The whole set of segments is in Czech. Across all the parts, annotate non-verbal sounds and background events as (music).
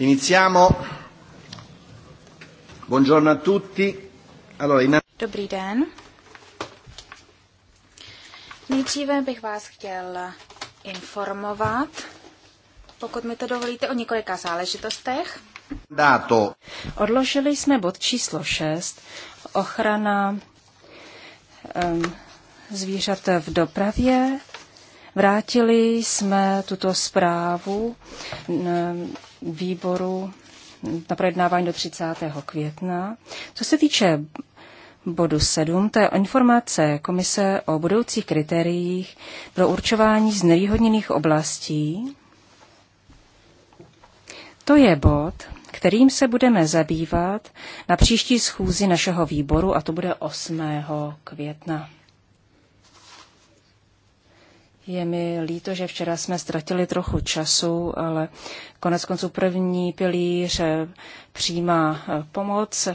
Iniziamo. Buongiorno a tutti. Allora, in... Dobrý den. Nejdříve bych vás chtěl informovat, pokud mi to dovolíte, o několika záležitostech. Dato. Odložili jsme bod číslo 6, ochrana um, zvířat v dopravě. Vrátili jsme tuto zprávu výboru na projednávání do 30. května. Co se týče bodu 7, to je informace Komise o budoucích kritériích pro určování znevýhodněných oblastí. To je bod, kterým se budeme zabývat na příští schůzi našeho výboru a to bude 8. května. Je mi líto, že včera jsme ztratili trochu času, ale konec konců první pilíř eh, přijímá eh, pomoc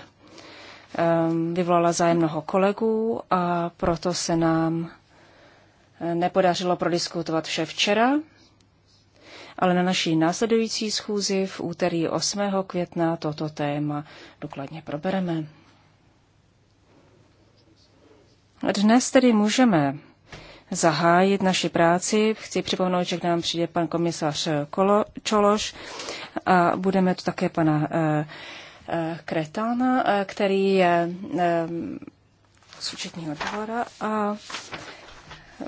ehm, vyvolala zájem mnoho kolegů a proto se nám eh, nepodařilo prodiskutovat vše včera, ale na naší následující schůzi v úterý 8. května toto téma důkladně probereme. Dnes tedy můžeme zahájit naši práci. Chci připomenout, že k nám přijde pan komisař Kolo, Čološ a budeme tu také pana eh, eh, Kretána, eh, který je z účetního dvora a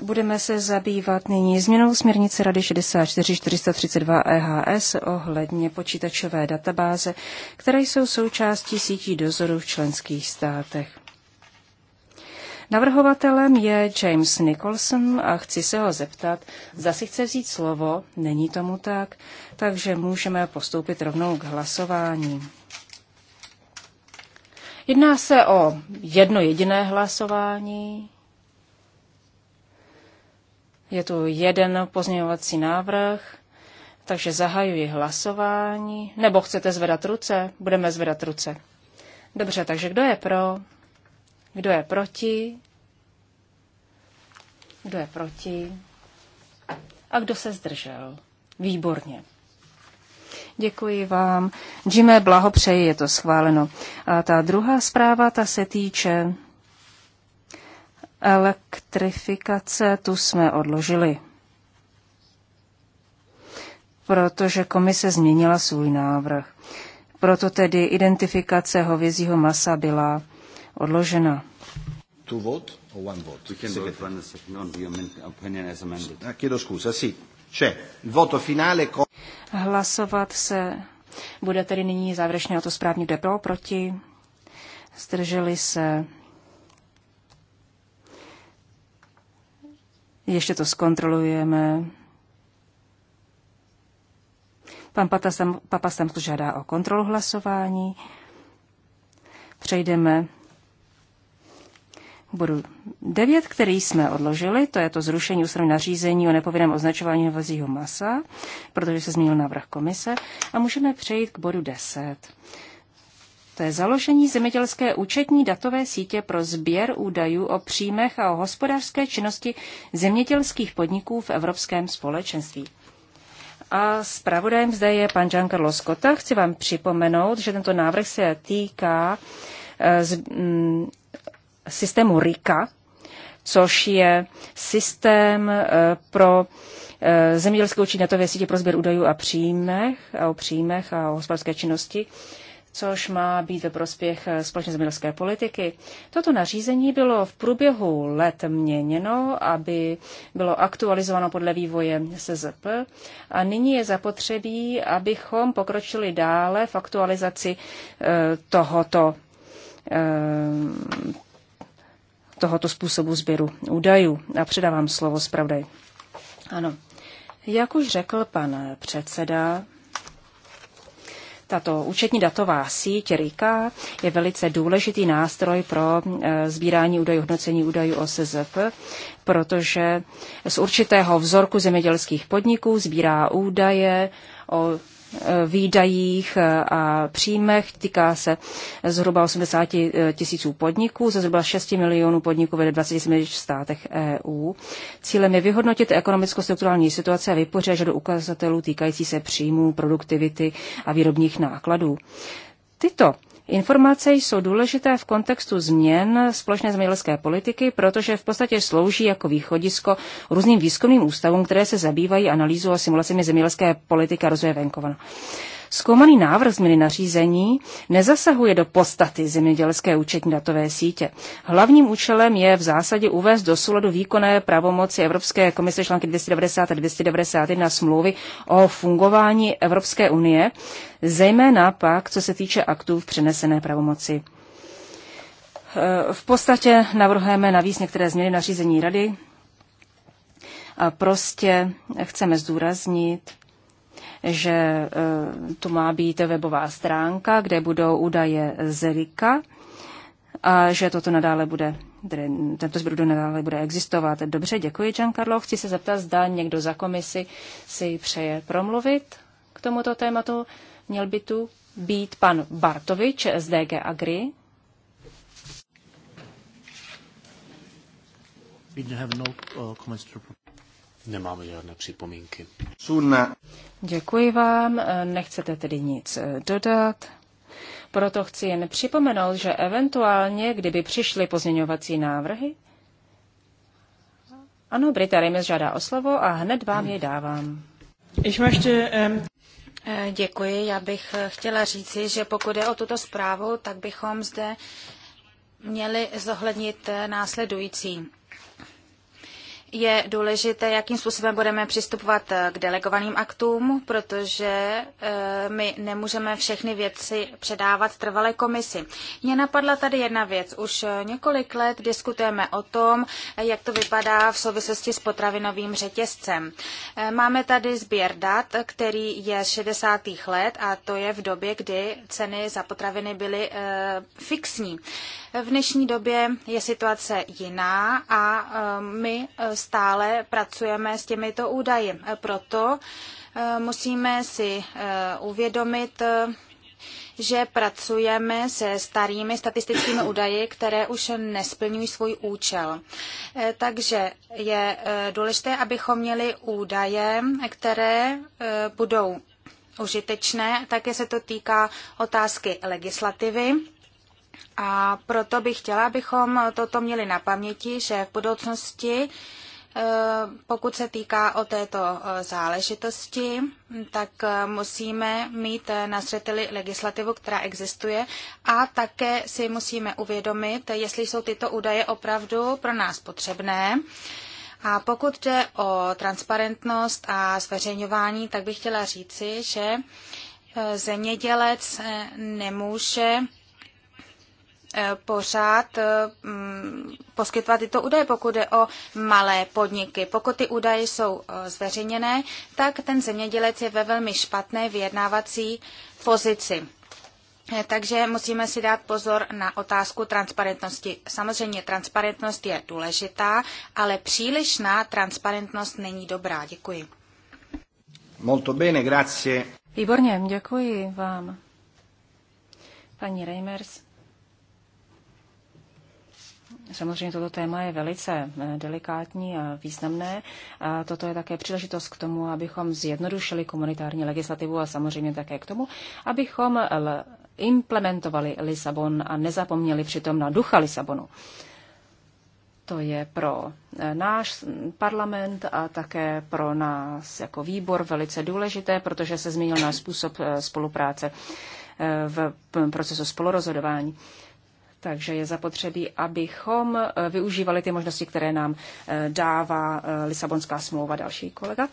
budeme se zabývat nyní změnou směrnice Rady 64432 EHS ohledně počítačové databáze, které jsou součástí sítí dozoru v členských státech. Navrhovatelem je James Nicholson a chci se ho zeptat, zda si chce vzít slovo, není tomu tak, takže můžeme postoupit rovnou k hlasování. Jedná se o jedno jediné hlasování. Je tu jeden pozměňovací návrh, takže zahajuji hlasování. Nebo chcete zvedat ruce? Budeme zvedat ruce. Dobře, takže kdo je pro? Kdo je proti? Kdo je proti? A kdo se zdržel? Výborně. Děkuji vám. Jimé, blahopřeji, je to schváleno. A ta druhá zpráva, ta se týče elektrifikace, tu jsme odložili. Protože komise změnila svůj návrh. Proto tedy identifikace hovězího masa byla odložena. Ah, Hlasovat se bude tedy nyní závěrečně o to správně, kde pro, proti. Zdrželi se. Ještě to zkontrolujeme. Pan Papastamku žádá o kontrolu hlasování. Přejdeme bodu 9, který jsme odložili, to je to zrušení ústavní nařízení o nepovinném označování hovazího masa, protože se zmínil návrh komise. A můžeme přejít k bodu 10. To je založení zemědělské účetní datové sítě pro sběr údajů o příjmech a o hospodářské činnosti zemědělských podniků v Evropském společenství. A zpravodajem zde je pan Giancarlo Scotta. Chci vám připomenout, že tento návrh se týká eh, z, mm, systému RIKA, což je systém eh, pro eh, zemědělskou na datové sítě pro sběr údajů a příjmech, a o příjmech a o hospodářské činnosti, což má být ve prospěch eh, společné zemědělské politiky. Toto nařízení bylo v průběhu let měněno, aby bylo aktualizováno podle vývoje SZP a nyní je zapotřebí, abychom pokročili dále v aktualizaci tohoto tohoto způsobu sběru údajů. A předávám slovo zpravdaj. Ano. Jak už řekl pan předseda, tato účetní datová síť RIKA je velice důležitý nástroj pro e, sbírání údajů, hodnocení údajů o SZP, protože z určitého vzorku zemědělských podniků sbírá údaje o Eh, výdajích eh, a příjmech. Týká se zhruba 80 eh, tisíců podniků, ze zhruba 6 milionů podniků ve 27 státech EU. Cílem je vyhodnotit ekonomicko-strukturální situaci a vypořádat do ukazatelů týkající se příjmů, produktivity a výrobních nákladů. Tyto Informace jsou důležité v kontextu změn společné zemědělské politiky, protože v podstatě slouží jako východisko různým výzkumným ústavům, které se zabývají analýzou a simulacemi zemědělské politiky a rozvoje venkova. Zkoumaný návrh změny nařízení nezasahuje do podstaty zemědělské účetní datové sítě. Hlavním účelem je v zásadě uvést do souladu výkonné pravomoci Evropské komise články 290 a 291 smlouvy o fungování Evropské unie, zejména pak, co se týče aktů v přenesené pravomoci. V podstatě navrhujeme navíc některé změny nařízení rady, a prostě chceme zdůraznit, že eh, tu má být webová stránka, kde budou údaje z RIKA a že toto nadále bude, tedy tento zbrudu nadále bude existovat. Dobře, děkuji, Giancarlo. Chci se zeptat, zda někdo za komisi si přeje promluvit k tomuto tématu. Měl by tu být pan Bartovič z DG Agri. We have no, uh, comments to Nemáme žádné připomínky. Sunna. Děkuji vám, nechcete tedy nic eh, dodat. Proto chci jen připomenout, že eventuálně, kdyby přišly pozměňovací návrhy, ano, Brita Remes žádá o slovo a hned vám je dávám. um... Děkuji. Já bych eh, chtěla říci, že pokud je o tuto zprávu, tak bychom zde měli zohlednit následující je důležité, jakým způsobem budeme přistupovat eh, k delegovaným aktům, protože eh, my nemůžeme všechny věci předávat trvalé komisi. Mě napadla tady jedna věc. Už eh, několik let diskutujeme o tom, jak to vypadá v souvislosti s potravinovým řetězcem. Máme tady sběr dat, který je z 60. let a to je v době, kdy ceny za potraviny byly fixní. V dnešní době je situace jiná a my stále pracujeme s těmito údaji. Proto e, musíme si e, uvědomit, e, že pracujeme se starými statistickými údaji, které už nesplňují svůj účel. Takže je důležité, abychom měli údaje, které budou užitečné. Také se to týká otázky legislativy. A proto bych chtěla, abychom toto měli na paměti, že v budoucnosti pokud se týká o této eh, záležitosti, tak eh, musíme mít eh, na zřeteli legislativu, která existuje a také si musíme uvědomit, jestli jsou tyto údaje opravdu pro nás potřebné. A pokud jde o transparentnost a zveřejňování, tak bych chtěla říci, že zemědělec nemůže Eh, pořád eh, mm, poskytovat tyto údaje, pokud jde o malé podniky. Pokud ty údaje jsou eh, zveřejněné, tak ten zemědělec je ve velmi špatné vyjednávací pozici. Takže musíme si dát pozor na otázku transparentnosti. Samozřejmě transparentnost je důležitá, ale přílišná transparentnost není dobrá. Děkuji. Molto bene, grazie. Výborně, děkuji vám. Paní Reimers. Samozřejmě toto téma je velice eh, delikátní a významné. A toto je také příležitost k tomu, abychom zjednodušili komunitární legislativu a samozřejmě také k tomu, abychom implementovali Lisabon a nezapomněli přitom na ducha Lisabonu. To je pro eh, náš parlament a také pro nás jako výbor velice důležité, protože se změnil náš způsob eh, spolupráce v procesu spolurozhodování. Takže je zapotřebí, abychom eh, využívali ty možnosti, které nám eh, dává eh, Lisabonská smlouva. Další kolega.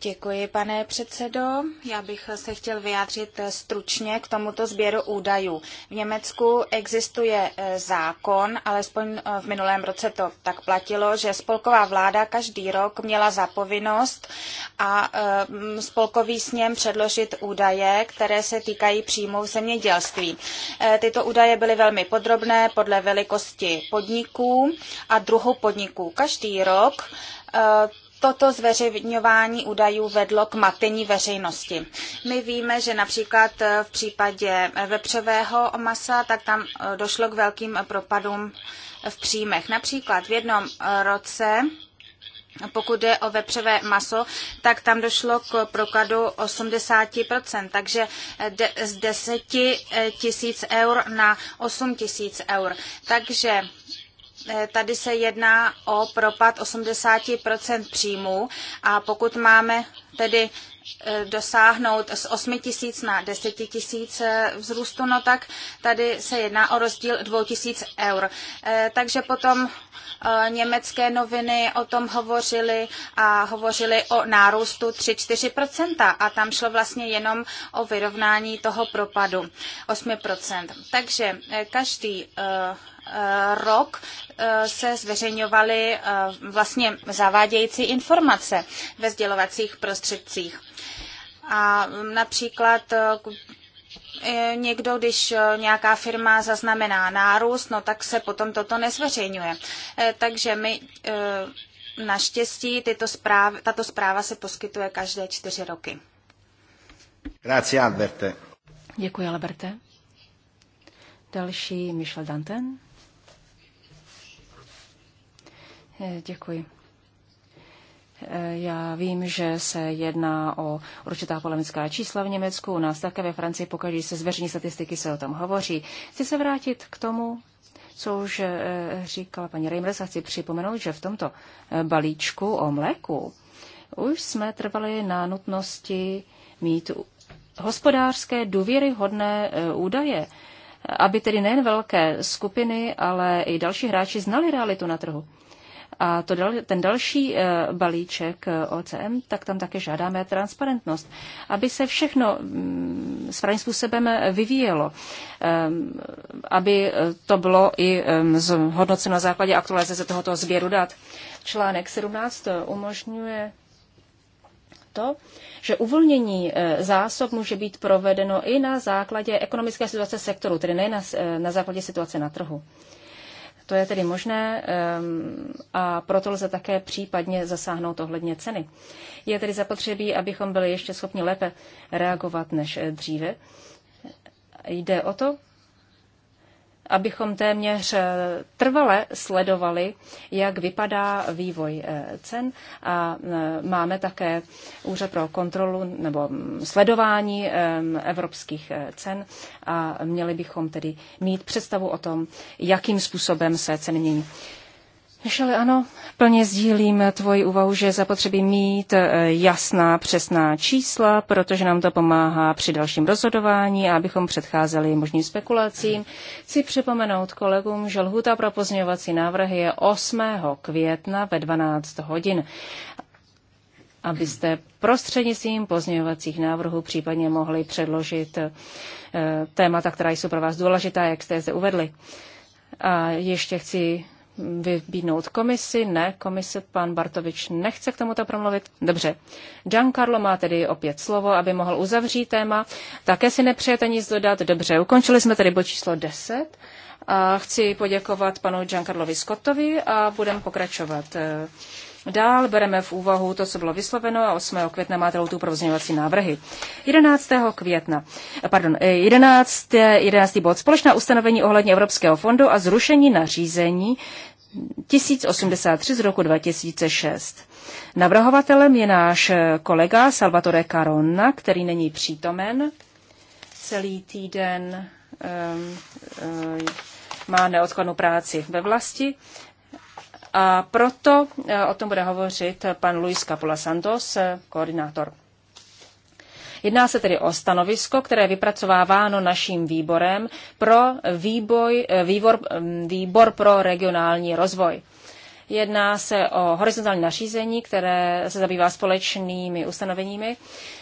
Děkuji, pane předsedo. Já bych se chtěl vyjádřit stručně k tomuto sběru údajů. V Německu existuje e, zákon, alespoň e, v minulém roce to tak platilo, že spolková vláda každý rok měla zapovinnost a e, spolkový sněm předložit údaje, které se týkají příjmů zemědělství. Tyto údaje byly velmi podrobné podle velikosti podniků a druhu podniků. Každý rok toto zveřejňování údajů vedlo k matení veřejnosti. My víme, že například eh, v případě eh, vepřového masa, tak tam eh, došlo k velkým propadům v příjmech. Například v jednom roce pokud jde o vepřové maso, tak tam došlo k prokladu 80%, takže de, z 10 tisíc eur na 8 tisíc eur. Takže Eh, tady se jedná o propad 80% příjmů a pokud máme tedy eh, dosáhnout z 8 tisíc na 10 tisíc eh, vzrůstu, no tak tady se jedná o rozdíl 2 tisíc eur. Takže potom německé noviny o tom hovořily a hovořily o nárůstu 3-4% a tam šlo vlastně jenom o vyrovnání toho propadu 8%. Takže každý rok eh, se zveřejňovaly eh, vlastně zavádějící informace ve sdělovacích prostředcích. A například eh, někdo, když nějaká firma zaznamená nárůst, no tak se potom toto nezveřejňuje. Takže my naštěstí tyto zpráv, tato zpráva se poskytuje každé čtyři roky. Grazie, Alberte. Děkuji, Alberte. Další Michel Danten. Eh, děkuji. Eh, já vím, že se jedná o určitá polemická čísla v Německu, u nás také ve Francii, pokud se zveřejní statistiky, se o tom hovoří. Chci se vrátit k tomu, co už eh, říkala paní Reimers a chci připomenout, že v tomto balíčku o mléku už jsme trvali na nutnosti mít hospodářské důvěryhodné údaje, aby tedy nejen velké skupiny, ale i další hráči znali realitu na trhu. A to dal, ten další eh, balíček eh, OCM, tak tam také žádáme transparentnost, aby se všechno mm, správným způsobem vyvíjelo, ehm, aby eh, to bylo i ehm, zhodnoceno na základě aktualizace tohoto sběru dat. Článek 17 umožňuje to, že uvolnění zásob může být provedeno i na základě ekonomické situace sektoru, tedy ne na, na základě situace na trhu. To je tedy možné ehm, a proto lze také případně zasáhnout ohledně ceny. Je tedy zapotřebí, abychom byli ještě schopni lépe reagovat než dříve. Jde o to, abychom téměř eh, trvale sledovali, jak vypadá vývoj eh, cen a eh, máme také úřad pro kontrolu nebo mm, sledování evropských cen a měli bychom tedy mít představu o tom, jakým způsobem se ceny mění. Michele, ano, plně sdílím tvoji úvahu, že zapotřebí mít eh, jasná, přesná čísla, protože nám to pomáhá při dalším rozhodování a abychom předcházeli možným spekulacím. Chci připomenout kolegům, že lhuta pro pozměňovací návrhy je 8. května ve 12 hodin abyste prostřednictvím pozměňovacích návrhů případně mohli předložit eh, témata, která jsou pro vás důležitá, jak jste je zde uvedli. A ještě chci vybídnout komisi? Ne, komise pan Bartovič nechce k tomuto promluvit. Dobře. Giancarlo má tedy opět slovo, aby mohl uzavřít téma. Také si nepřejete nic dodat. Dobře, ukončili jsme tedy bod číslo 10. A chci poděkovat panu Giancarlovi Scottovi a budeme pokračovat. Eh, Dál bereme v úvahu to, co bylo vysloveno a 8. května máte lhůtu pro pozměňovací návrhy. 11. května, pardon, 11. Eh, 11. Eh, bod společná ustanovení ohledně Evropského fondu a zrušení nařízení 1083 z roku 2006. Navrhovatelem je náš eh, kolega Salvatore Caronna, který není přítomen. Celý týden um, um, má neodkladnou práci ve vlasti. A proto e, o tom bude hovořit pan Luis Capula Santos, e, koordinátor. Jedná se tedy o stanovisko, které je vypracováváno naším výborem pro výboj, e, výbor, výbor pro regionální rozvoj. Jedná se o horizontální nařízení, které se zabývá společnými ustanoveními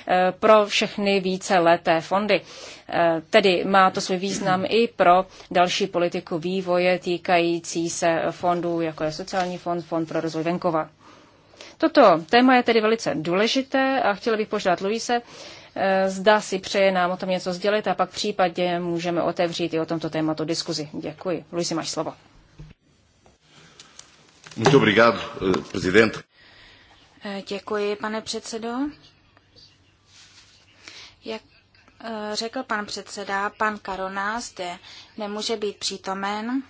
eh, pro všechny více leté fondy. Eh, tedy má to svůj význam i pro další politiku vývoje týkající se fondů, jako je sociální fond, fond pro rozvoj venkova. Toto téma je tedy velice důležité a chtěla bych požádat Luise, eh, zda si přeje nám o tom něco sdělit a pak případně můžeme otevřít i o tomto tématu diskuzi. Děkuji. Luisi, máš slovo. Muito obrigado, eh, presidente. Eh, děkuji, pane předsedo. Jak eh, řekl pan předseda, pan Karona zde nemůže být přítomen.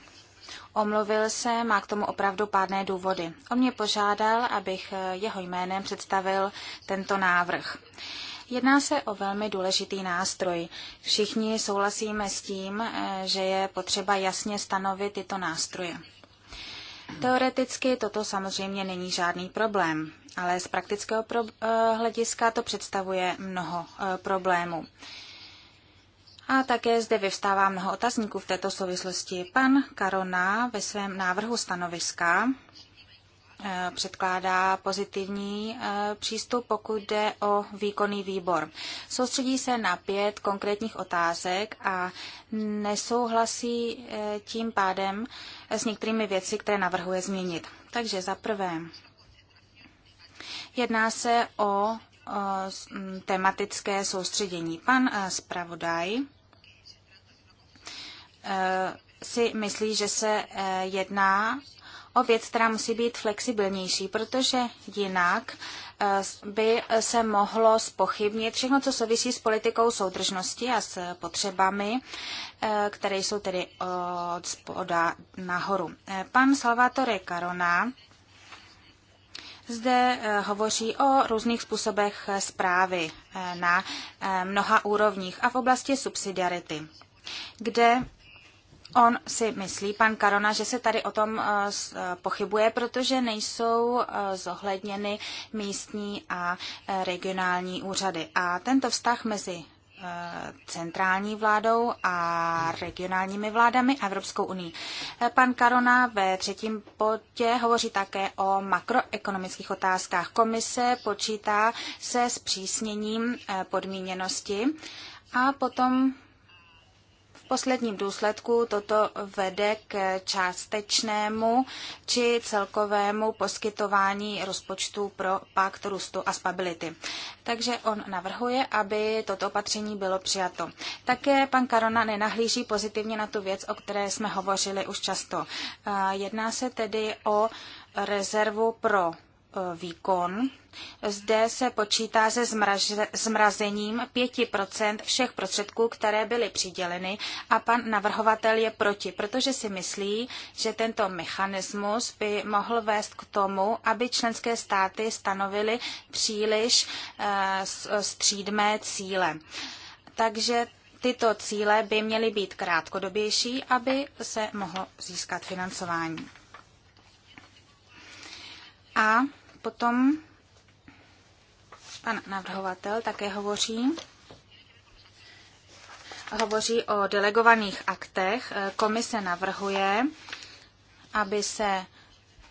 Omluvil se, má k tomu opravdu pádné důvody. On mě požádal, abych jeho jménem představil tento návrh. Jedná se o velmi důležitý nástroj. Všichni souhlasíme s tím, že je potřeba jasně stanovit tyto nástroje. Teoreticky toto samozřejmě není žádný problém, ale z praktického pro, eh, hlediska to představuje mnoho eh, problémů. A také zde vyvstává mnoho otazníků v této souvislosti. Pan Karona ve svém návrhu stanoviska Eh, předkládá pozitivní eh, přístup, pokud jde o výkonný výbor. Soustředí se na pět konkrétních otázek a nesouhlasí eh, tím pádem s některými věci, které navrhuje změnit. Takže za prvé, jedná se o tematické soustředění. Pan zpravodaj si myslí, že se jedná opět která musí být flexibilnější, protože jinak eh, by se mohlo spochybnit všechno, co souvisí s politikou soudržnosti a s potřebami, eh, které jsou tedy od spoda nahoru. Eh, pan Salvatore Carona zde hovoří o různých způsobech zprávy na mnoha úrovních a v oblasti subsidiarity, kde On si myslí, pan Karona, že se tady o tom eh, eh, pochybuje, protože nejsou eh, zohledněny místní a regionální úřady. A tento vztah mezi centrální vládou a regionálními vládami a Evropskou unii. Pan Karona ve třetím bodě hovoří také o makroekonomických otázkách. Komise počítá se s přísněním podmíněnosti a potom posledním důsledku toto vede k částečnému či celkovému poskytování rozpočtu pro pakt růstu a stability. Takže on navrhuje, aby toto opatření bylo přijato. Také pan Karona nenahlíží pozitivně na tu věc, o které jsme hovořili už často. Jedná se tedy o rezervu pro Eh, výkon. Zde se počítá se zmraže, zmrazením 5% všech prostředků, které byly přiděleny a pan navrhovatel je proti, protože si myslí, že tento mechanismus by mohl vést k tomu, aby členské státy stanovily příliš eh, střídmé cíle. Takže tyto cíle by měly být krátkodobější, aby se mohlo získat financování. A Potom pan navrhovatel také hovoří hovoří o delegovaných aktech. Komise navrhuje, aby se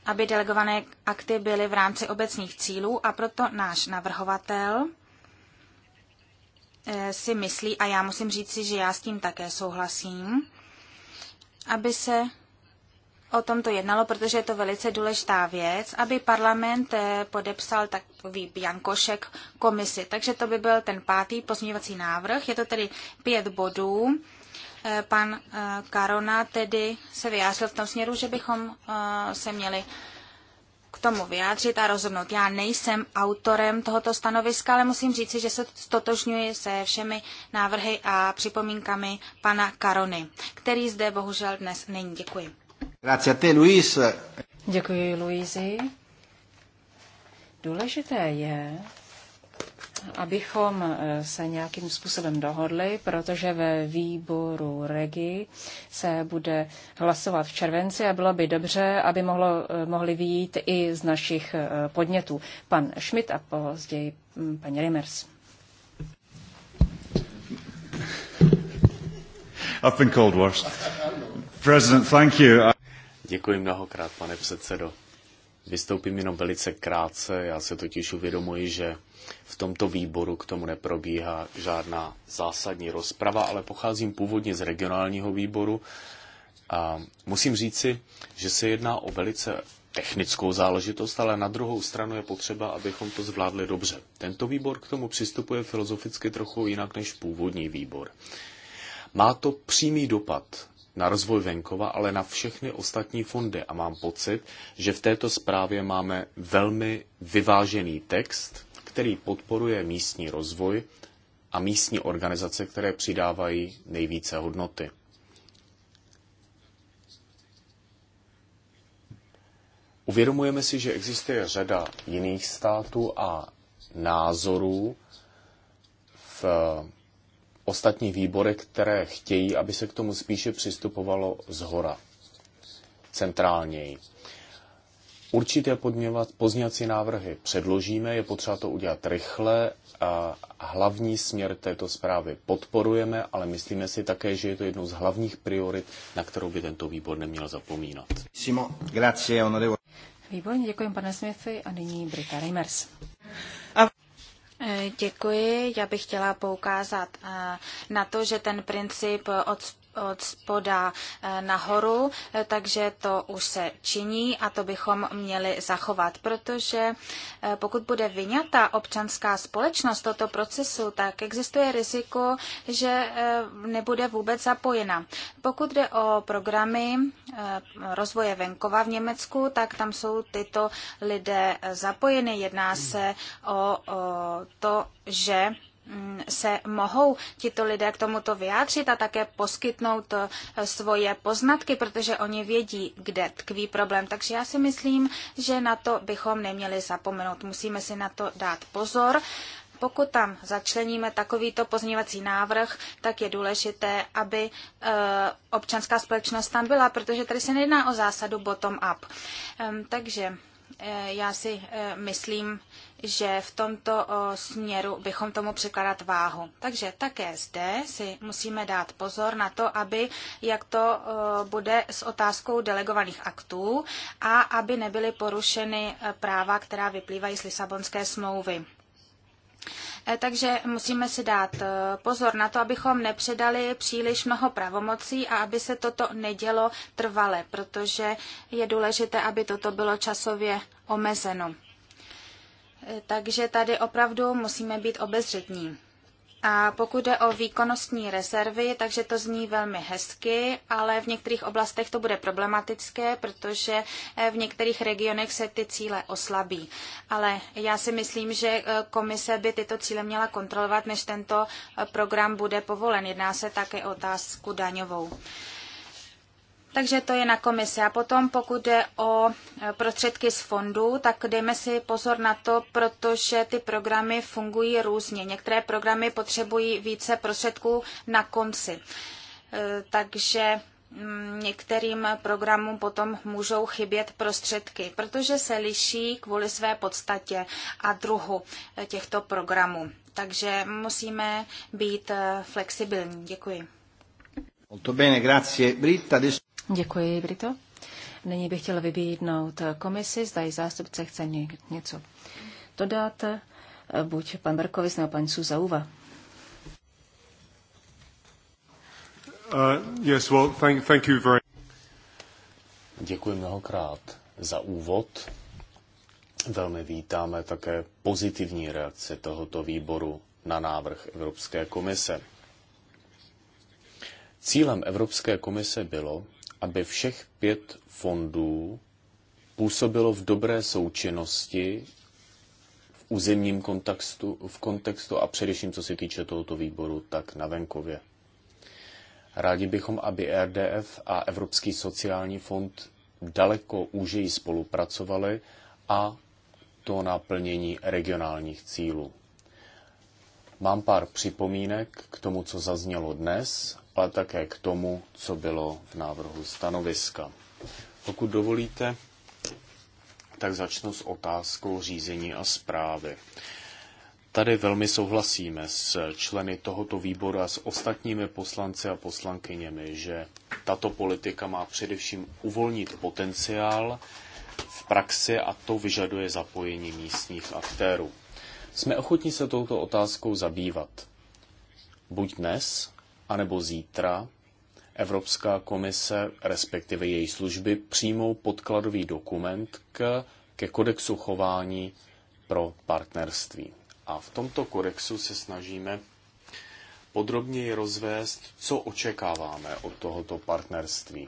aby delegované akty byly v rámci obecných cílů a proto náš navrhovatel eh, si myslí, a já musím říci, že já s tím také souhlasím, aby se o tom to jednalo, protože je to velice důležitá věc, aby parlament eh, podepsal takový Jankošek komisi. Takže to by byl ten pátý pozměňovací návrh. Je to tedy pět bodů. Eh, pan eh, Karona tedy se vyjádřil v tom směru, že bychom se měli k tomu vyjádřit a rozhodnout. Já nejsem autorem tohoto stanoviska, ale musím říci, že se stotožňuji se všemi návrhy a připomínkami pana Karony, který zde bohužel dnes není. Děkuji. Grazie a te, Luis. Děkuji, Luisi. Důležité je, abychom eh, se nějakým způsobem dohodli, protože ve výboru REGI se bude hlasovat v červenci a bylo by dobře, aby mohlo, eh, mohli výjít i z našich eh, podnětů. Pan Schmidt a později mm, paní Rimers. I've been called worse. President, thank you. Děkuji mnohokrát, pane předsedo. Vystoupím jenom velice krátce. Já se totiž uvědomuji, že v tomto výboru k tomu neprobíhá žádná zásadní rozprava, ale pocházím původně z regionálního výboru. A musím říci, že se jedná o velice technickou záležitost, ale na druhou stranu je potřeba, abychom to zvládli dobře. Tento výbor k tomu přistupuje filozoficky trochu jinak než původní výbor. Má to přímý dopad na rozvoj venkova, ale na všechny ostatní fondy. A mám pocit, že v této zprávě máme velmi vyvážený text, který podporuje místní rozvoj a místní organizace, které přidávají nejvíce hodnoty. Uvědomujeme si, že existuje řada jiných států a názorů v ostatní výbory, které chtějí, aby se k tomu spíše přistupovalo z hora, centrálněji. Určité podměvat pozněvací návrhy předložíme, je potřeba to udělat rychle. A hlavní směr této zprávy podporujeme, ale myslíme si také, že je to jednou z hlavních priorit, na kterou by tento výbor neměl zapomínat. Simo, grazie, Výborně, děkuji pane Smithy a nyní Brita Reimers. Eh, děkuji. Já bych chtěla poukázat eh, na to, že ten princip od od spoda eh, nahoru, eh, takže to už se činí a to bychom měli zachovat, protože eh, pokud bude vyňata občanská společnost toto procesu, tak existuje riziko, že nebude vůbec zapojena. Pokud jde o programy rozvoje venkova v Německu, tak tam jsou tyto lidé zapojeny. Jedná se o, o to, že Mm, se mohou tito lidé k tomuto vyjádřit a také poskytnout eh, svoje poznatky, protože oni vědí, kde tkví problém. Takže já si myslím, že na to bychom neměli zapomenout. Musíme si na to dát pozor. Pokud tam začleníme takovýto pozměňovací návrh, tak je důležité, aby eh, občanská společnost tam byla, protože tady se nejedná o zásadu bottom-up. takže eh, já si myslím, že v tomto směru bychom tomu přikladat váhu. Takže také zde si musíme dát pozor na to, aby jak to bude s otázkou delegovaných aktů a aby nebyly porušeny e, práva, která vyplývají z Lisabonské smlouvy. E, takže musíme si dát e, pozor na to, abychom nepředali příliš mnoho pravomocí a aby se toto nedělo trvale, protože je důležité, aby toto bylo časově omezeno. Takže tady opravdu musíme být obezřetní. A pokud jde o výkonnostní rezervy, takže to zní velmi hezky, ale v některých oblastech to bude problematické, protože eh, v některých regionech se ty cíle oslabí. Ale já si myslím, že eh, komise by tyto cíle měla kontrolovat, než tento eh, program bude povolen. Jedná se také o otázku daňovou. Takže to je na komise A potom, pokud jde o e, prostředky z fondů, tak dejme si pozor na to, protože ty programy fungují různě. Některé programy potřebují více prostředků na konci. E, takže mm, některým programům potom můžou chybět prostředky, protože se liší kvůli své podstatě a druhu e, těchto programů. Takže musíme být flexibilní. Děkuji. Molto bene, grazie Britta. Děkuji, Brito. Nyní bych chtěla vybídnout komisi, zda i zástupce chce něco dodat, buď pan Berkovic nebo pan Suzauva. Uh, yes, well, thank, thank you very... Děkuji mnohokrát za úvod. Velmi vítáme také pozitivní reakce tohoto výboru na návrh Evropské komise. Cílem Evropské komise bylo aby všech pět fondů působilo v dobré součinnosti v územním kontextu, v kontextu a především co se týče tohoto výboru, tak na venkově. Rádi bychom, aby RDF a Evropský sociální fond daleko úžeji spolupracovali a to na plnění regionálních cílů. Mám pár připomínek k tomu, co zaznělo dnes ale také k tomu, co bylo v návrhu stanoviska. Pokud dovolíte, tak začnu s otázkou řízení a zprávy. Tady velmi souhlasíme s členy tohoto výboru a s ostatními poslanci a poslankyněmi, že tato politika má především uvolnit potenciál v praxi a to vyžaduje zapojení místních aktérů. Jsme ochotní se touto otázkou zabývat. Buď dnes, anebo zítra Evropská komise, respektive její služby, přijmou podkladový dokument k, ke kodexu chování pro partnerství. A v tomto kodexu se snažíme podrobněji rozvést, co očekáváme od tohoto partnerství.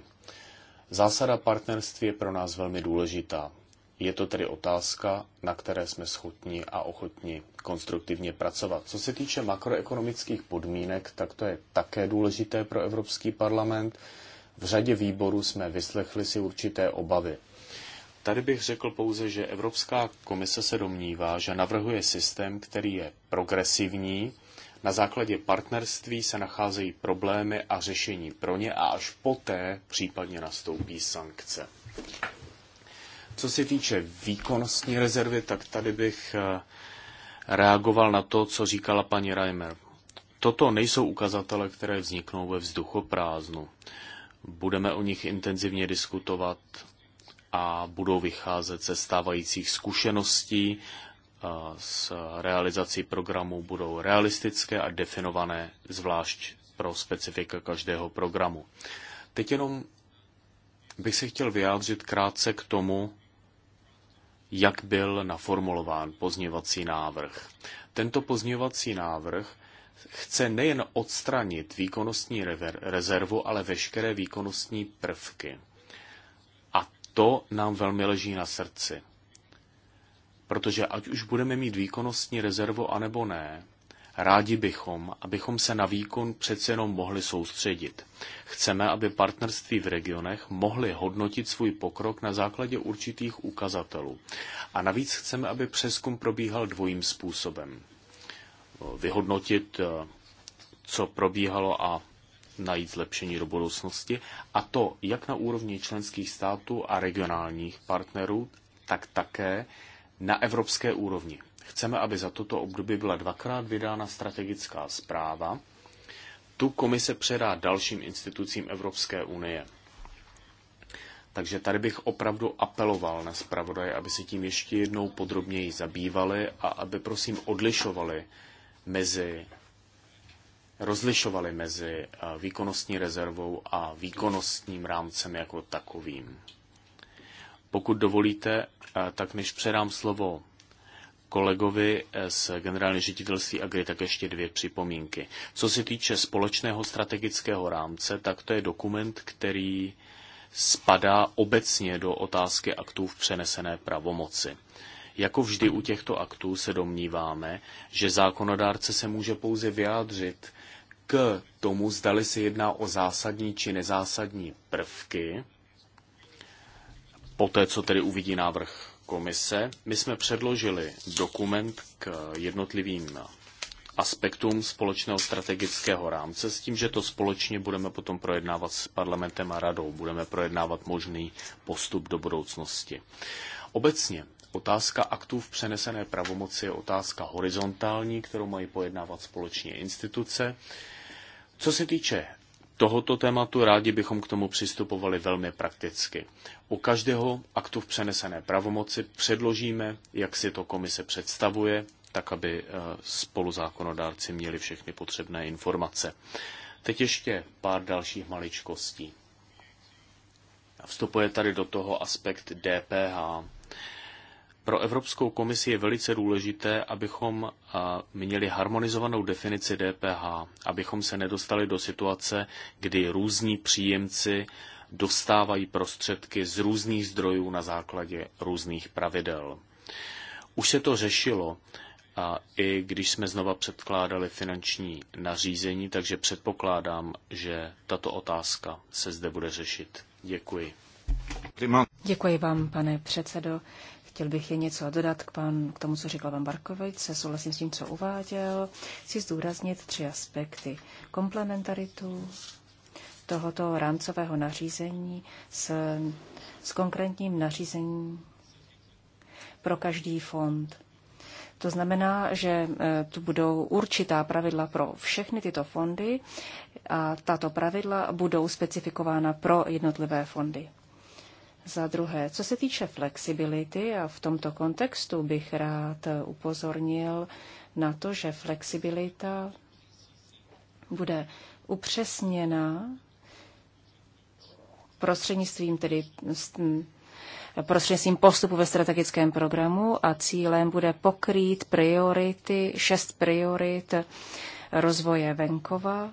Zásada partnerství je pro nás velmi důležitá. Je to tedy otázka, na které jsme schopni a ochotni konstruktivně pracovat. Co se týče makroekonomických podmínek, tak to je také důležité pro Evropský parlament. V řadě výborů jsme vyslechli si určité obavy. Tady bych řekl pouze, že Evropská komise se domnívá, že navrhuje systém, který je progresivní. Na základě partnerství se nacházejí problémy a řešení pro ně a až poté případně nastoupí sankce. Co se týče výkonnostní rezervy, tak tady bych eh, reagoval na to, co říkala paní Reimer. Toto nejsou ukazatele, které vzniknou ve vzduchoprázdnu. Budeme o nich intenzivně diskutovat a budou vycházet ze stávajících zkušeností eh, s realizací programů budou realistické a definované zvlášť pro specifika každého programu. Teď jenom bych se chtěl vyjádřit krátce k tomu, jak byl naformulován pozměvací návrh. Tento pozměvací návrh chce nejen odstranit výkonnostní rezervu, ale veškeré výkonnostní prvky. A to nám velmi leží na srdci. Protože ať už budeme mít výkonnostní rezervu anebo ne, Rádi bychom, abychom se na výkon přece jenom mohli soustředit. Chceme, aby partnerství v regionech mohly hodnotit svůj pokrok na základě určitých ukazatelů. A navíc chceme, aby přeskum probíhal dvojím způsobem. Vyhodnotit, eh, co probíhalo a najít zlepšení do budoucnosti, a to jak na úrovni členských států a regionálních partnerů, tak také na evropské úrovni. Chceme, aby za toto období byla dvakrát vydána strategická zpráva. Tu komise předá dalším institucím Evropské unie. Takže tady bych opravdu apeloval na zpravodaje, aby se tím ještě jednou podrobněji zabývali a aby prosím odlišovali mezi rozlišovali mezi eh, výkonnostní rezervou a výkonnostním rámcem jako takovým. Pokud dovolíte, eh, tak než předám slovo kolegovi z generální ředitelství Agri tak ještě dvě připomínky. Co se týče společného strategického rámce, tak to je dokument, který spadá obecně do otázky aktů v přenesené pravomoci. Jako vždy u těchto aktů se domníváme, že zákonodárce se může pouze vyjádřit k tomu, zdali se jedná o zásadní či nezásadní prvky, poté co tedy uvidí návrh komise. My jsme předložili dokument k jednotlivým aspektům společného strategického rámce s tím, že to společně budeme potom projednávat s parlamentem a radou. Budeme projednávat možný postup do budoucnosti. Obecně otázka aktů v přenesené pravomoci je otázka horizontální, kterou mají pojednávat společně instituce. Co se týče tohoto tématu rádi bychom k tomu přistupovali velmi prakticky. U každého aktu v přenesené pravomoci předložíme, jak si to komise představuje, tak aby eh, spoluzákonodárci měli všechny potřebné informace. Teď ještě pár dalších maličkostí. Vstupuje tady do toho aspekt DPH. Pro Evropskou komisi je velice důležité, abychom měli harmonizovanou definici DPH, abychom se nedostali do situace, kdy různí příjemci dostávají prostředky z různých zdrojů na základě různých pravidel. Už se to řešilo, a i když jsme znova předkládali finanční nařízení, takže předpokládám, že tato otázka se zde bude řešit. Děkuji. Děkuji vám, pane předsedo. Chtěl bych je něco dodat k, pan, k tomu, co řekl pan Barkovič, se souhlasím s tím, co uváděl. Chci zdůraznit tři aspekty. Komplementaritu tohoto rámcového nařízení s, s konkrétním nařízením pro každý fond. To znamená, že e, tu budou určitá pravidla pro všechny tyto fondy a tato pravidla budou specifikována pro jednotlivé fondy. Za druhé, co se týče flexibility, a v tomto kontextu bych rád upozornil na to, že flexibilita bude upřesněna prostřednictvím tedy prostřednictvím postupu ve strategickém programu a cílem bude pokrýt priority, šest priorit rozvoje venkova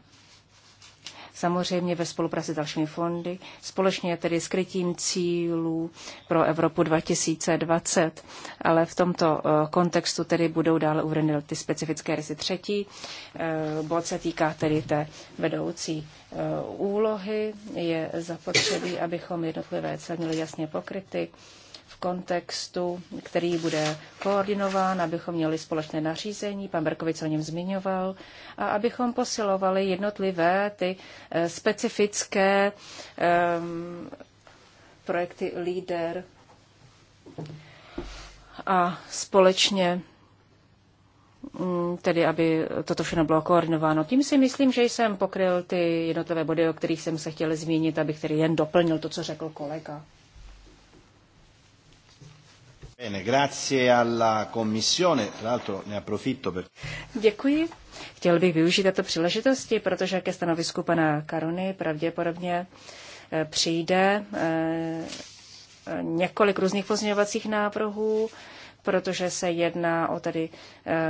samozřejmě ve spolupráci s dalšími fondy, společně tedy s krytím cílů pro Evropu 2020, ale v tomto eh, kontextu tedy budou dále uvedeny ty specifické rysy. Třetí eh, bod se týká tedy té vedoucí eh, úlohy. Je zapotřebí, abychom jednotlivé cíle měli jasně pokryty kontextu, který bude koordinován, abychom měli společné nařízení, pan Berkovic o něm zmiňoval, a abychom posilovali jednotlivé ty eh, specifické um, projekty LEADER a společně mm, tedy aby toto všechno bylo koordinováno. Tím si myslím, že jsem pokryl ty jednotlivé body, o kterých jsem se chtěl zmínit, abych tedy jen doplnil to, co řekl kolega. Děkuji. Chtěl bych využít této příležitosti, protože ke stanovisku pana Karony pravděpodobně eh, přijde eh, několik různých pozměňovacích návrhů, protože se jedná o tedy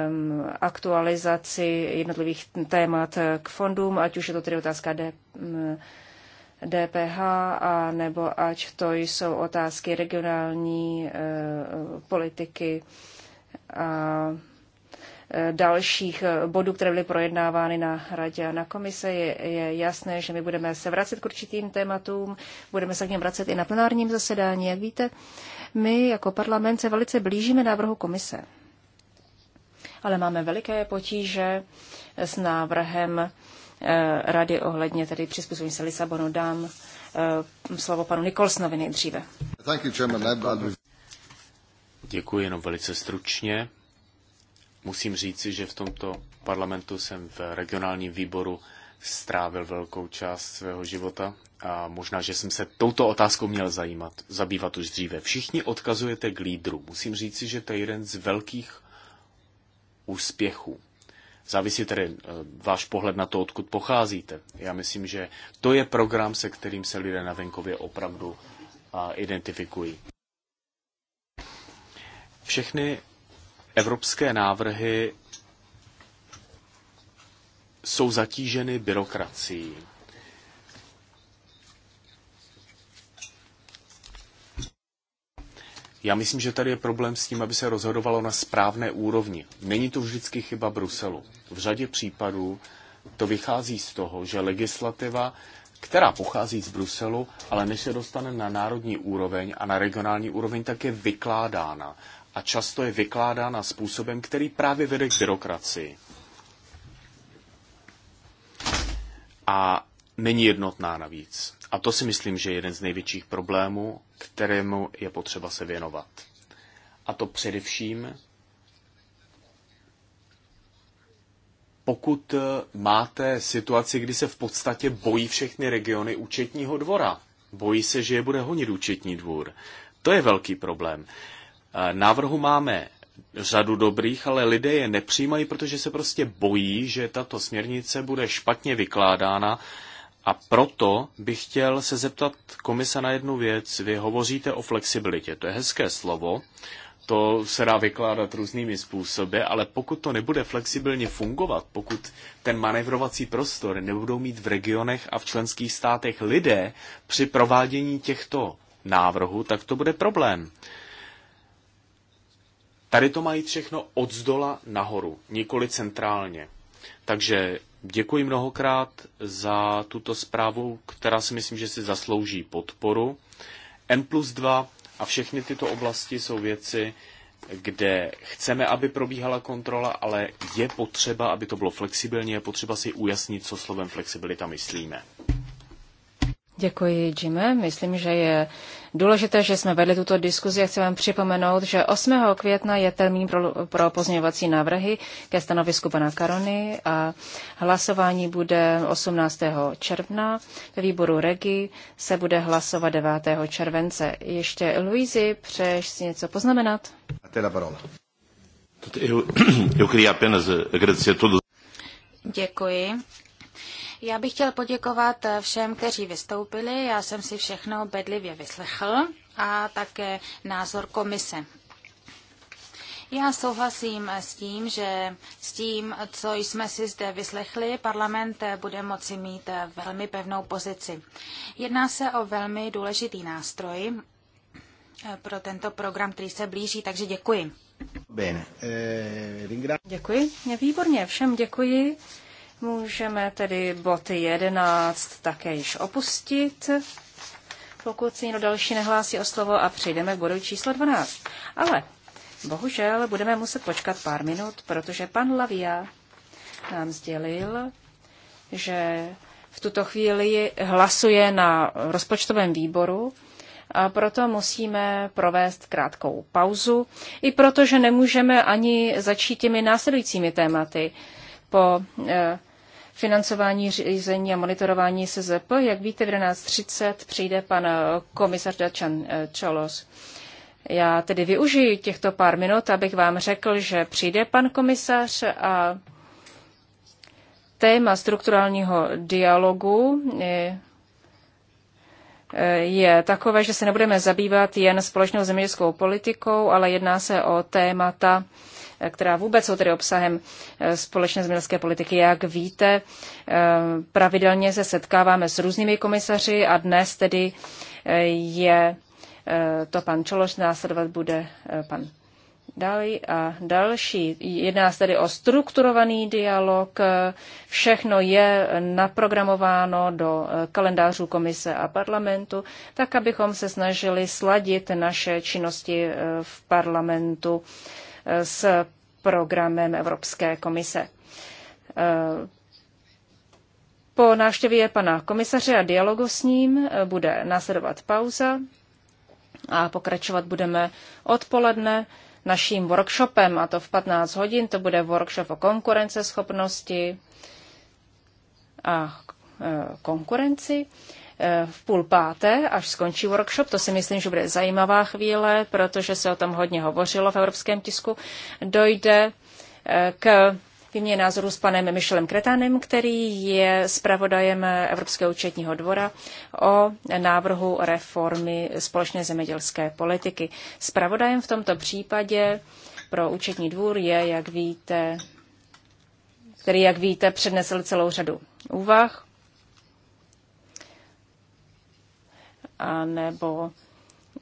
um, aktualizaci jednotlivých témat k fondům, ať už je to tedy otázka de, um, DPH, a nebo ať to jsou otázky regionální eh, politiky a eh, dalších eh, bodů, které byly projednávány na radě a na komise, je, je jasné, že my budeme se vracet k určitým tématům, budeme se k něm vracet i na plenárním zasedání. Jak víte, my jako parlament se velice blížíme návrhu komise, ale máme veliké potíže s návrhem Eh, rady ohledně tedy přizpůsobení se Lisabonu. Dám eh, slovo panu Nikolsnovi nejdříve. Děkuji jenom velice stručně. Musím říci, že v tomto parlamentu jsem v regionálním výboru strávil velkou část svého života a možná, že jsem se touto otázkou měl zajímat, zabývat už dříve. Všichni odkazujete k lídru. Musím říci, že to je jeden z velkých úspěchů Závisí tedy eh, váš pohled na to, odkud pocházíte. Já myslím, že to je program, se kterým se lidé na venkově opravdu eh, identifikují. Všechny evropské návrhy jsou zatíženy byrokracií. Já myslím, že tady je problém s tím, aby se rozhodovalo na správné úrovni. Není to vždycky chyba Bruselu. V řadě případů to vychází z toho, že legislativa, která pochází z Bruselu, ale než se dostane na národní úroveň a na regionální úroveň, tak je vykládána. A často je vykládána způsobem, který právě vede k byrokracii. A není jednotná navíc. A to si myslím, že je jeden z největších problémů, kterému je potřeba se věnovat. A to především, pokud máte situaci, kdy se v podstatě bojí všechny regiony účetního dvora. Bojí se, že je bude honit účetní dvůr. To je velký problém. Eh, návrhu máme řadu dobrých, ale lidé je nepřijímají, protože se prostě bojí, že tato směrnice bude špatně vykládána a proto bych chtěl se zeptat komisa na jednu věc. Vy hovoříte o flexibilitě. To je hezké slovo. To se dá vykládat různými způsoby, ale pokud to nebude flexibilně fungovat, pokud ten manevrovací prostor nebudou mít v regionech a v členských státech lidé při provádění těchto návrhů, tak to bude problém. Tady to mají všechno od zdola nahoru, nikoli centrálně. Takže Děkuji mnohokrát za tuto zprávu, která si myslím, že si zaslouží podporu. N plus 2 a všechny tyto oblasti jsou věci, kde chceme, aby probíhala kontrola, ale je potřeba, aby to bylo flexibilní, je potřeba si ujasnit, co slovem flexibilita myslíme. Děkuji, Jimé. Myslím, že je důležité, že jsme vedli tuto diskuzi a chci vám připomenout, že 8. května je termín pro, pro pozměňovací návrhy ke stanovisku pana Karony a hlasování bude 18. června. Ve výboru Regi se bude hlasovat 9. července. Ještě Luizi, přeješ si něco poznamenat? A te la parola. (clears throat) Děkuji. Já bych chtěl poděkovat eh, všem, kteří vystoupili. Já jsem si všechno bedlivě vyslechl a také názor komise. Já souhlasím eh, s tím, že s tím, co jsme si zde vyslechli, parlament eh, bude moci mít velmi pevnou pozici. Jedná se o velmi důležitý nástroj pro tento program, který se blíží, takže děkuji. Děkuji, výborně, všem děkuji Můžeme tedy bod 11 také již opustit, pokud se někdo další nehlásí o slovo a přejdeme k bodu číslo 12. Ale bohužel budeme muset počkat pár minut, protože pan Lavia nám sdělil, že v tuto chvíli hlasuje na rozpočtovém výboru a proto musíme provést krátkou pauzu, i protože nemůžeme ani začít těmi následujícími tématy po eh, financování řízení a monitorování SZP. Jak víte, v 11.30 přijde pan eh, komisař Dačan eh, Čolos. Já tedy využiji těchto pár minut, abych vám řekl, že přijde pan komisař a téma strukturálního dialogu je takové, že se nebudeme zabývat jen společnou zemědělskou politikou, ale jedná se o témata, která vůbec jsou tedy obsahem eh, společné zemědělské politiky. Jak víte, eh, pravidelně se setkáváme s různými komisaři a dnes tedy eh, je to pan Čološ, následovat bude pan Dali a další. Jedná se tedy o strukturovaný dialog. Všechno je naprogramováno do kalendářů komise a parlamentu, tak abychom se snažili sladit naše činnosti v parlamentu s programem Evropské komise. Eh, po návštěvě pana komisaře a dialogu s ním eh, bude následovat pauza a pokračovat budeme odpoledne naším workshopem, a to v 15 hodin. To bude workshop o konkurenceschopnosti a eh, konkurenci. E, v půl páté, až skončí workshop. To si myslím, že bude zajímavá chvíle, protože se o tom hodně hovořilo v evropském tisku. Dojde e, k výměně názoru s panem Michelem Kretánem, který je zpravodajem Evropského účetního dvora o návrhu reformy společné zemědělské politiky. Zpravodajem v tomto případě pro účetní dvůr je, jak víte, který, jak víte, přednesl celou řadu úvah a nebo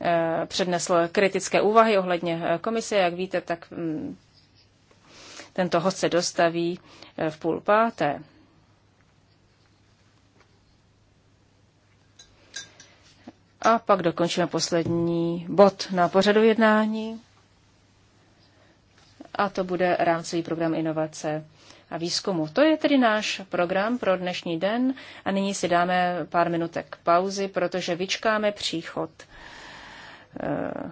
eh, přednesl kritické úvahy ohledně eh, komise. Jak víte, tak mm, tento host se dostaví eh, v půl páté. A pak dokončíme poslední bod na pořadu jednání. A to bude rámcový program inovace a výzkumu. To je tedy náš program pro dnešní den a nyní si dáme pár minutek pauzy, protože vyčkáme příchod eh,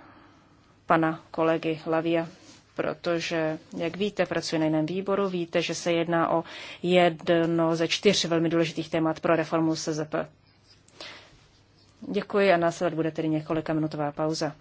pana kolegy Lavia protože, jak víte, pracuje na jiném výboru, víte, že se jedná o jedno ze čtyř velmi důležitých témat pro reformu SZP. Děkuji a následovat bude tedy několika minutová pauza.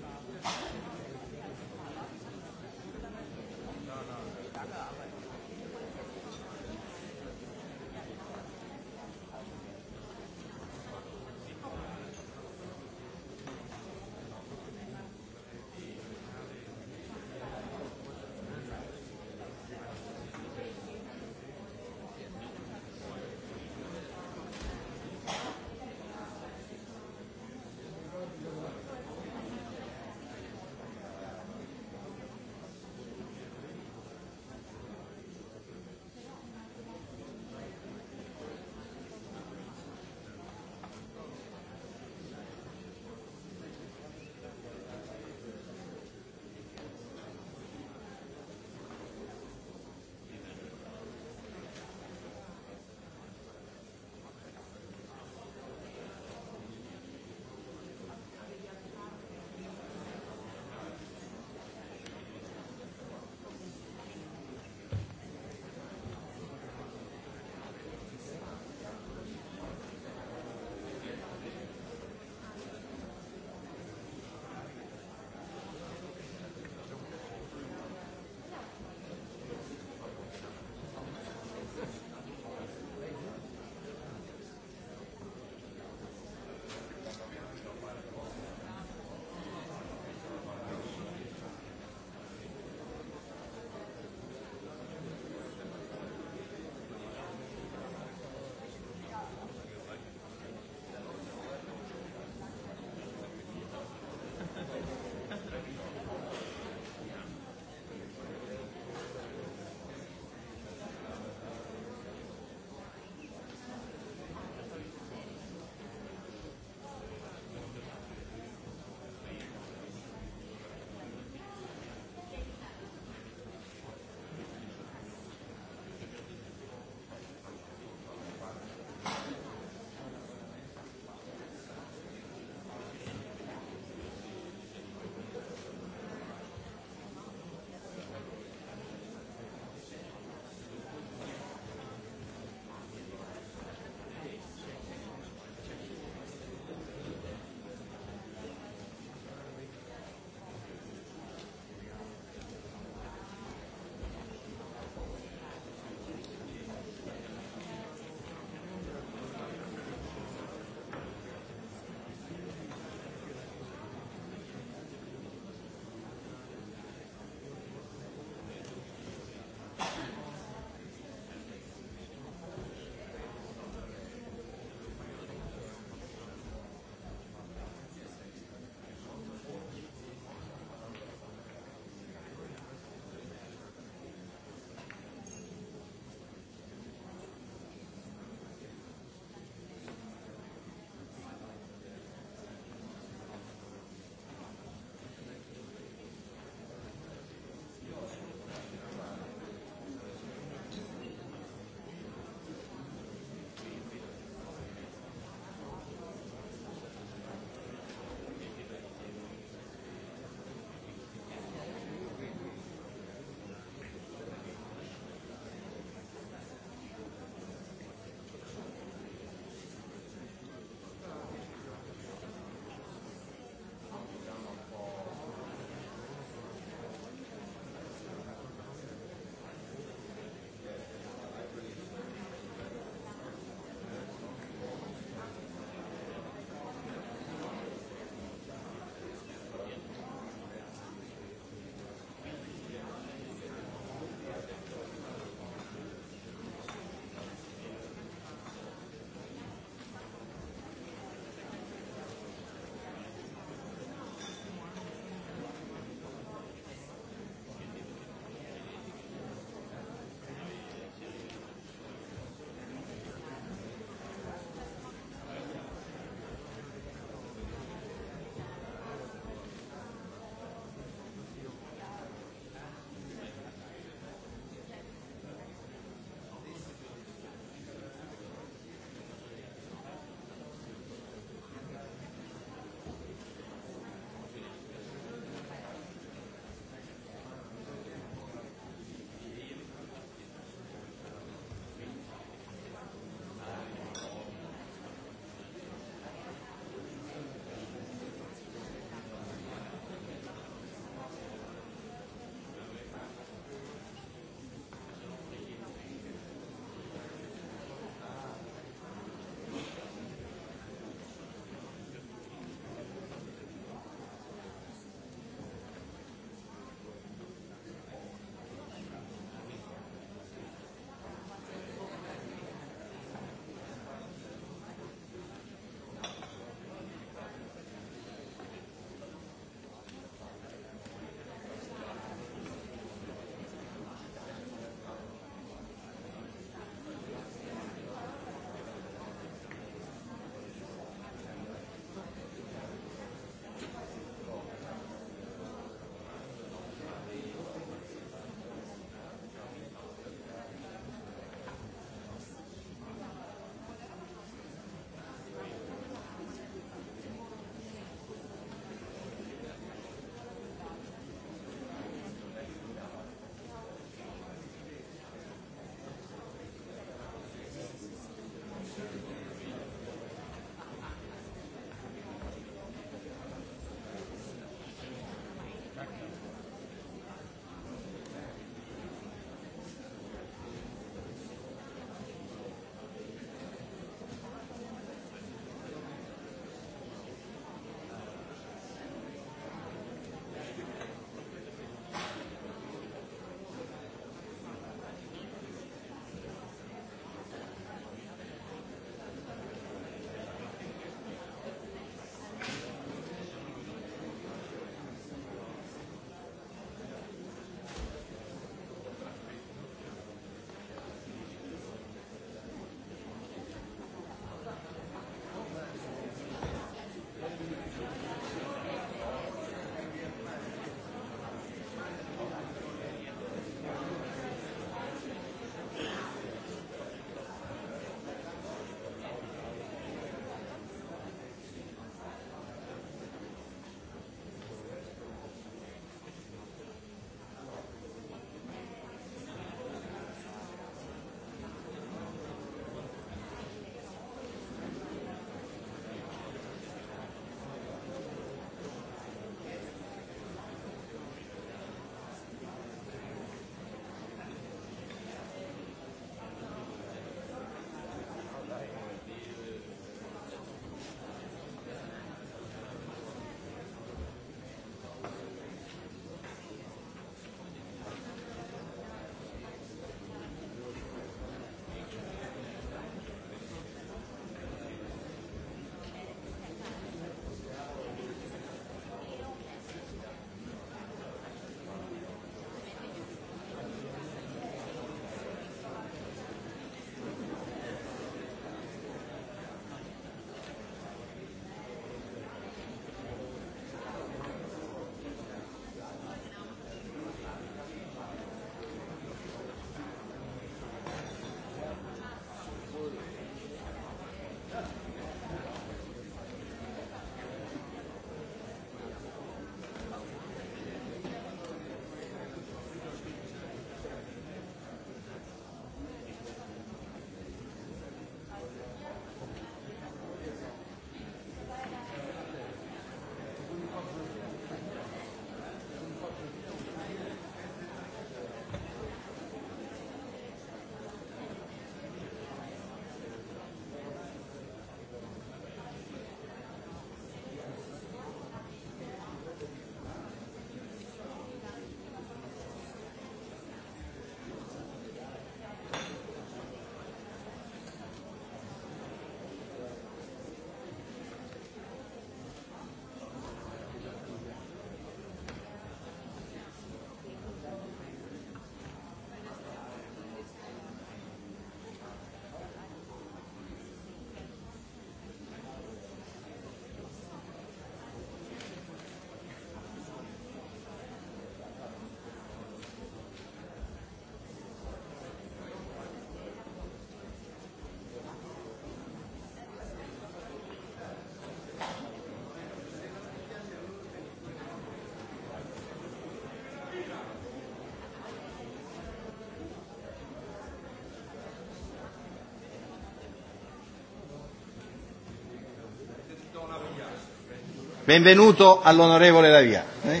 Benvenuto all'onorevole Lavia. Eh?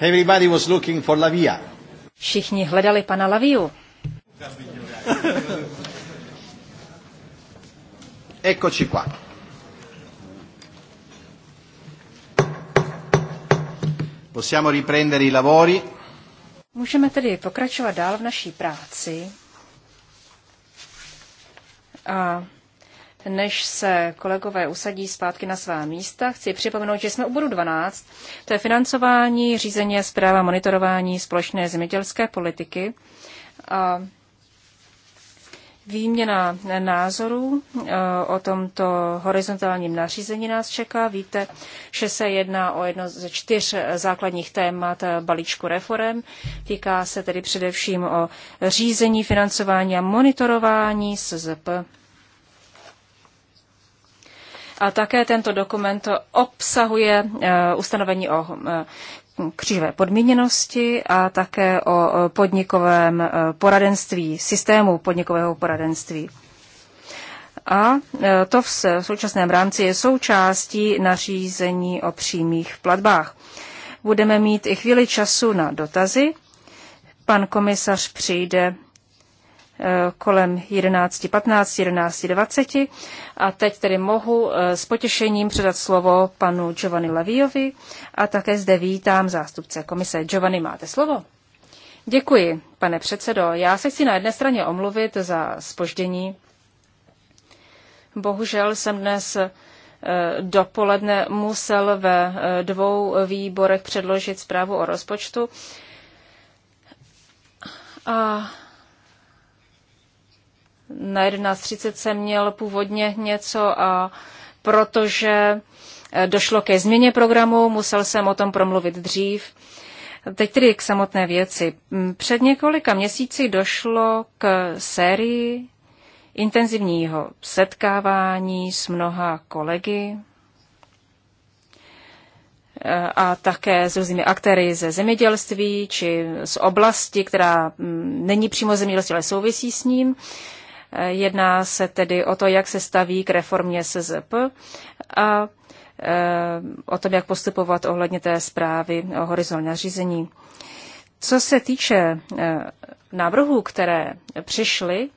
Everybody was looking for Lavia. Všichni hledali pana Laviu. Eccoci qua. Possiamo riprendere i lavori. Můžeme tedy pokračovat dál v naší práci. A než se kolegové usadí zpátky na svá místa, chci připomenout, že jsme u bodu 12. To je financování, řízení a zpráva monitorování společné zemědělské politiky. A Výměna názorů eh, o tomto horizontálním nařízení nás čeká. Víte, že se jedná o jedno ze čtyř eh, základních témat eh, balíčku reform. Týká se tedy především o řízení, financování a monitorování SZP. A také tento dokument obsahuje eh, ustanovení o eh, křížové podmíněnosti a také o podnikovém eh, poradenství, systému podnikového poradenství. A to v současném rámci je součástí nařízení o přímých platbách. Budeme mít i chvíli času na dotazy. Pan komisař přijde Eh, kolem 11.15, 11.20. A teď tedy mohu eh, s potěšením předat slovo panu Giovanni Laviovi a také zde vítám zástupce komise. Giovanni, máte slovo? Děkuji, pane předsedo. Já se chci na jedné straně omluvit za spoždění. Bohužel jsem dnes eh, dopoledne musel ve dvou výborech předložit zprávu o rozpočtu. A na 11.30 jsem měl původně něco a protože eh, došlo ke změně programu, musel jsem o tom promluvit dřív. Teď tedy k samotné věci. Mm, před několika měsíci došlo k sérii intenzivního setkávání s mnoha kolegy eh, a také s různými aktéry ze zemědělství či z oblasti, která mm, není přímo zemědělství, ale souvisí s ním. Jedná se tedy o to, jak se staví k reformě SZP a eh, o tom, jak postupovat ohledně té zprávy o horizontální řízení. Co se týče eh, návrhů, které přišly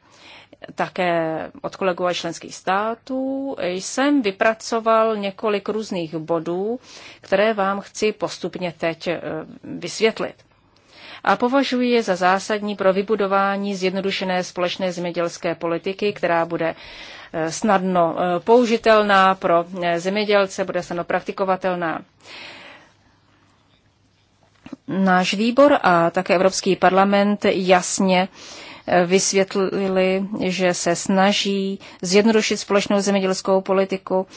také od kolegů a členských států, jsem vypracoval několik různých bodů, které vám chci postupně teď eh, vysvětlit a považuji je za zásadní pro vybudování zjednodušené společné zemědělské politiky, která bude e, snadno e, použitelná pro e, zemědělce, bude snadno praktikovatelná. Náš výbor a také Evropský parlament jasně vysvětlili, že se snaží zjednodušit společnou zemědělskou politiku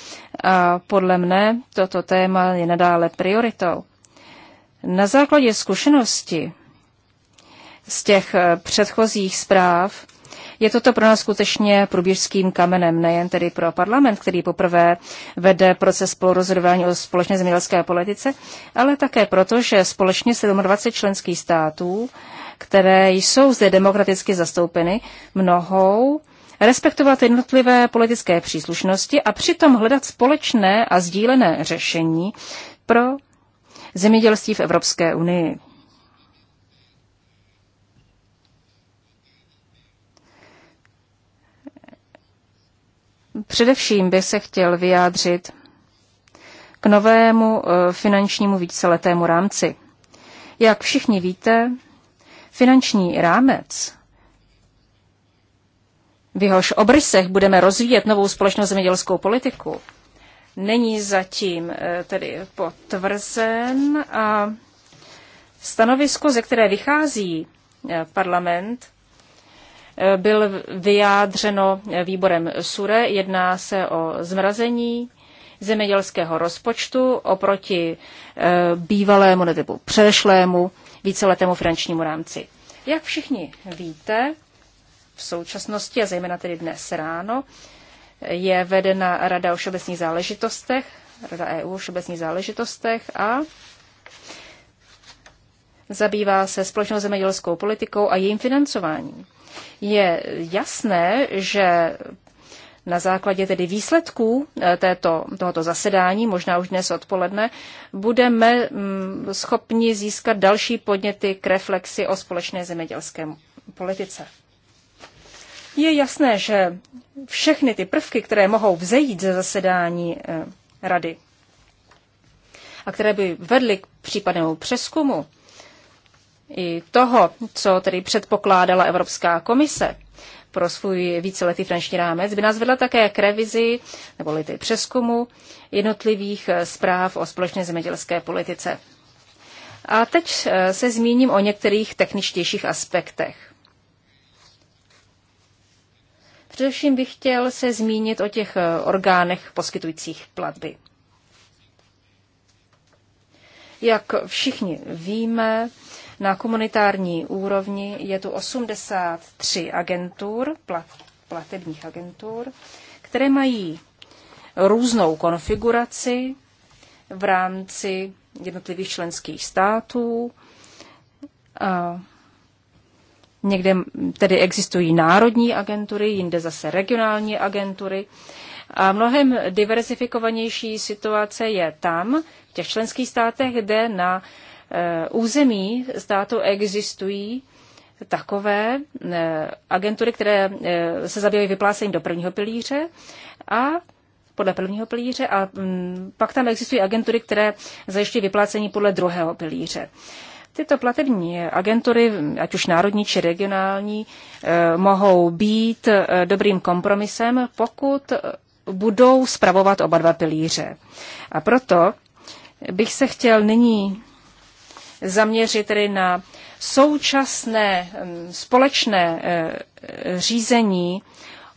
a podle mne toto téma je nadále prioritou. Na základě zkušenosti z těch eh, předchozích zpráv, je toto pro nás skutečně průběžským kamenem, nejen tedy pro parlament, který poprvé vede proces spolurozhodování o společné zemědělské politice, ale také proto, že společně 27 členských států, které jsou zde demokraticky zastoupeny, mnohou respektovat jednotlivé politické příslušnosti a přitom hledat společné a sdílené řešení pro zemědělství v Evropské unii. Především bych se chtěl vyjádřit k novému eh, finančnímu víceletému rámci. Jak všichni víte, finanční rámec, v jehož obrysech budeme rozvíjet novou společnou zemědělskou politiku, není zatím eh, tedy potvrzen a stanovisko, ze které vychází eh, parlament, byl vyjádřeno výborem SURE. Jedná se o zmrazení zemědělského rozpočtu oproti e, bývalému nebo předešlému víceletému finančnímu rámci. Jak všichni víte, v současnosti a zejména tedy dnes ráno je vedena Rada o všeobecných záležitostech, Rada EU o všeobecných záležitostech a zabývá se společnou zemědělskou politikou a jejím financováním. Je jasné, že na základě tedy výsledků eh, této, tohoto zasedání, možná už dnes odpoledne, budeme mm, schopni získat další podněty k reflexi o společné zemědělské politice. Je jasné, že všechny ty prvky, které mohou vzejít ze zasedání eh, rady a které by vedly k případnému přeskumu i toho, co tedy předpokládala Evropská komise pro svůj víceletý finanční rámec, by nás vedla také k revizi nebo tedy přeskumu jednotlivých eh, zpráv o společné zemědělské politice. A teď eh, se zmíním o některých techničtějších aspektech. Především bych chtěl se zmínit o těch eh, orgánech poskytujících platby. Jak všichni víme, na komunitární úrovni je tu 83 agentur, plat, platebních agentur, které mají různou konfiguraci v rámci jednotlivých členských států. A někde tedy existují národní agentury, jinde zase regionální agentury. A mnohem diverzifikovanější situace je tam, v těch členských státech, kde na Eh, území státu existují takové eh, agentury, které eh, se zabývají vyplácením do prvního pilíře a podle prvního pilíře a mm, pak tam existují agentury, které zajišťují vyplácení podle druhého pilíře. Tyto platební agentury, ať už národní či regionální, mohou být dobrým kompromisem, pokud budou spravovat oba dva pilíře. A proto bych se chtěl nyní zaměřit tedy na současné společné eh, řízení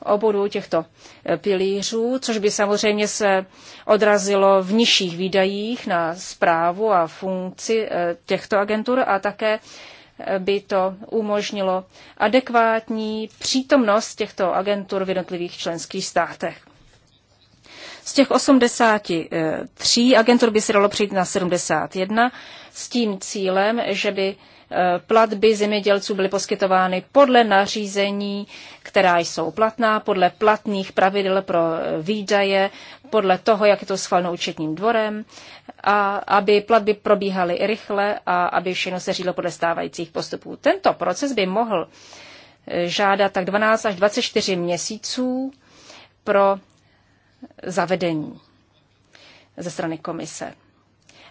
obou těchto eh, pilířů, což by samozřejmě se odrazilo v nižších výdajích na zprávu a funkci eh, těchto agentur a také by to umožnilo adekvátní přítomnost těchto agentur v jednotlivých členských státech. Z těch 83 agentur by se dalo přijít na 71 s tím cílem, že by eh, platby zemědělců byly poskytovány podle nařízení, která jsou platná, podle platných pravidel pro eh, výdaje, podle toho, jak je to schváleno účetním dvorem, a aby platby probíhaly rychle a aby všechno se řídilo podle stávajících postupů. Tento proces by mohl eh, žádat tak 12 až 24 měsíců pro zavedení ze strany komise.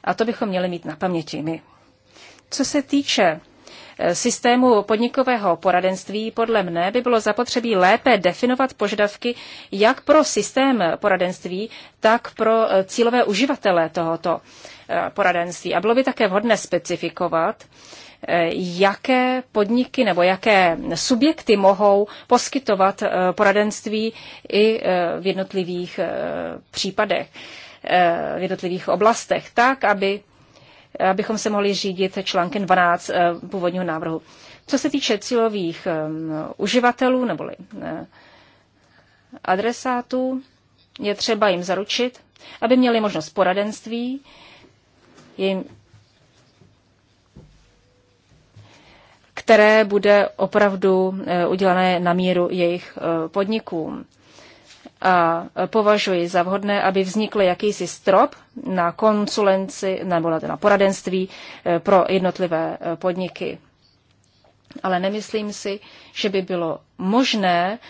A to bychom měli mít na paměti my. Co se týče eh, systému podnikového poradenství podle mne by bylo zapotřebí lépe definovat požadavky jak pro systém poradenství, tak pro eh, cílové uživatele tohoto eh, poradenství. A bylo by také vhodné specifikovat, jaké podniky nebo jaké subjekty mohou poskytovat poradenství i v jednotlivých případech. Eh, v jednotlivých oblastech, tak, aby, abychom se mohli řídit článkem 12 eh, původního návrhu. Co se týče cílových eh, uživatelů neboli adresátů, je třeba jim zaručit, aby měli možnost poradenství, jim, které bude opravdu udělané na míru jejich podnikům a považuji za vhodné, aby vznikl jakýsi strop na konsulenci nebo na poradenství eh, pro jednotlivé eh, podniky. Ale nemyslím si, že by bylo možné eh,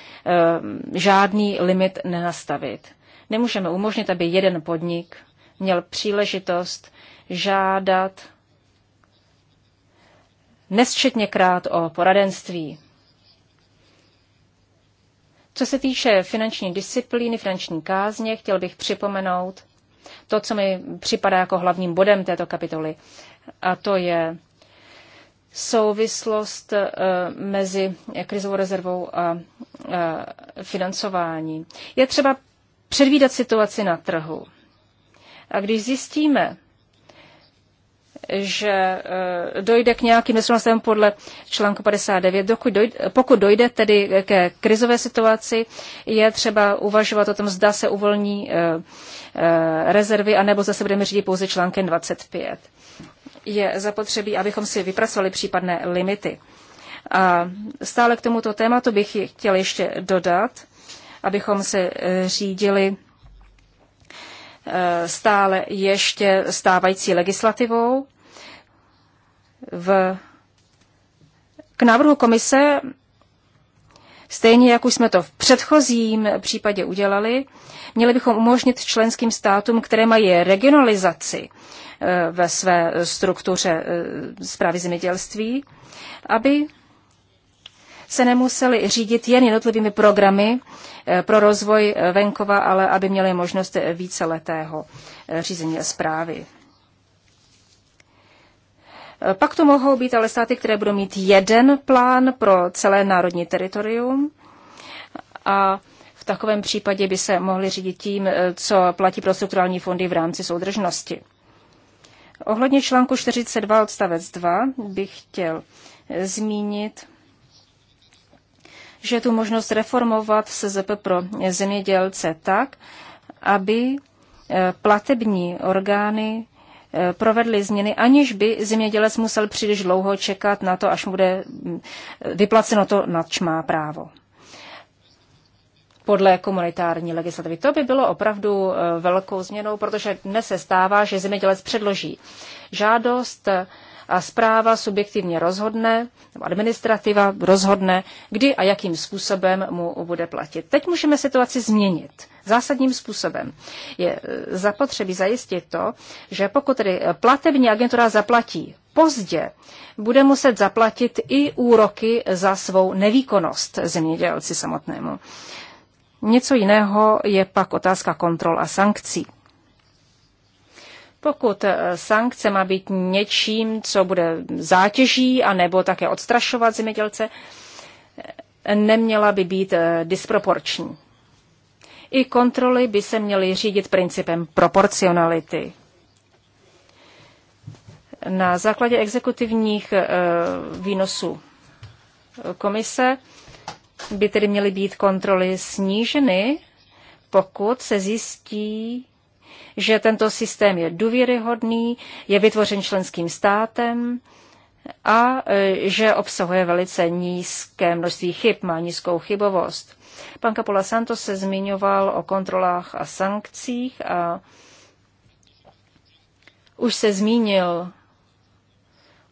žádný limit nenastavit. Nemůžeme umožnit, aby jeden podnik měl příležitost žádat nesčetněkrát o poradenství. Co se týče finanční disciplíny, finanční kázně, chtěl bych připomenout to, co mi připadá jako hlavním bodem této kapitoly. A to je souvislost eh, mezi krizovou rezervou a eh, financováním. Je třeba předvídat situaci na trhu. A když zjistíme, že eh, dojde k nějakým nesrovnalostem podle článku 59. Dokud dojde, pokud dojde tedy ke krizové situaci, je třeba uvažovat o tom, zda se uvolní eh, eh, rezervy, anebo zase budeme řídit pouze článkem 25. Je zapotřebí, abychom si vypracovali případné limity. A stále k tomuto tématu bych chtěl ještě dodat, abychom se řídili stále ještě stávající legislativou v, k návrhu komise, stejně jak už jsme to v předchozím případě udělali, měli bychom umožnit členským státům, které mají regionalizaci eh, ve své struktuře eh, zprávy zemědělství, aby se nemuseli řídit jen jednotlivými programy eh, pro rozvoj venkova, ale aby měli možnost víceletého řízení zprávy. Pak to mohou být ale státy, které budou mít jeden plán pro celé národní teritorium a v takovém případě by se mohli řídit tím, eh, co platí pro strukturální fondy v rámci soudržnosti. Ohledně článku 42 odstavec 2 bych chtěl zmínit, že je tu možnost reformovat SZP pro zemědělce tak, aby eh, platební orgány Eh, provedli změny, aniž by zemědělec musel příliš dlouho čekat na to, až mu bude mm, vyplaceno to, na čem má právo podle komunitární legislativy. To by bylo opravdu eh, velkou změnou, protože dnes se stává, že zemědělec předloží žádost a zpráva subjektivně rozhodne, nebo administrativa rozhodne, kdy a jakým způsobem mu bude platit. Teď můžeme situaci změnit zásadním způsobem. Je e, zapotřebí zajistit to, že pokud tedy platební agentura zaplatí pozdě, bude muset zaplatit i úroky za svou nevýkonnost zemědělci samotnému. Něco jiného je pak otázka kontrol a sankcí. Pokud eh, sankce má být něčím, co bude zátěží, a nebo také odstrašovat zemědělce, eh, neměla by být eh, disproporční. I kontroly by se měly řídit principem proporcionality. Na základě exekutivních výnosů komise by tedy měly být kontroly sníženy, pokud se zjistí, že tento systém je důvěryhodný, je vytvořen členským státem a e, že obsahuje velice nízké množství chyb, má nízkou chybovost. Pan Capola Santos se zmiňoval o kontrolách a sankcích a už se zmínil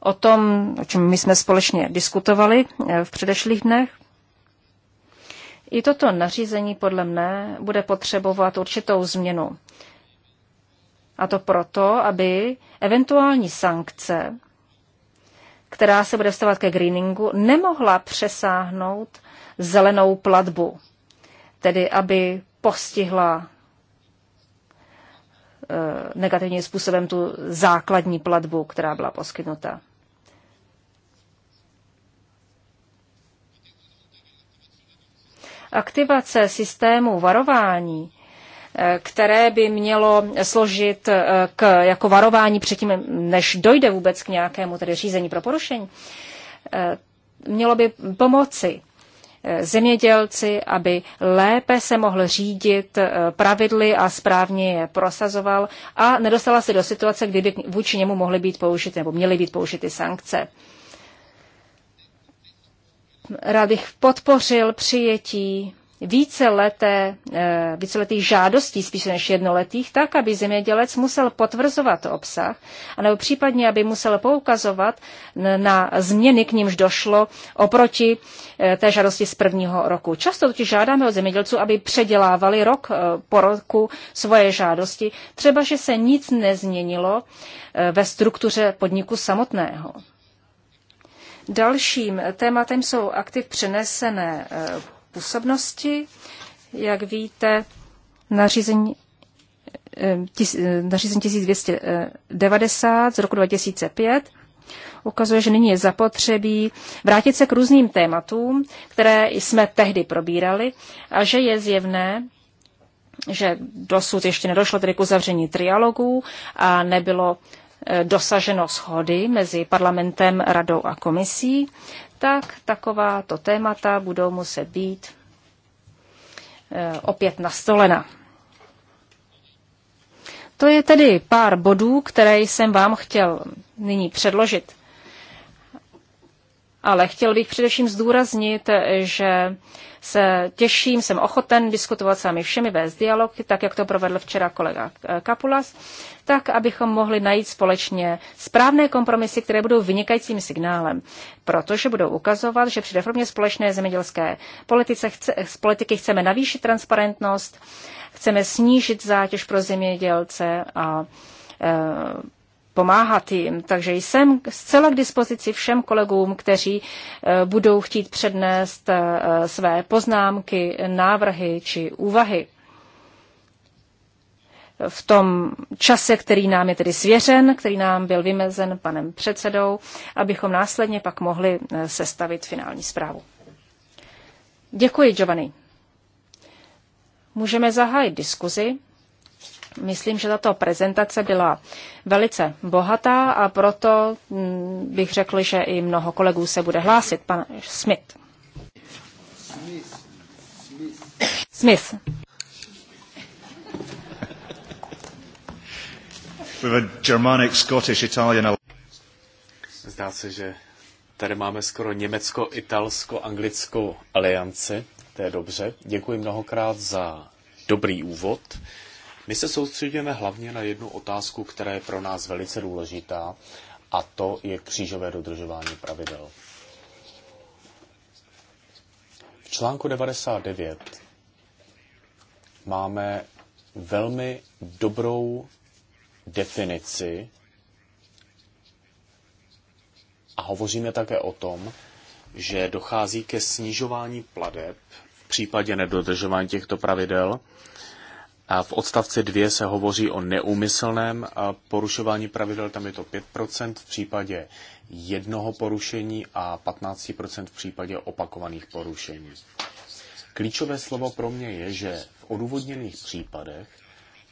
o tom, o čem my jsme společně diskutovali e, v předešlých dnech. I toto nařízení podle mne bude potřebovat určitou změnu. A to proto, aby eventuální sankce, která se bude vstávat ke greeningu, nemohla přesáhnout zelenou platbu. Tedy aby postihla e, negativním způsobem tu základní platbu, která byla poskytnuta. Aktivace systému varování které by mělo složit eh, k, jako varování předtím, než dojde vůbec k nějakému tedy řízení pro porušení. Eh, mělo by pomoci eh, zemědělci, aby lépe se mohl řídit pravidly a správně je prosazoval a nedostala se do situace, kdyby vůči němu mohly být použity nebo měly být použity sankce. Rád bych podpořil přijetí víceleté, eh, víceletých žádostí spíše než jednoletých, tak, aby zemědělec musel potvrzovat obsah, anebo případně, aby musel poukazovat na změny, k nímž došlo oproti eh, té žádosti z prvního roku. Často totiž žádáme od zemědělců, aby předělávali rok eh, po roku svoje žádosti, třeba, že se nic nezměnilo ve struktuře podniku samotného. Dalším tématem jsou aktiv přenesené působnosti. Jak víte, nařízení eh, eh, nařízení 1290 z roku 2005 ukazuje, že nyní je zapotřebí vrátit se k různým tématům, které jsme tehdy probírali a že je zjevné, že dosud ještě nedošlo tedy k uzavření trialogů a nebylo eh, dosaženo shody mezi parlamentem, radou a komisí tak takováto témata budou muset být eh, opět nastolena. To je tedy pár bodů, které jsem vám chtěl nyní předložit. Ale chtěl bych především zdůraznit, eh, že se těším, jsem ochoten diskutovat s vámi všemi, vést dialog, tak jak to provedl včera kolega Kapulas, tak abychom mohli najít společně správné kompromisy, které budou vynikajícím signálem, protože budou ukazovat, že při reformě společné zemědělské politice, chce, politiky chceme navýšit transparentnost, chceme snížit zátěž pro zemědělce a eh, pomáhat jim. Takže jsem zcela k dispozici všem kolegům, kteří eh, budou chtít přednést eh, své poznámky, návrhy či úvahy. V tom čase, který nám je tedy svěřen, který nám byl vymezen panem předsedou, abychom následně pak mohli eh, sestavit finální zprávu. Děkuji, Giovanni. Můžeme zahájit diskuzi. Myslím, že tato prezentace byla velice bohatá a proto mm, bych řekl, že i mnoho kolegů se bude hlásit. Pan Smith. Smith. Smith. Germanic, Scottish, Italian. Zdá se, že tady máme skoro německo-italsko-anglickou alianci. To je dobře. Děkuji mnohokrát za dobrý úvod. My se soustředíme hlavně na jednu otázku, která je pro nás velice důležitá, a to je křížové dodržování pravidel. V článku 99 máme velmi dobrou definici a hovoříme také o tom, že dochází ke snižování pladeb v případě nedodržování těchto pravidel a v odstavci 2 se hovoří o neumyslném porušování pravidel, tam je to 5% v případě jednoho porušení a 15% v případě opakovaných porušení. Klíčové slovo pro mě je, že v odůvodněných případech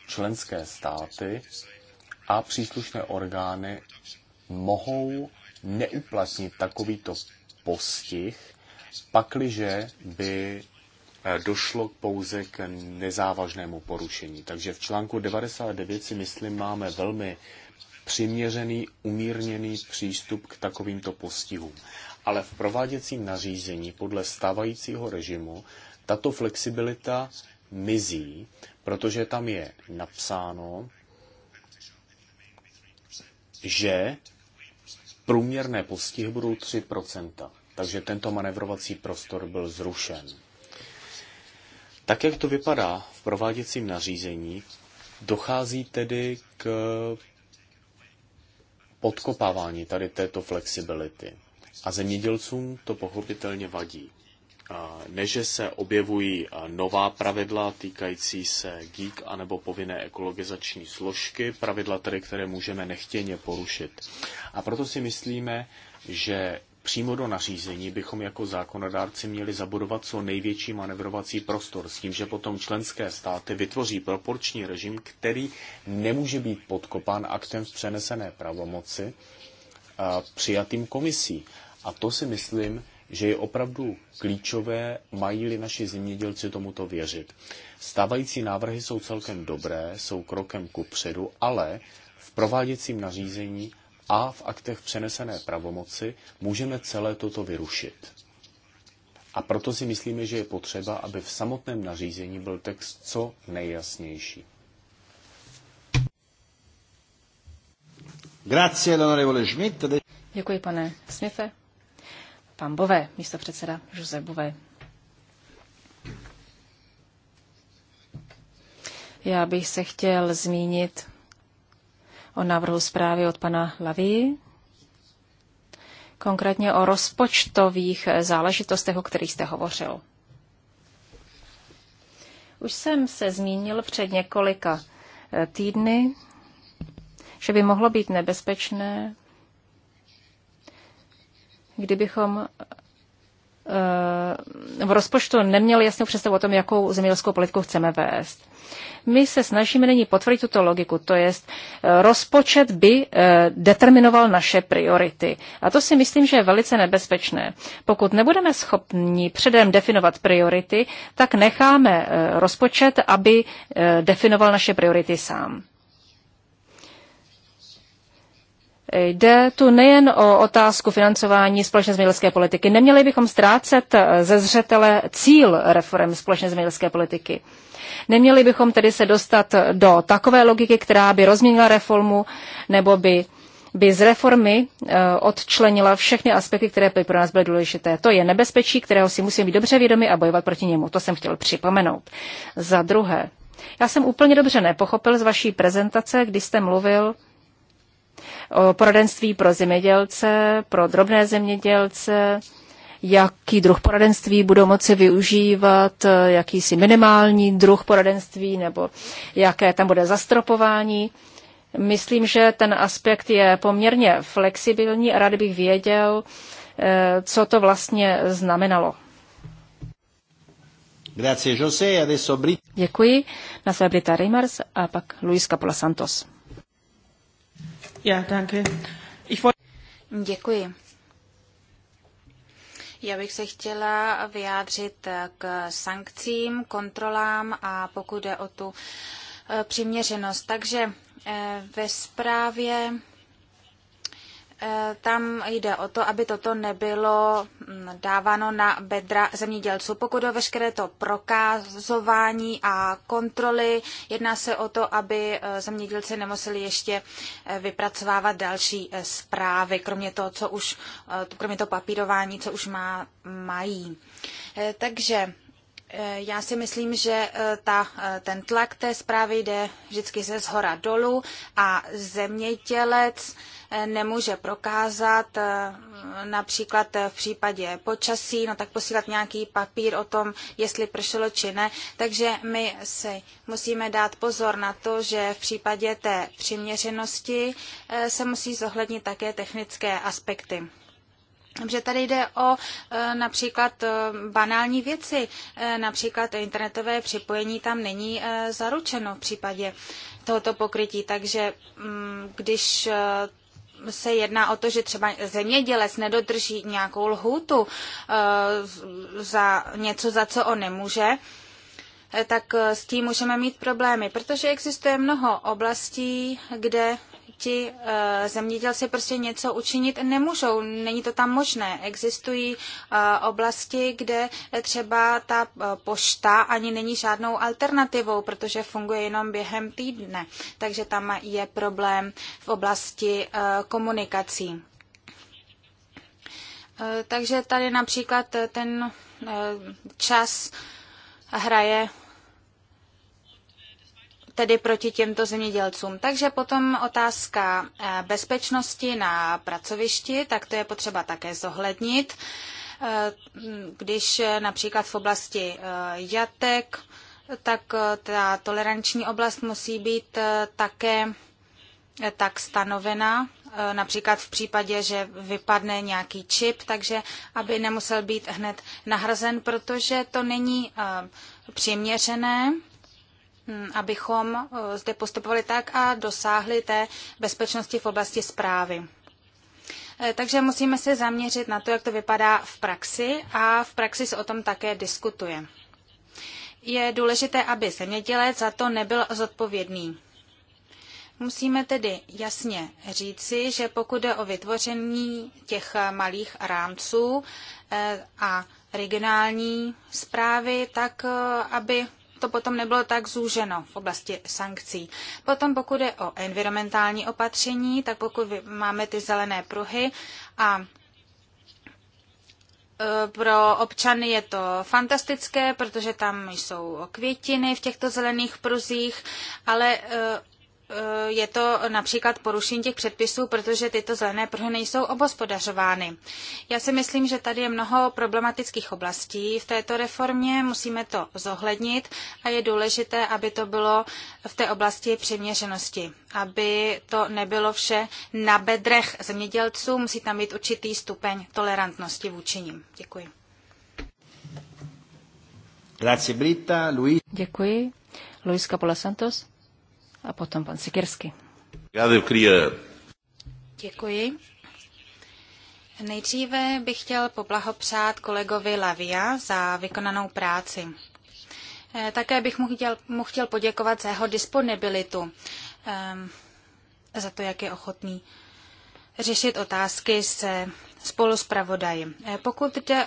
členské státy a příslušné orgány mohou neuplatnit takovýto postih, pakliže by Eh, došlo pouze k nezávažnému porušení. Takže v článku 99 si myslím máme velmi přiměřený, umírněný přístup k takovýmto postihům. Ale v prováděcím nařízení podle stávajícího režimu tato flexibilita mizí, protože tam je napsáno, že průměrné postihy budou 3%. Takže tento manevrovací prostor byl zrušen. Tak, jak to vypadá v prováděcím nařízení, dochází tedy k podkopávání tady této flexibility. A zemědělcům to pochopitelně vadí. Neže se objevují nová pravidla týkající se GEEK anebo povinné ekologizační složky, pravidla tedy, které můžeme nechtěně porušit. A proto si myslíme, že přímo do nařízení bychom jako zákonodárci měli zabudovat co největší manevrovací prostor s tím, že potom členské státy vytvoří proporční režim, který nemůže být podkopán aktem v přenesené pravomoci a přijatým komisí. A to si myslím, že je opravdu klíčové, mají-li naši zemědělci tomuto věřit. Stávající návrhy jsou celkem dobré, jsou krokem ku předu, ale v prováděcím nařízení a v aktech přenesené pravomoci můžeme celé toto vyrušit. A proto si myslíme, že je potřeba, aby v samotném nařízení byl text co nejjasnější. Grazie, l'onorevole Schmidt. Děkuji, pane Smife. Pan Bové, místo předseda Jose Bové. Já bych se chtěl zmínit o návrhu zprávy od pana Lavy. konkrétně o rozpočtových záležitostech, o kterých jste hovořil. Už jsem se zmínil před několika eh, týdny, že by mohlo být nebezpečné, kdybychom eh, v rozpočtu neměli jasnou představu o tom, jakou zemědělskou politiku chceme vést. My se snažíme nyní potvrdit tuto logiku, to je eh, rozpočet by eh, determinoval naše priority. A to si myslím, že je velice nebezpečné. Pokud nebudeme schopni předem definovat priority, tak necháme eh, rozpočet, aby definoval naše priority sám. Jde tu nejen o otázku financování společné zemědělské politiky. Neměli bychom ztrácet eh, ze zřetele cíl reform společné zemědělské politiky. Neměli bychom tedy se dostat do takové logiky, která by rozměnila reformu nebo by, by z reformy eh, odčlenila všechny aspekty, které by pro nás byly důležité. To je nebezpečí, kterého si musíme být dobře vědomi a bojovat proti němu. To jsem chtěl připomenout. Za druhé, já jsem úplně dobře nepochopil z vaší prezentace, kdy jste mluvil poradenství pro zemědělce, pro drobné zemědělce, jaký druh poradenství budou moci využívat, e, jakýsi minimální druh poradenství nebo jaké tam bude zastropování. Myslím, že ten aspekt je poměrně flexibilní a rád bych věděl, e, co to vlastně znamenalo. Grazie, Jose, Děkuji. Na své Brita Reimers a pak Luis Capola Santos. Ja, danke. Ich wollte... Děkuji. Já bych se chtěla vyjádřit k sankcím, kontrolám a pokud jde o tu eh, přiměřenost. Takže eh, ve zprávě Eh, tam jde o to, aby toto nebylo mm, dáváno na bedra zemědělců. Pokud o veškeré to prokázování a kontroly, jedná se o to, aby eh, zemědělci nemuseli ještě eh, vypracovávat další zprávy, kromě toho, co už, kromě toho papírování, co už má, mají. Takže já si myslím, že ta, ten tlak té zprávy jde vždycky ze zhora dolů a zemědělec nemůže prokázat, eh, například v případě počasí, no tak posílat nějaký papír o tom, jestli pršelo či ne. Takže my si musíme dát pozor na to, že v případě té přiměřenosti eh, se musí zohlednit také technické aspekty. Že tady jde o eh, například banální věci, například internetové připojení tam není zaručeno v případě tohoto pokrytí, takže mm, když se jedná o to, že třeba zemědělec nedodrží nějakou lhůtu eh, za něco, za co on nemůže, eh, tak eh, s tím můžeme mít problémy, protože existuje mnoho oblastí, kde ti eh, zemědělci prostě něco učinit nemůžou. Není to tam možné. Existují eh, oblasti, kde třeba ta eh, pošta ani není žádnou alternativou, protože funguje jenom během týdne. Takže tam je problém v oblasti komunikací. Takže tady například ten čas hraje tedy proti těmto zemědělcům. Takže potom otázka eh, bezpečnosti na pracovišti, tak to je potřeba také zohlednit. Eh, když eh, například v oblasti jatek, tak ta toleranční oblast musí být také tak stanovena, například v případě, že vypadne nějaký čip, takže aby nemusel být hned nahrazen, protože to není přiměřené Hm, abychom eh, zde postupovali tak a dosáhli té bezpečnosti v oblasti zprávy. Eh, takže musíme se zaměřit na to, jak to vypadá v praxi a v praxi se o tom také diskutuje. Je důležité, aby zemědělec za to nebyl zodpovědný. Musíme tedy jasně říci, že pokud jde o vytvoření těch malých rámců eh, a regionální zprávy, tak aby to potom nebylo tak zúženo v oblasti sankcí. Potom pokud je o environmentální opatření, tak pokud máme ty zelené pruhy a e, pro občany je to fantastické, protože tam jsou květiny v těchto zelených pruzích, ale e, Eh, je to například porušení těch předpisů, protože tyto zelené pruhy nejsou obospodařovány. Já si myslím, že tady je mnoho problematických oblastí v této reformě, musíme to zohlednit a je důležité, aby to bylo v té oblasti přiměřenosti, aby to nebylo vše na bedrech zemědělců, musí tam být určitý stupeň tolerantnosti vůči ním. Děkuji. Děkuji. Luis Capola Santos a potom pan Sikirsky. Děkuji. Nejdříve bych chtěl poblahopřát kolegovi Lavia za vykonanou práci. Eh, také bych mu chtěl, mu chtěl poděkovat za jeho disponibilitu, ehm, za to, jak je ochotný řešit otázky se spoluspravodaji. Eh, pokud jde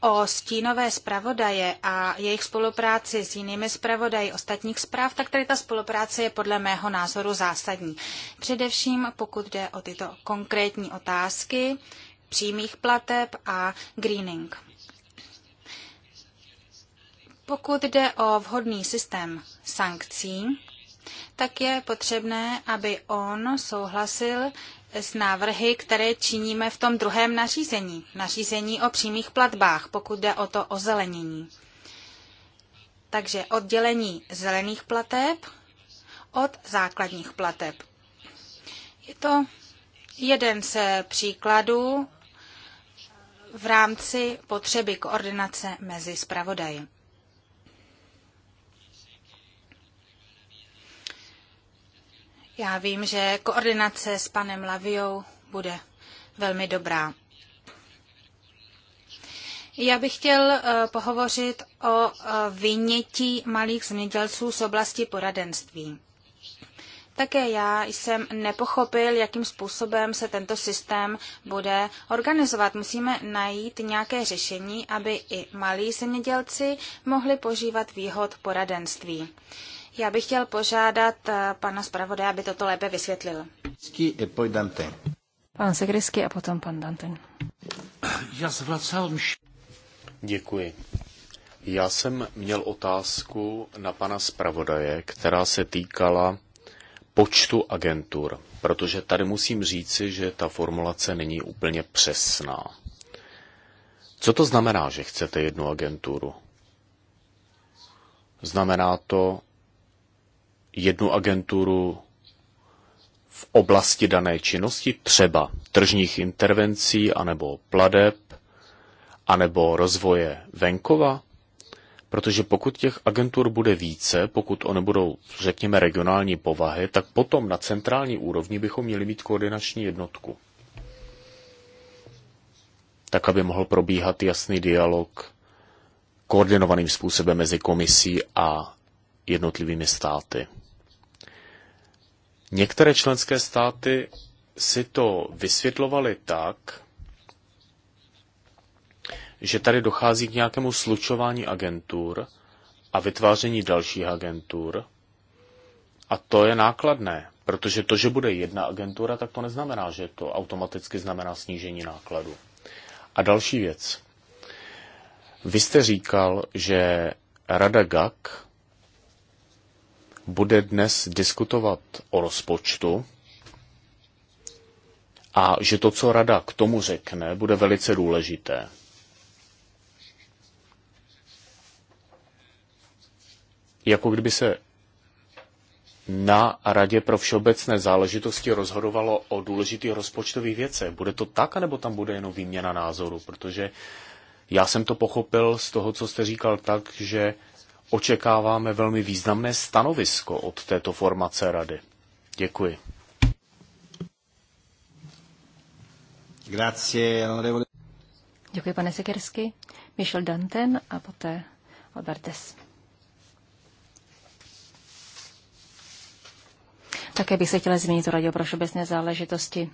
o stínové zpravodaje a jejich spolupráci s jinými zpravodaji ostatních zpráv, tak tady ta spolupráce je podle mého názoru zásadní. Především pokud jde o tyto konkrétní otázky přímých plateb a greening. Pokud jde o vhodný systém sankcí, tak je potřebné, aby on souhlasil s návrhy, které činíme v tom druhém nařízení, nařízení o přímých platbách, pokud jde o to ozelenění. Takže oddělení zelených plateb od základních plateb. Je to jeden z příkladů v rámci potřeby koordinace mezi zpravodaji. Já vím, že koordinace s panem Laviou bude velmi dobrá. Já bych chtěl eh, pohovořit o eh, vynětí malých zemědělců z oblasti poradenství. Také já jsem nepochopil, jakým způsobem se tento systém bude organizovat. Musíme najít nějaké řešení, aby i malí zemědělci mohli požívat výhod poradenství. Já bych chtěl požádat eh, pana zpravodaje, aby toto lépe vysvětlil. Pan Segrisky a potom pan Danten. Já zvracel Děkuji. Já jsem měl otázku na pana zpravodaje, která se týkala počtu agentur, protože tady musím říci, že ta formulace není úplně přesná. Co to znamená, že chcete jednu agenturu? Znamená to, jednu agenturu v oblasti dané činnosti, třeba tržních intervencí anebo pladeb, anebo rozvoje venkova? Protože pokud těch agentur bude více, pokud one budou, řekněme, regionální povahy, tak potom na centrální úrovni bychom měli mít koordinační jednotku. Tak, aby mohl probíhat jasný dialog koordinovaným způsobem mezi komisí a jednotlivými státy. Některé členské státy si to vysvětlovali tak, že tady dochází k nějakému slučování agentur a vytváření dalších agentur. A to je nákladné, protože to, že bude jedna agentura, tak to neznamená, že to automaticky znamená snížení nákladu. A další věc. Vy jste říkal, že Rada GAK bude dnes diskutovat o rozpočtu a že to, co rada k tomu řekne, bude velice důležité. Jako kdyby se na Radě pro všeobecné záležitosti rozhodovalo o důležitých rozpočtových věcech. Bude to tak, anebo tam bude jenom výměna názoru? Protože já jsem to pochopil z toho, co jste říkal, tak, že očekáváme velmi významné stanovisko od této formace rady. Děkuji. Děkuji, pane Sekersky. Michel Danten a poté Albertes. Také bych se chtěla zmínit o Radě pro všeobecné záležitosti.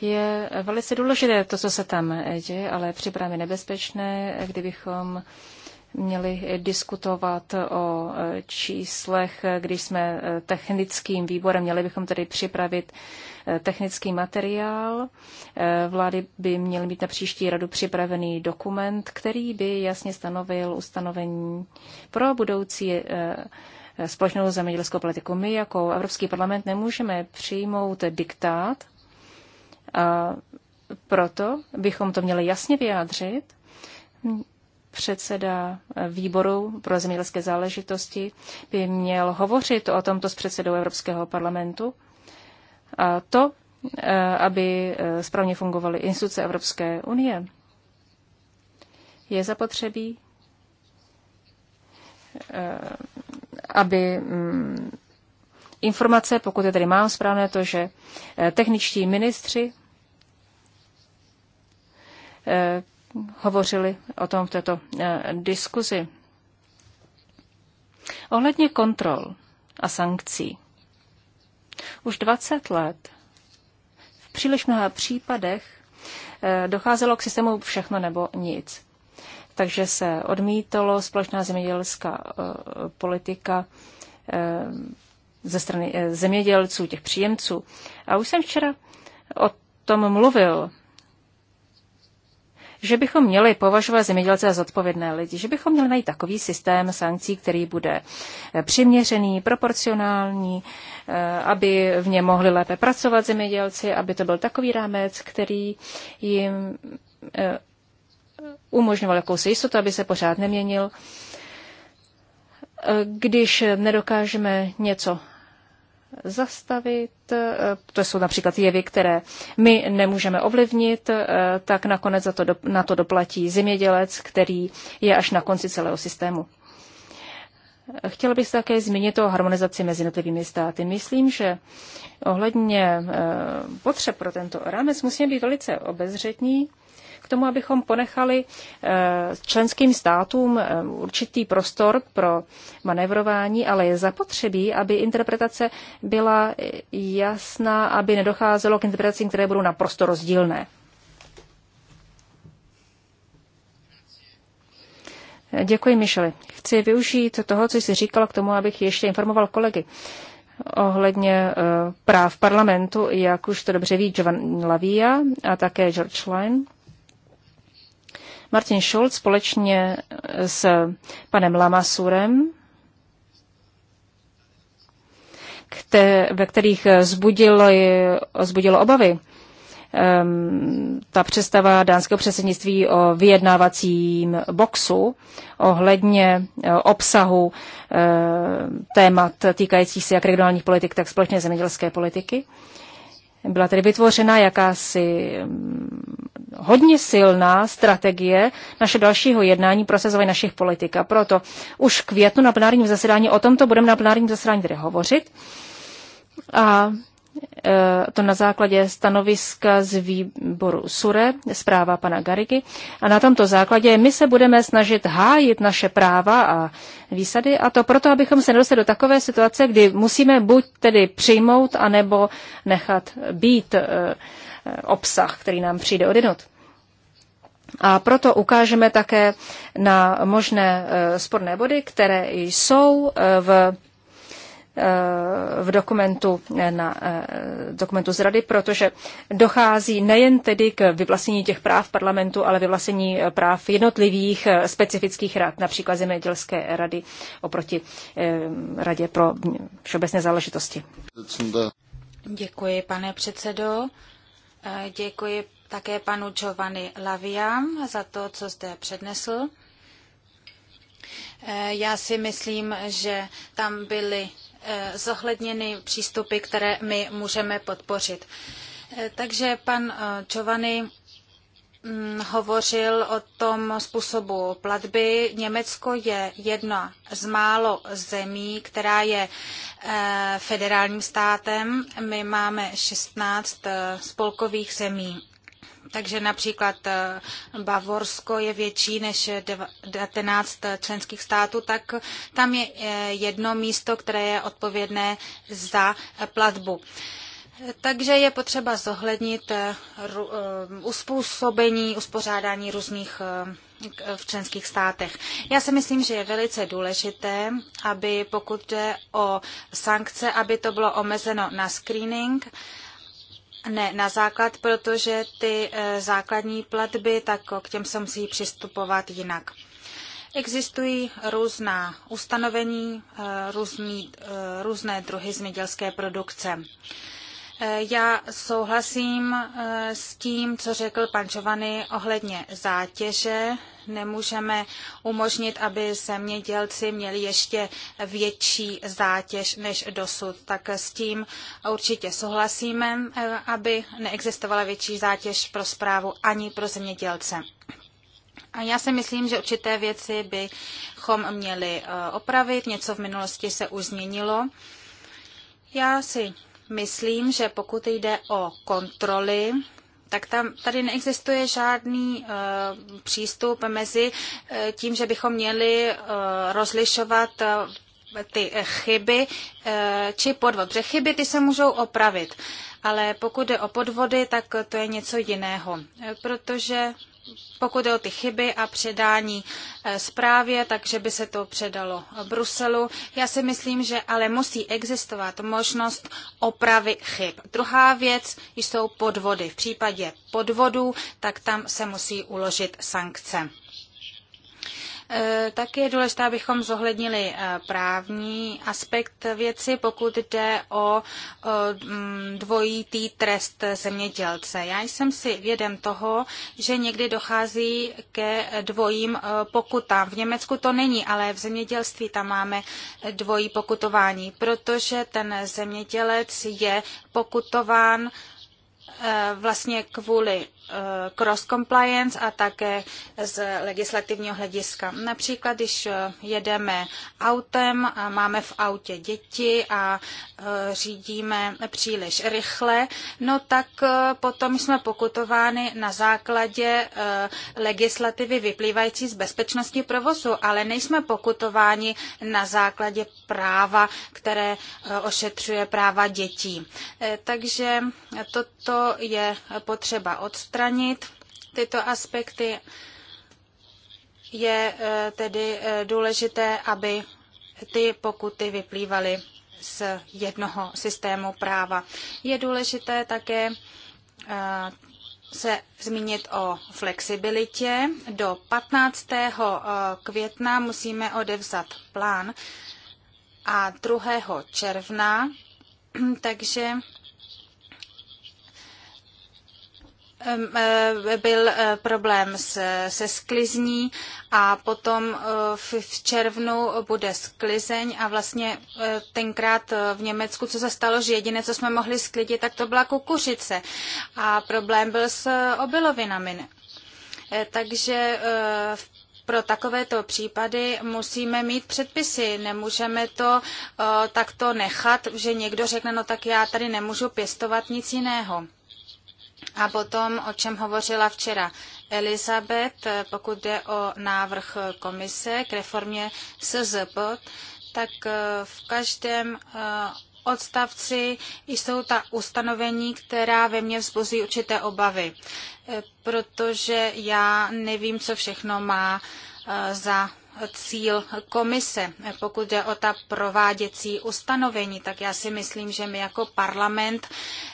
Je velice důležité to, co se tam děje, ale připravy nebezpečné, kdybychom měli diskutovat o eh, číslech, eh, když jsme eh, technickým výborem, měli bychom tedy připravit technický materiál. Vlády by měly mít na příští radu připravený dokument, který by jasně stanovil ustanovení pro budoucí společnou zemědělskou politiku. My jako Evropský parlament nemůžeme přijmout diktát, a proto bychom to měli jasně vyjádřit předseda výboru pro zemědělské záležitosti by měl hovořit o tomto s předsedou Evropského parlamentu. A to, eh, aby eh, správně fungovaly instituce Evropské unie, je zapotřebí, eh, aby mm, informace, pokud je tedy mám správné, to, že techničtí ministři hovořili o tom v této eh, diskuzi. Ohledně kontrol a sankcí. Už 20 let v příliš mnoha případech eh, docházelo k systému všechno nebo nic. Takže se odmítalo společná zemědělská eh, politika ze strany zemědělců, těch příjemců. A už jsem včera o tom mluvil že bychom měli považovat zemědělce za zodpovědné lidi, že bychom měli najít takový systém sankcí, který bude eh, přiměřený, proporcionální, eh, aby v něm mohli lépe pracovat zemědělci, aby to byl takový rámec, který jim eh, umožňoval jakousi jistotu, aby se pořád neměnil. Když nedokážeme něco zastavit. Eh, to jsou například jevy, které my nemůžeme ovlivnit, eh, tak nakonec za to, na to doplatí zemědělec, který je až na konci celého systému. Chtěla bych se také zmínit o harmonizaci mezi jednotlivými státy. Myslím, že ohledně eh, potřeb pro tento rámec musíme být velice obezřetní, k tomu, abychom ponechali eh, členským státům eh, určitý prostor pro manevrování, ale je zapotřebí, aby interpretace byla jasná, aby nedocházelo k interpretacím, které budou naprosto rozdílné. Děkuji, Michele. Chci využít toho, co jsi říkal k tomu, abych ještě informoval kolegy ohledně eh, práv parlamentu, jak už to dobře ví Jovan Lavia a také George Line. Martin Schulz společně eh, s panem Lamasurem, ve kterých eh, zbudilo, eh, zbudilo obavy ehm, ta představa dánského předsednictví o vyjednávacím boxu ohledně obsahu témat týkajících se jak regionálních politik, tak společně zemědělské politiky. Byla tedy vytvořena jakási mm, hodně silná strategie naše dalšího jednání prosazování našich politik. A proto už v květnu na plenárním zasedání, o tomto budeme na plenárním zasedání tedy hovořit. A Eh, to na základě stanoviska z výboru SURE, zpráva pana Garigy, A na tomto základě my se budeme snažit hájit naše práva a výsady a to proto, abychom se nedostali do takové situace, kdy musíme buď tedy přijmout, anebo nechat být eh, eh, obsah, který nám přijde od jednot. A proto ukážeme také na možné sporné body, které jsou v v dokumentu, eh, na, eh, dokumentu z Rady, protože dochází nejen tedy k vyvlastnění těch práv parlamentu, ale vyvlastnění eh, práv jednotlivých specifických rad, například zemědělské rady oproti Radě pro všeobecné záležitosti. Děkuji, pane předsedo. Děkuji také panu Giovanni Laviam za to, co zde přednesl. Já si myslím, že tam byly Eh, zohledněny přístupy, které my můžeme podpořit. Eh, takže pan eh, Giovanni mm, hovořil o tom způsobu platby. Německo je jedna z málo zemí, která je federálním státem. My máme 16 spolkových zemí. Takže například eh, Bavorsko je větší než 19 členských států, tak tam je eh, jedno místo, které je odpovědné za platbu. Takže je potřeba zohlednit eh, uspůsobení, uspořádání různých v členských státech. Já si myslím, že je velice důležité, aby pokud jde o sankce, aby to bylo omezeno na screening, ne, na základ, protože ty eh, základní platby, tak k těm se musí přistupovat jinak. Existují různá ustanovení, eh, různý, eh, různé druhy zemědělské produkce. Já souhlasím s tím, co řekl pan čovany ohledně zátěže nemůžeme umožnit, aby zemědělci měli ještě větší zátěž než dosud. Tak s tím určitě souhlasíme, aby neexistovala větší zátěž pro zprávu ani pro zemědělce. A já si myslím, že určité věci bychom měli eh, opravit, něco v minulosti se už změnilo. Já si myslím, že pokud jde o kontroly, tak tam, tady neexistuje žádný uh, přístup mezi uh, tím, že bychom měli uh, rozlišovat uh, ty chyby uh, či podvod. Protože chyby ty se můžou opravit, ale pokud jde o podvody, tak to je něco jiného, protože pokud je o ty chyby a předání eh, zprávě, takže by se to předalo Bruselu. Já si myslím, že ale musí existovat možnost opravy chyb. Druhá věc jsou podvody. V případě podvodů, tak tam se musí uložit sankce. E, tak je důležité, abychom zohlednili e, právní aspekt věci, pokud jde o mm, dvojitý trest zemědělce. Já jsem si vědem toho, že někdy dochází ke dvojím e, pokutám. V Německu to není, ale v zemědělství tam máme dvojí pokutování, protože ten zemědělec je pokutován vlastně kvůli Eh, cross compliance a také z legislativního hlediska. Například, když eh, jedeme autem máme v autě děti a eh, řídíme příliš rychle, no tak potom jsme pokutovány na základě legislativy vyplývající z bezpečnosti provozu, ale nejsme pokutováni na základě práva, které ošetřuje práva dětí. Takže toto je potřeba odstupovat odstranit tyto aspekty. Je eh, tedy eh, důležité, aby ty pokuty vyplývaly z jednoho systému práva. Je důležité také eh, se zmínit o flexibilitě. Do 15. května musíme odevzat plán a 2. června, (clears throat) takže Eh, byl eh, problém se sklizní a potom eh, v červnu bude sklizeň a vlastně tenkrát v Německu, co se stalo, že jediné, co jsme mohli sklidit, tak to byla kukuřice a problém byl s obilovinami. Takže v pro takovéto případy musíme mít předpisy. Nemůžeme to uh, takto nechat, že někdo řekne, no tak já tady nemůžu pěstovat nic jiného. A potom, o čem hovořila včera Elizabeth, pokud jde o návrh komise k reformě SZP, tak eh, v každém eh, odstavci jsou ta ustanovení, která ve mně vzbuzují určité obavy, eh, protože já nevím, co všechno má za cíl komise. Pokud jde o ta prováděcí ustanovení, tak já si myslím, že my jako parlament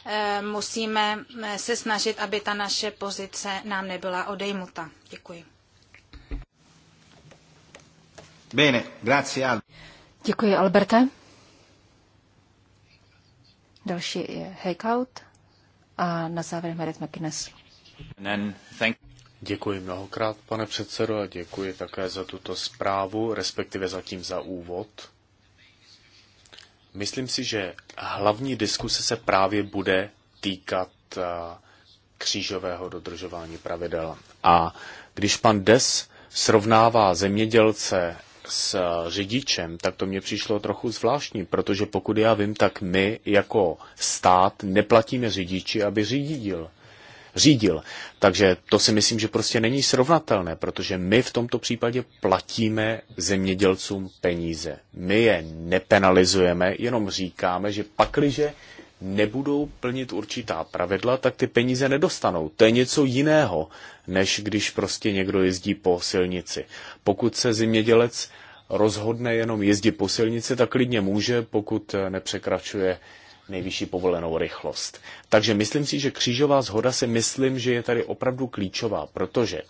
eh, musíme eh, se snažit, aby ta naše pozice nám nebyla odejmuta. Děkuji. Bene, grazie. Al Děkuji, Alberte. Další je Heikout a na závěr Meret McInnes. Děkuji mnohokrát, pane předsedo, a děkuji také za tuto zprávu, respektive zatím za úvod. Myslím si, že hlavní diskuse se právě bude týkat eh, křížového dodržování pravidel. A když pan Des srovnává zemědělce s eh, řidičem, tak to mně přišlo trochu zvláštní, protože pokud já vím, tak my jako stát neplatíme řidiči, aby řídil řídil. Takže to si myslím, že prostě není srovnatelné, protože my v tomto případě platíme zemědělcům peníze. My je nepenalizujeme, jenom říkáme, že pakliže nebudou plnit určitá pravidla, tak ty peníze nedostanou. To je něco jiného, než když prostě někdo jezdí po silnici. Pokud se zemědělec rozhodne jenom jezdit po silnici, tak klidně může, pokud nepřekračuje nejvyšší povolenou rychlost. Takže myslím si, že křížová zhoda si myslím, že je tady opravdu klíčová, protože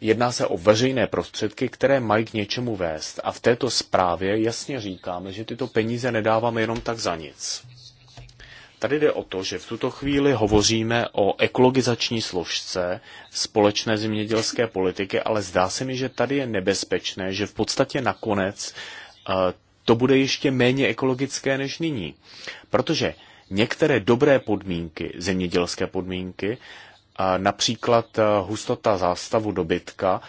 jedná se o veřejné prostředky, které mají k něčemu vést. A v této zprávě jasně říkáme, že tyto peníze nedáváme jenom tak za nic. Tady jde o to, že v tuto chvíli hovoříme o ekologizační složce společné zemědělské politiky, ale zdá se mi, že tady je nebezpečné, že v podstatě nakonec eh, to bude ještě méně ekologické než nyní. Protože některé dobré podmínky, zemědělské podmínky, například e, hustota zástavu dobytka,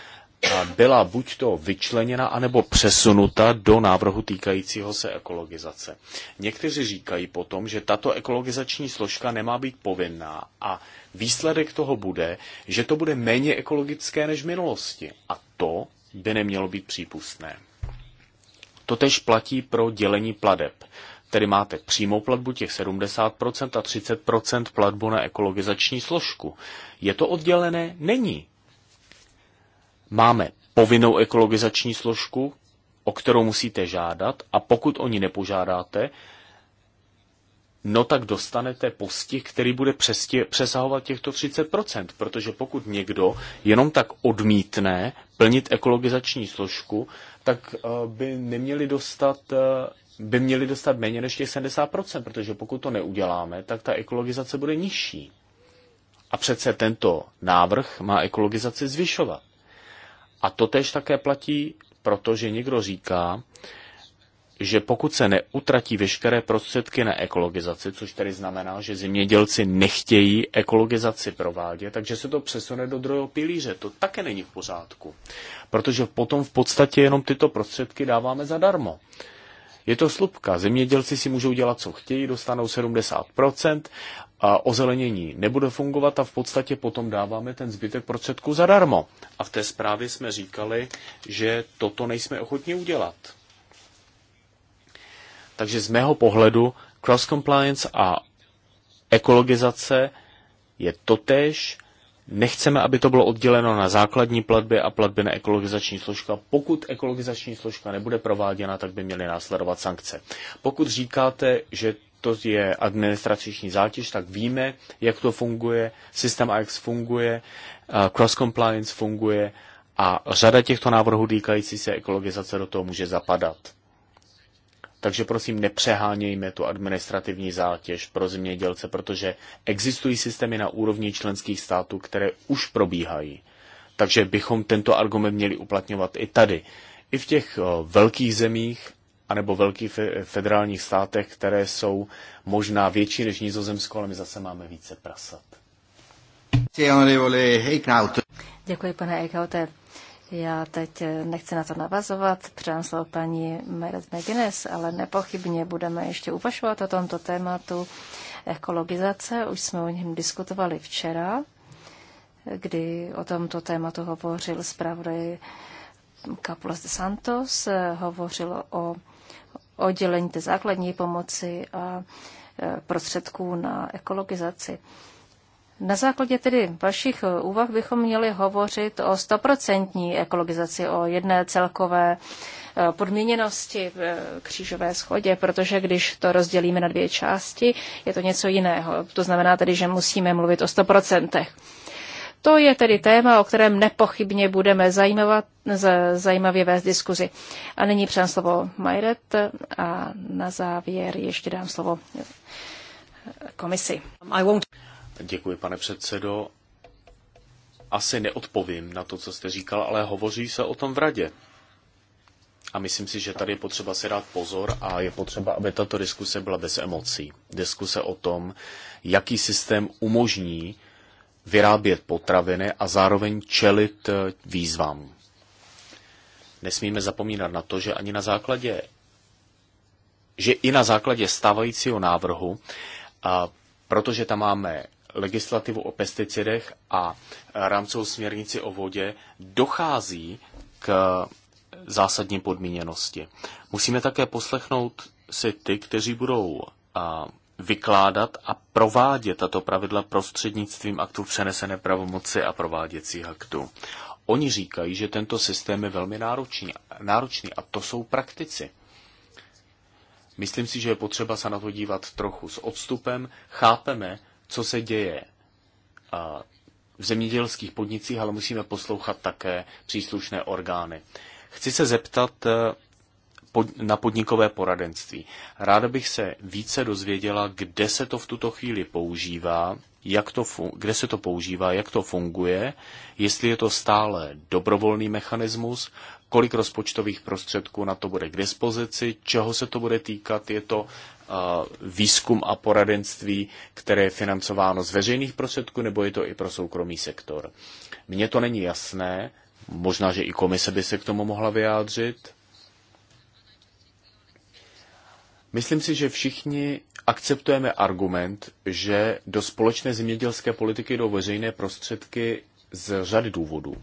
byla buď to vyčleněna, anebo přesunuta do návrhu týkajícího se ekologizace. Někteří říkají potom, že tato ekologizační složka nemá být povinná a výsledek toho bude, že to bude méně ekologické než v minulosti. A to by nemělo být přípustné. Totež platí pro dělení pladeb. Tedy máte přímou platbu těch 70% a 30% platbu na ekologizační složku. Je to oddělené? Není. Máme povinnou ekologizační složku, o kterou musíte žádat a pokud o ní nepožádáte, no tak dostanete postih, který bude přesahovat těchto 30%, protože pokud někdo jenom tak odmítne plnit ekologizační složku, tak eh, by neměli dostat eh, by měli dostat méně než těch 70%, protože pokud to neuděláme, tak ta ekologizace bude nižší. A přece tento návrh má ekologizaci zvyšovat. A to tež také platí, protože někdo říká, že pokud se neutratí veškeré prostředky na ekologizaci, což tedy znamená, že zemědělci nechtějí ekologizaci provádět, takže se to přesune do druhého pilíře. To také není v pořádku, protože potom v podstatě jenom tyto prostředky dáváme zadarmo. Je to slupka. Zemědělci si můžou dělat, co chtějí, dostanou 70%, a ozelenění nebude fungovat a v podstatě potom dáváme ten zbytek prostředků zadarmo. A v té zprávě jsme říkali, že toto nejsme ochotni udělat. Takže z mého pohledu cross-compliance a ekologizace je totéž. Nechceme, aby to bylo odděleno na základní platby a platby na ekologizační složka. Pokud ekologizační složka nebude prováděna, tak by měly následovat sankce. Pokud říkáte, že to je administrační zátěž, tak víme, jak to funguje, systém AX funguje, eh, cross-compliance funguje a řada těchto návrhů týkající se ekologizace do toho může zapadat. Takže prosím, nepřehánějme tu administrativní zátěž pro zemědělce, protože existují systémy na úrovni členských států, které už probíhají. Takže bychom tento argument měli uplatňovat i tady. I v těch velkých zemích anebo velkých federálních státech, které jsou možná větší než Nizozemsko, ale my zase máme více prasat. Děkuji, pane Eichhauter. Já teď eh, nechci na to navazovat, předám slovo paní Meret McGuinness, ale nepochybně budeme ještě uvažovat o tomto tématu ekologizace. Už jsme o něm diskutovali včera, kdy o tomto tématu hovořil zpravodaj Capulas de Santos, eh, hovořil o oddělení té základní pomoci a eh, prostředků na ekologizaci. Na základě tedy vašich eh, úvah bychom měli hovořit o stoprocentní ekologizaci, o jedné celkové eh, podmíněnosti v eh, křížové schodě, protože když to rozdělíme na dvě části, je to něco jiného. To znamená tedy, že musíme mluvit o 100%. To je tedy téma, o kterém nepochybně budeme zajímavat, zajímavě vést diskuzi. A nyní přám slovo Majret a na závěr ještě dám slovo komisi. Děkuji, pane předsedo. Asi neodpovím na to, co jste říkal, ale hovoří se o tom v radě. A myslím si, že tady je potřeba si dát pozor a je potřeba, aby tato diskuse byla bez emocí. Diskuse o tom, jaký systém umožní vyrábět potraviny a zároveň čelit eh, výzvám. Nesmíme zapomínat na to, že ani na základě že i na základě stávajícího návrhu, a protože tam máme legislativu o pesticidech a rámcovou směrnici o vodě dochází k zásadní podmíněnosti. Musíme také poslechnout si ty, kteří budou vykládat a provádět tato pravidla prostřednictvím aktu přenesené pravomoci a prováděcích aktu. Oni říkají, že tento systém je velmi náročný, náročný a to jsou praktici. Myslím si, že je potřeba se na to dívat trochu s odstupem. Chápeme, co se děje v zemědělských podnicích, ale musíme poslouchat také příslušné orgány. Chci se zeptat e, na podnikové poradenství. Ráda bych se více dozvěděla, kde se to v tuto chvíli používá, jak to, kde se to používá, jak to funguje, jestli je to stále dobrovolný mechanismus, kolik rozpočtových prostředků na to bude k dispozici, čeho se to bude týkat, je to eh, výzkum a poradenství, které je financováno z veřejných prostředků, nebo je to i pro soukromý sektor. Mně to není jasné, možná, že i komise by se k tomu mohla vyjádřit. Myslím si, že všichni akceptujeme argument, že do společné zemědělské politiky jdou veřejné prostředky z řady důvodů,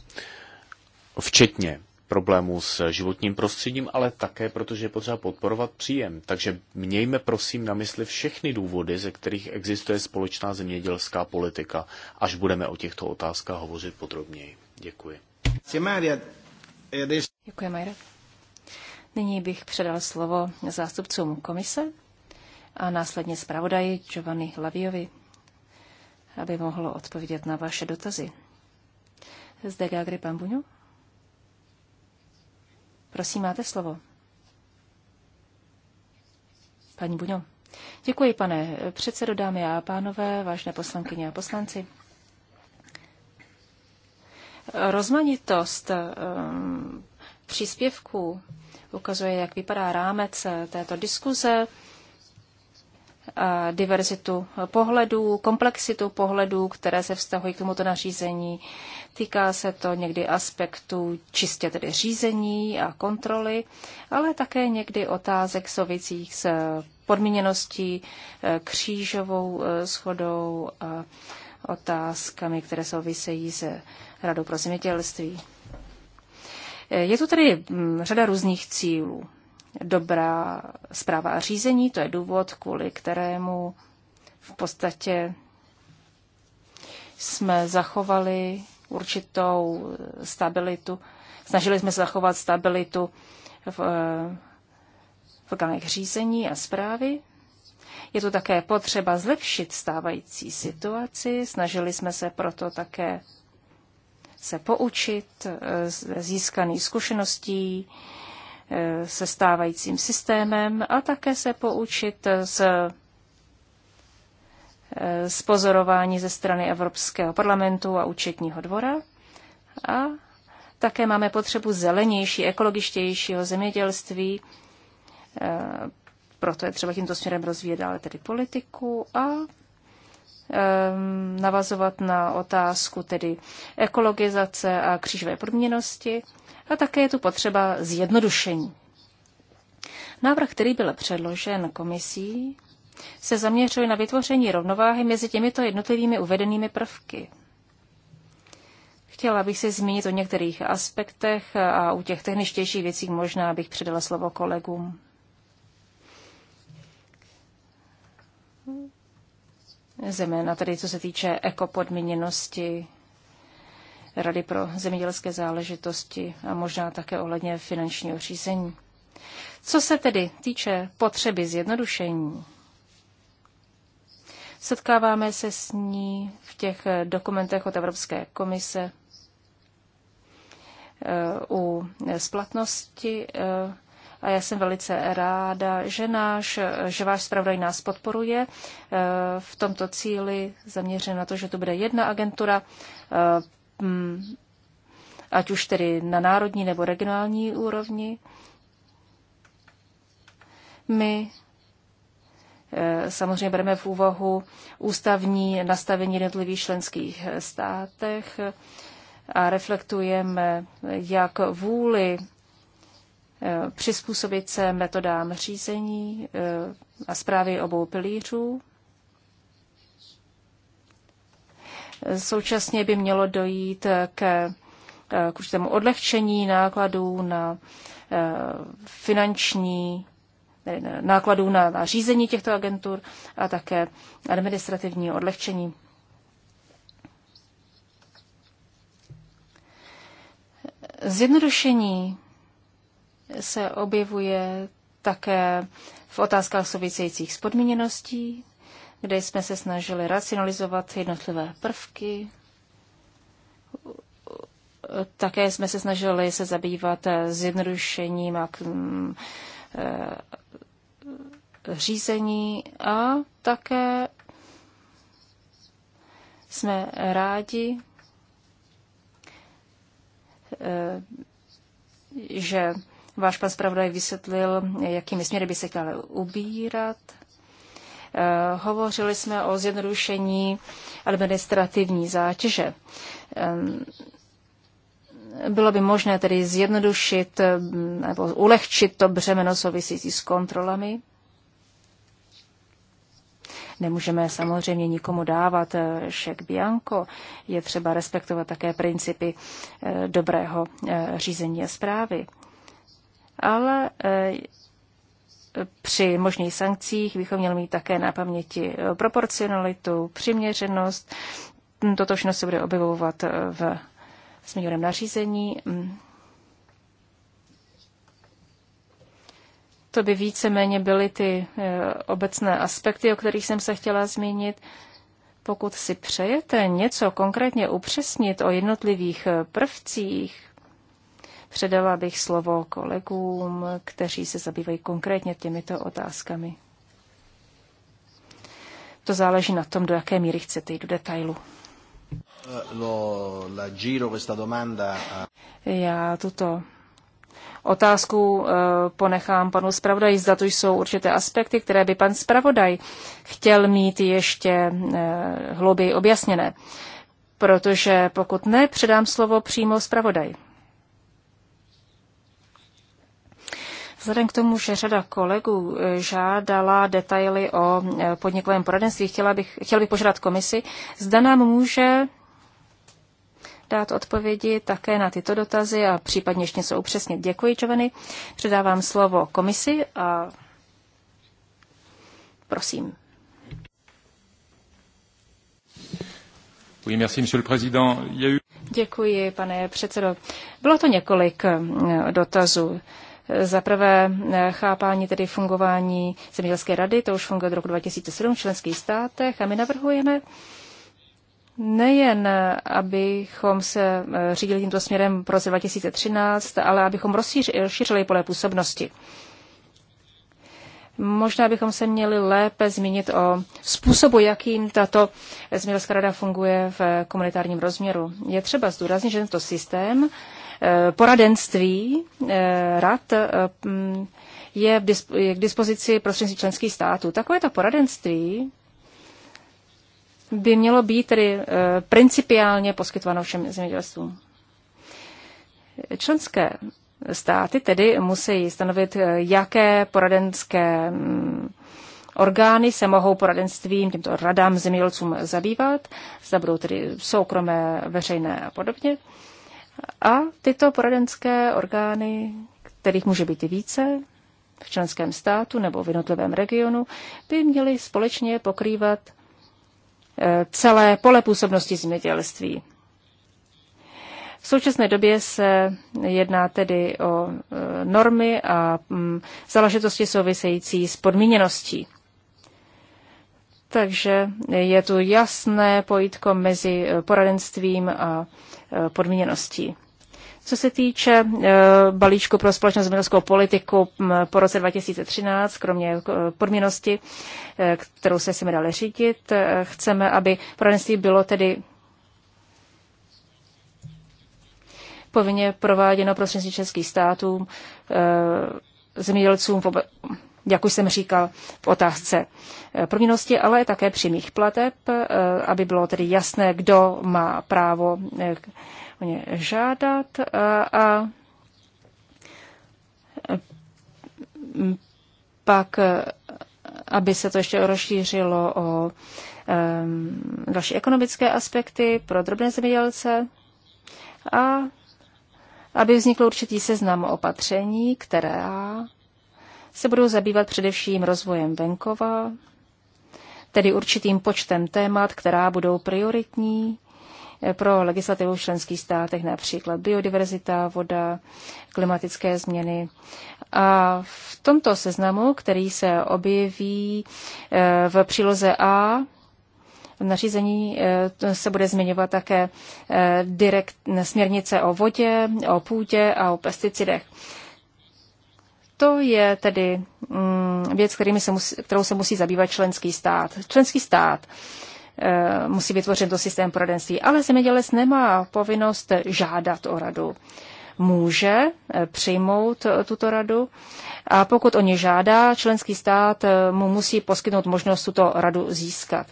včetně problémů s životním prostředím, ale také protože je potřeba podporovat příjem. Takže mějme prosím na mysli všechny důvody, ze kterých existuje společná zemědělská politika, až budeme o těchto otázkách hovořit podrobněji. Děkuji. E Děkuji, Majer. Nyní bych předal slovo zástupcům komise a následně zpravodaji Giovanni Laviovi, aby mohlo odpovědět na vaše dotazy. Zde Gagri Pambuňu. Prosím, máte slovo. Paní Buňo. Děkuji, pane předsedo, dámy a pánové, vážné poslankyně a poslanci. Rozmanitost um, příspěvků ukazuje, jak vypadá rámec eh, této diskuze diverzitu pohledů, komplexitu pohledů, které se vztahují k tomuto nařízení. Týká se to někdy aspektů čistě tedy řízení a kontroly, ale také někdy otázek souvisících s podmíněností, e, křížovou e, schodou a otázkami, které souvisejí se Radou pro zemědělství. E, je tu tedy mm, řada různých cílů dobrá zpráva a řízení. To je důvod, kvůli kterému v podstatě jsme zachovali určitou stabilitu. Snažili jsme se zachovat stabilitu v, eh, v orgánech řízení a zprávy. Je tu také potřeba zlepšit stávající situaci. Snažili jsme se proto také se poučit eh, ze získaných zkušeností, Eh, se stávajícím systémem a také se poučit z, spozorování eh, pozorování ze strany Evropského parlamentu a účetního dvora. A také máme potřebu zelenější, ekologičtějšího zemědělství, eh, proto je třeba tímto směrem rozvíjet dále tedy politiku a ehm, navazovat na otázku tedy ekologizace a křížové podměnosti a také je tu potřeba zjednodušení. Návrh, který byl předložen komisí, se zaměřuje na vytvoření rovnováhy mezi těmito jednotlivými uvedenými prvky. Chtěla bych se zmínit o některých aspektech a u těch techničtějších věcí možná bych předala slovo kolegům. Zeměna tedy co se týče ekopodmíněnosti Rady pro zemědělské záležitosti a možná také ohledně finančního řízení. Co se tedy týče potřeby zjednodušení, setkáváme se s ní v těch dokumentech od Evropské komise eh, u splatnosti eh, a já jsem velice ráda, že, náš, že váš zpravodaj nás podporuje eh, v tomto cíli zaměřen na to, že to bude jedna agentura Mm, ať už tedy na národní nebo regionální úrovni. My eh, samozřejmě bereme v úvahu ústavní nastavení jednotlivých členských státech a reflektujeme jak vůli eh, přizpůsobit se metodám řízení eh, a zprávy obou pilířů Současně by mělo dojít ke, eh, k určitému odlehčení nákladů na eh, finanční nákladů na, na řízení těchto agentur a také administrativní odlehčení. Zjednodušení se objevuje také v otázkách souvisejících s podmíněností, kde jsme se snažili racionalizovat jednotlivé prvky. Také jsme se snažili se zabývat zjednodušením a mm, eh, řízení a také jsme rádi, eh, že váš pan zpravodaj vysvětlil, jakými směry by se chtěl ubírat. Eh, hovořili jsme o zjednodušení administrativní zátěže. Bylo by možné tedy zjednodušit mm, nebo ulehčit to břemeno souvisící s kontrolami. Nemůžeme samozřejmě nikomu dávat eh, šek bianco. Je třeba respektovat také principy eh, dobrého řízení a zprávy. Ale při možných sankcích bychom měli mít také na paměti eh, proporcionalitu, přiměřenost. Mm, Toto všechno se bude objevovat eh, v směrem nařízení. Mm. To by víceméně byly ty eh, obecné aspekty, o kterých jsem se chtěla zmínit. Pokud si přejete něco konkrétně upřesnit o jednotlivých prvcích, Předala bych slovo kolegům, kteří se zabývají konkrétně těmito otázkami. To záleží na tom, do jaké míry chcete jít do detailu. Eh, eh. Já tuto otázku eh, ponechám panu zpravodaji. Zda to jsou určité aspekty, které by pan zpravodaj chtěl mít ještě hlouběji objasněné. Protože pokud ne, předám slovo přímo zpravodaji. Vzhledem k tomu, že řada kolegů eh, žádala detaily o eh, podnikovém poradenství, chtěla bych, chtěla bych požádat komisi, zda nám může dát odpovědi také na tyto dotazy a případně ještě něco upřesnit. Děkuji, Čoveny. Předávám slovo komisi a prosím. Děkuji, pane předsedo. Bylo to několik eh, dotazů. Za prvé chápání tedy fungování Zemědělské rady, to už funguje od roku 2007 v členských státech a my navrhujeme nejen, abychom se eh, řídili tímto směrem pro roce 2013, ale abychom rozšířili pole působnosti. Možná bychom se měli lépe zmínit o způsobu, jakým tato zemědělská rada funguje v komunitárním rozměru. Je třeba zdůraznit, že tento systém Eh, poradenství eh, rad eh, mm, je k dispozici prostřednictvím členských států. Takovéto poradenství by mělo být tedy principiálně poskytováno všem zemědělstvům. Členské státy tedy musí stanovit, jaké poradenské mm, orgány se mohou poradenstvím těmto radám zemědělcům zabývat, zda budou tedy soukromé, veřejné a podobně. A tyto poradenské orgány, kterých může být i více, v členském státu nebo v jednotlivém regionu, by měly společně pokrývat eh, celé pole působnosti zemědělství. V současné době se jedná tedy o eh, normy a mm, záležitosti související s podmíněností. Takže je tu jasné pojítko mezi eh, poradenstvím a eh, podmíněností. Co se týče eh, balíčku pro společnou zemědělskou politiku po roce 2013, kromě podmínosti, kterou se sem dali řídit, chceme, aby poradenství bylo tedy povinně prováděno prostřednictvím českých států zemědělcům jak už jsem říkal v otázce eh, prvnosti, ale také přímých plateb, eh, aby bylo tedy jasné, kdo má právo eh, o ně žádat a, a pak, aby se to ještě rozšířilo o um, další ekonomické aspekty pro drobné zemědělce a aby vznikl určitý seznam opatření, která se budou zabývat především rozvojem venkova, tedy určitým počtem témat, která budou prioritní eh, pro legislativu v členských státech, například biodiverzita, voda, klimatické změny. A v tomto seznamu, který se objeví eh, v příloze A, v nařízení eh, se bude zmiňovat také direkt, směrnice o vodě, o půdě a o pesticidech. To je tedy mm, věc, kterými se musí, kterou se musí zabývat členský stát. Členský stát e, musí vytvořit to systém poradenství, ale zemědělec nemá povinnost žádat o radu. Může e, přijmout e, tuto radu a pokud o ně žádá, členský stát mu musí poskytnout možnost tuto radu získat.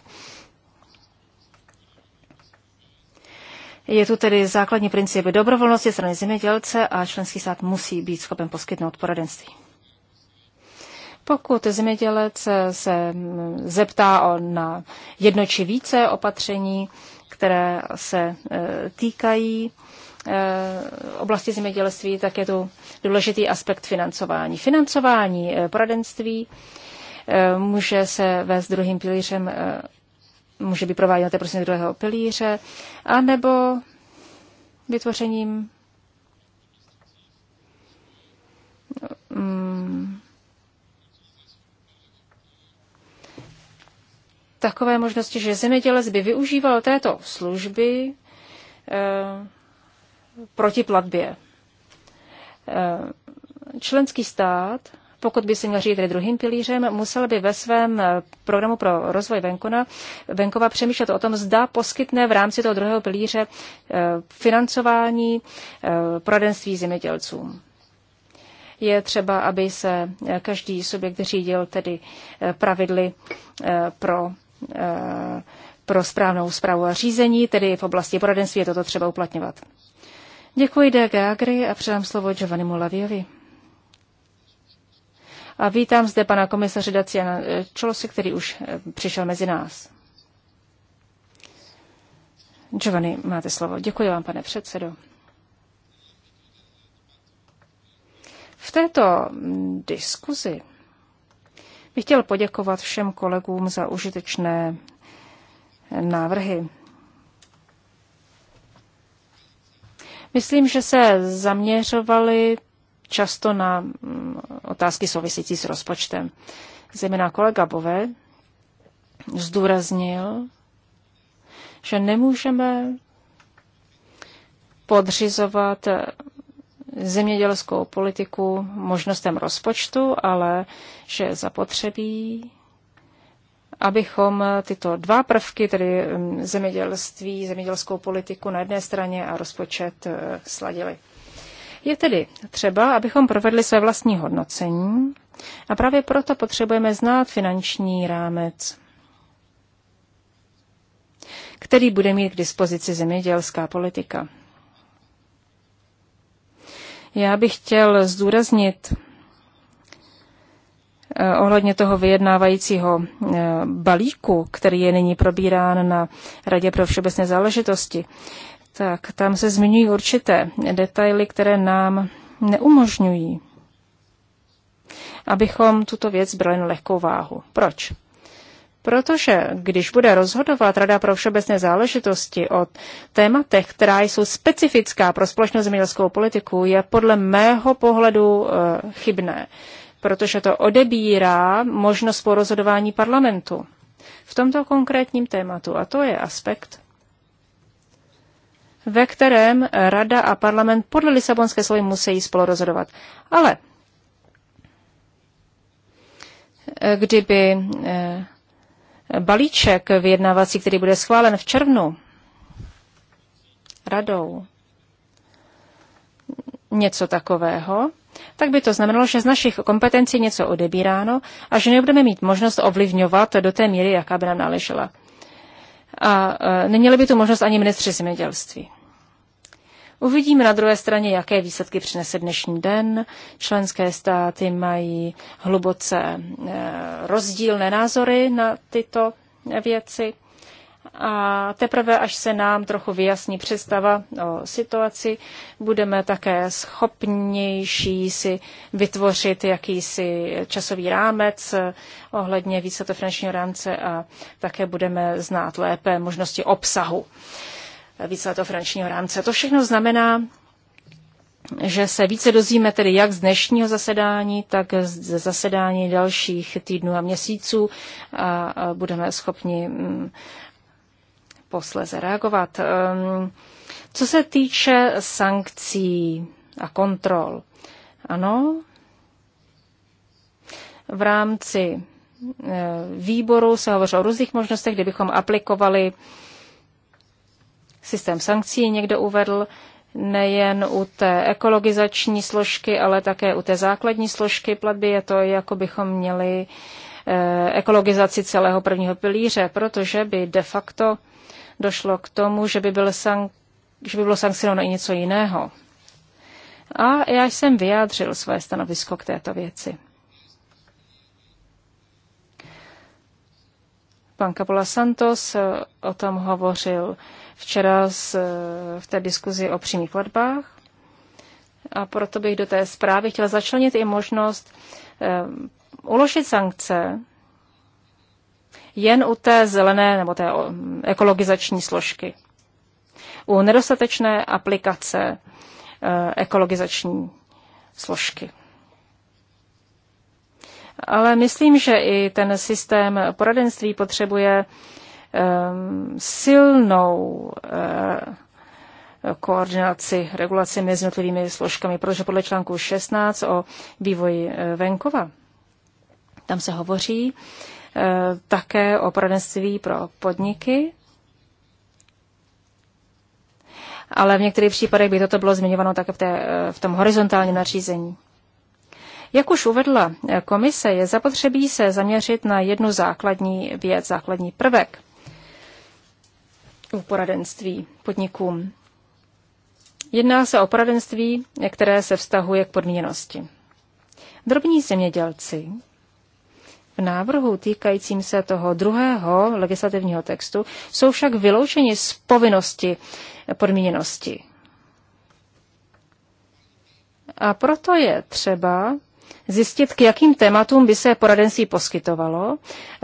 Je tu tedy základní princip dobrovolnosti strany zemědělce a členský stát musí být schopen poskytnout poradenství. Pokud zemědělec se zeptá na jedno či více opatření, které se e, týkají e, oblasti zemědělství, tak je tu důležitý aspekt financování. Financování e, poradenství může se vést druhým pilířem může být prováděno té prostě druhého pilíře, anebo vytvořením mm, takové možnosti, že zemědělec by využíval této služby eh, proti platbě. Eh, členský stát pokud by se měl řídit druhým pilířem, musel by ve svém eh, programu pro rozvoj venkona, venkova přemýšlet o tom, zda poskytne v rámci toho druhého pilíře eh, financování eh, poradenství zemědělcům je třeba, aby se každý subjekt řídil tedy pravidly pro pro správnou zprávu a řízení, tedy v oblasti poradenství je toto třeba uplatňovat. Děkuji DG Agri a předám slovo Giovanni Mulaviovi. A vítám zde pana komisaře Daciana eh, Čolose, který už eh, přišel mezi nás. Giovanni, máte slovo. Děkuji vám, pane předsedo. V této mm, diskuzi bych chtěl poděkovat všem kolegům za užitečné eh, návrhy. Myslím, že se zaměřovali často na mm, otázky související s rozpočtem. Zejména kolega Bové zdůraznil, že nemůžeme podřizovat zemědělskou politiku možnostem rozpočtu, ale že zapotřebí, abychom tyto dva prvky, tedy mm, zemědělství, zemědělskou politiku na jedné straně a rozpočet eh, sladili. Je tedy třeba, abychom provedli své vlastní hodnocení a právě proto potřebujeme znát finanční rámec, který bude mít k dispozici zemědělská politika. Já bych chtěl zdůraznit eh, ohledně toho vyjednávajícího eh, balíku, který je nyní probírán na Radě pro všeobecné záležitosti tak tam se zmiňují určité detaily, které nám neumožňují, abychom tuto věc brali na lehkou váhu. Proč? Protože když bude rozhodovat Rada pro všeobecné záležitosti o tématech, která jsou specifická pro společnou zemědělskou politiku, je podle mého pohledu eh, chybné, protože to odebírá možnost porozhodování parlamentu v tomto konkrétním tématu. A to je aspekt, ve kterém Rada a parlament podle Lisabonské slovy musí spolu rozhodovat. Ale kdyby eh, balíček vyjednávací, který bude schválen v červnu radou, něco takového, tak by to znamenalo, že z našich kompetencí něco odebíráno a že nebudeme mít možnost ovlivňovat do té míry, jaká by nám náležela. A eh, neměli by tu možnost ani ministři zemědělství. Uvidíme na druhé straně, jaké výsledky přinese dnešní den. Členské státy mají hluboce eh, rozdílné názory na tyto eh, věci. A teprve, až se nám trochu vyjasní představa o situaci, budeme také schopnější si vytvořit jakýsi časový rámec eh, ohledně více finančního rámce a také budeme znát lépe možnosti obsahu víceletého finančního rámce. To všechno znamená, že se více dozvíme tedy jak z dnešního zasedání, tak z zasedání dalších týdnů a měsíců a budeme schopni mm, posleze reagovat. Ehm, co se týče sankcí a kontrol, ano, v rámci eh, výboru se hovoří o různých možnostech, kdybychom aplikovali systém sankcí někdo uvedl, nejen u té ekologizační složky, ale také u té základní složky platby. Je to, jako bychom měli eh, ekologizaci celého prvního pilíře, protože by de facto došlo k tomu, že by, byl sank- že by bylo sankcionováno i něco jiného. A já jsem vyjádřil své stanovisko k této věci. Pan Capola Santos o tom hovořil včera z, v té diskuzi o přímých platbách. A proto bych do té zprávy chtěla začlenit i možnost um, uložit sankce jen u té zelené nebo té ekologizační složky. U nedostatečné aplikace eh, ekologizační složky. Ale myslím, že i ten systém poradenství potřebuje uh, Ehm, silnou eh, koordinaci, regulaci mezi jednotlivými složkami, protože podle článku 16 o vývoji eh, venkova, tam se hovoří eh, také o poradenství pro podniky, ale v některých případech by toto bylo zmiňováno také v, té, v tom horizontálním nařízení. Jak už uvedla komise, je zapotřebí se zaměřit na jednu základní věc, základní prvek v poradenství podnikům. Jedná se o poradenství, které se vztahuje k podmíněnosti. Drobní zemědělci v návrhu týkajícím se toho druhého legislativního textu jsou však vyloučeni z povinnosti podmíněnosti. A proto je třeba zjistit, k jakým tématům by se poradenství poskytovalo,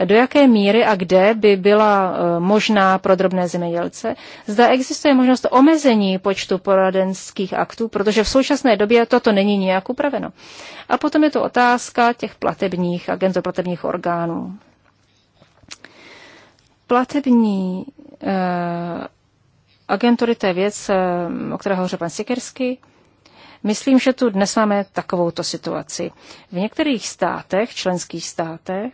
do jaké míry a kde by byla e, možná pro drobné zemědělce. Zda existuje možnost omezení počtu poradenských aktů, protože v současné době toto není nějak upraveno. A potom je to otázka těch platebních agentů, platebních orgánů. Platební eh, agentury, to je věc, e, o které hovořil pan Sikersky, Myslím, že tu dnes máme takovouto situaci. V některých státech, členských státech,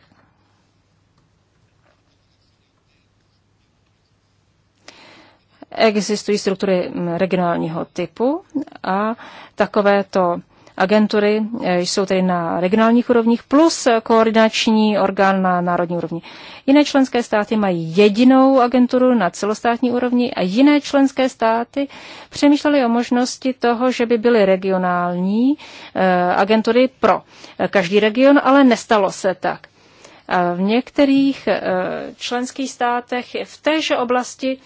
existují struktury regionálního typu a takovéto agentury eh, jsou tedy na regionálních úrovních plus koordinační orgán na národní úrovni. Jiné členské státy mají jedinou agenturu na celostátní úrovni a jiné členské státy přemýšlely o možnosti toho, že by byly regionální eh, agentury pro eh, každý region, ale nestalo se tak. V některých členských státech v téže oblasti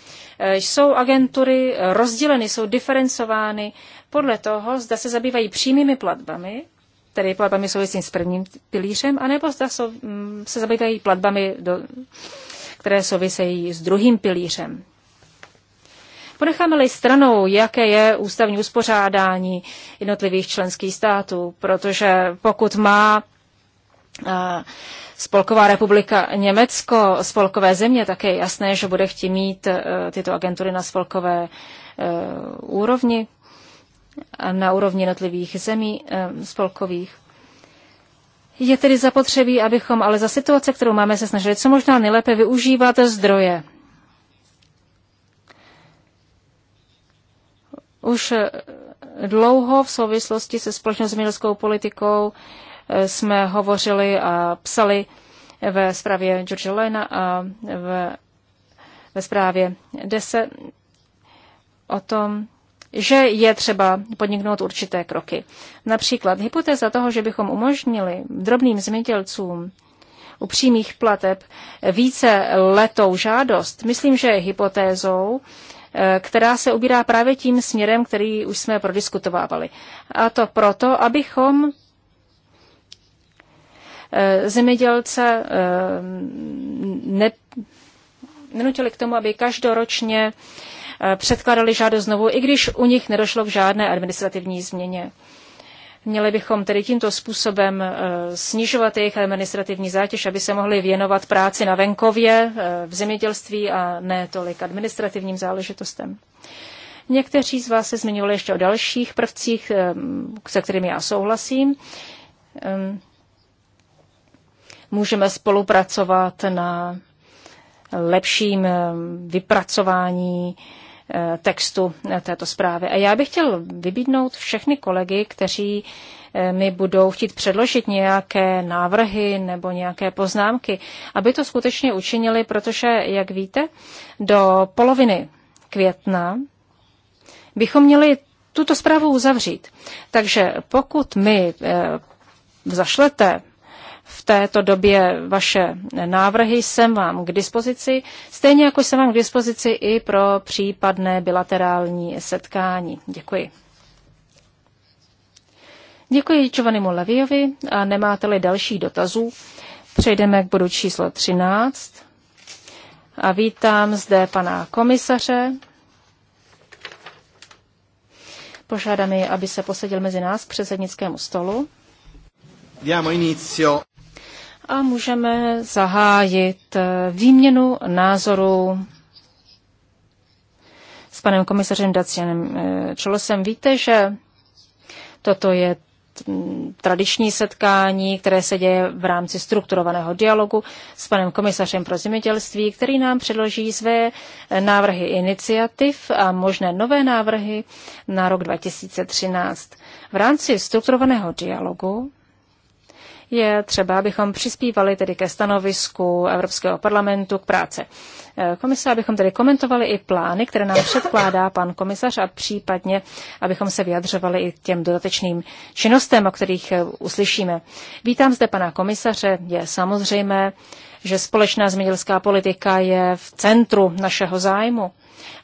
jsou agentury rozděleny, jsou diferencovány podle toho, zda se zabývají přímými platbami, tedy platbami jsou s prvním pilířem, anebo zda so, mm, se zabývají platbami, do, které souvisejí s druhým pilířem. Ponecháme-li stranou, jaké je ústavní uspořádání jednotlivých členských států, protože pokud má eh, Spolková republika Německo, spolkové země, tak je jasné, že bude chtít mít eh, tyto agentury na spolkové eh, úrovni na úrovni jednotlivých zemí eh, spolkových. Je tedy zapotřebí, abychom ale za situace, kterou máme, se snažili co možná nejlépe využívat zdroje. Už eh, dlouho v souvislosti se společnou zemědělskou politikou eh, jsme hovořili a psali ve zprávě George Lena a ve, ve zprávě 10 o tom, že je třeba podniknout určité kroky. Například hypotéza toho, že bychom umožnili drobným zemědělcům u přímých plateb více letou žádost, myslím, že je hypotézou, eh, která se ubírá právě tím směrem, který už jsme prodiskutovávali. A to proto, abychom eh, zemědělce eh, ne, nenutili k tomu, aby každoročně Eh, předkládali žádost znovu, i když u nich nedošlo k žádné administrativní změně. Měli bychom tedy tímto způsobem eh, snižovat jejich administrativní zátěž, aby se mohli věnovat práci na venkově, eh, v zemědělství a ne tolik administrativním záležitostem. Někteří z vás se zmiňovali ještě o dalších prvcích, se kterými já souhlasím. Ehm, můžeme spolupracovat na lepším vypracování Eh, textu této zprávy. A já bych chtěl vybídnout všechny kolegy, kteří eh, mi budou chtít předložit nějaké návrhy nebo nějaké poznámky, aby to skutečně učinili, protože, jak víte, do poloviny května bychom měli tuto zprávu uzavřít. Takže pokud mi eh, zašlete v této době vaše návrhy jsem vám k dispozici, stejně jako jsem vám k dispozici i pro případné bilaterální setkání. Děkuji. Děkuji Čovanimu Leviovi a nemáte-li další dotazů, přejdeme k bodu číslo 13. A vítám zde pana komisaře. Požádám jej, aby se posadil mezi nás k předsednickému stolu. Diamo inizio a můžeme zahájit eh, výměnu názorů s panem komisařem Dacianem eh, Čelosem. Víte, že toto je tradiční setkání, které se děje v rámci strukturovaného dialogu s panem komisařem pro zemědělství, který nám předloží své eh, návrhy iniciativ a možné nové návrhy na rok 2013. V rámci strukturovaného dialogu je třeba, abychom přispívali tedy ke stanovisku Evropského parlamentu k práce eh, komise, abychom tedy komentovali i plány, které nám předkládá pan komisař a případně, abychom se vyjadřovali i těm dodatečným činnostem, o kterých eh, uslyšíme. Vítám zde pana komisaře, je samozřejmé, že společná zemědělská politika je v centru našeho zájmu.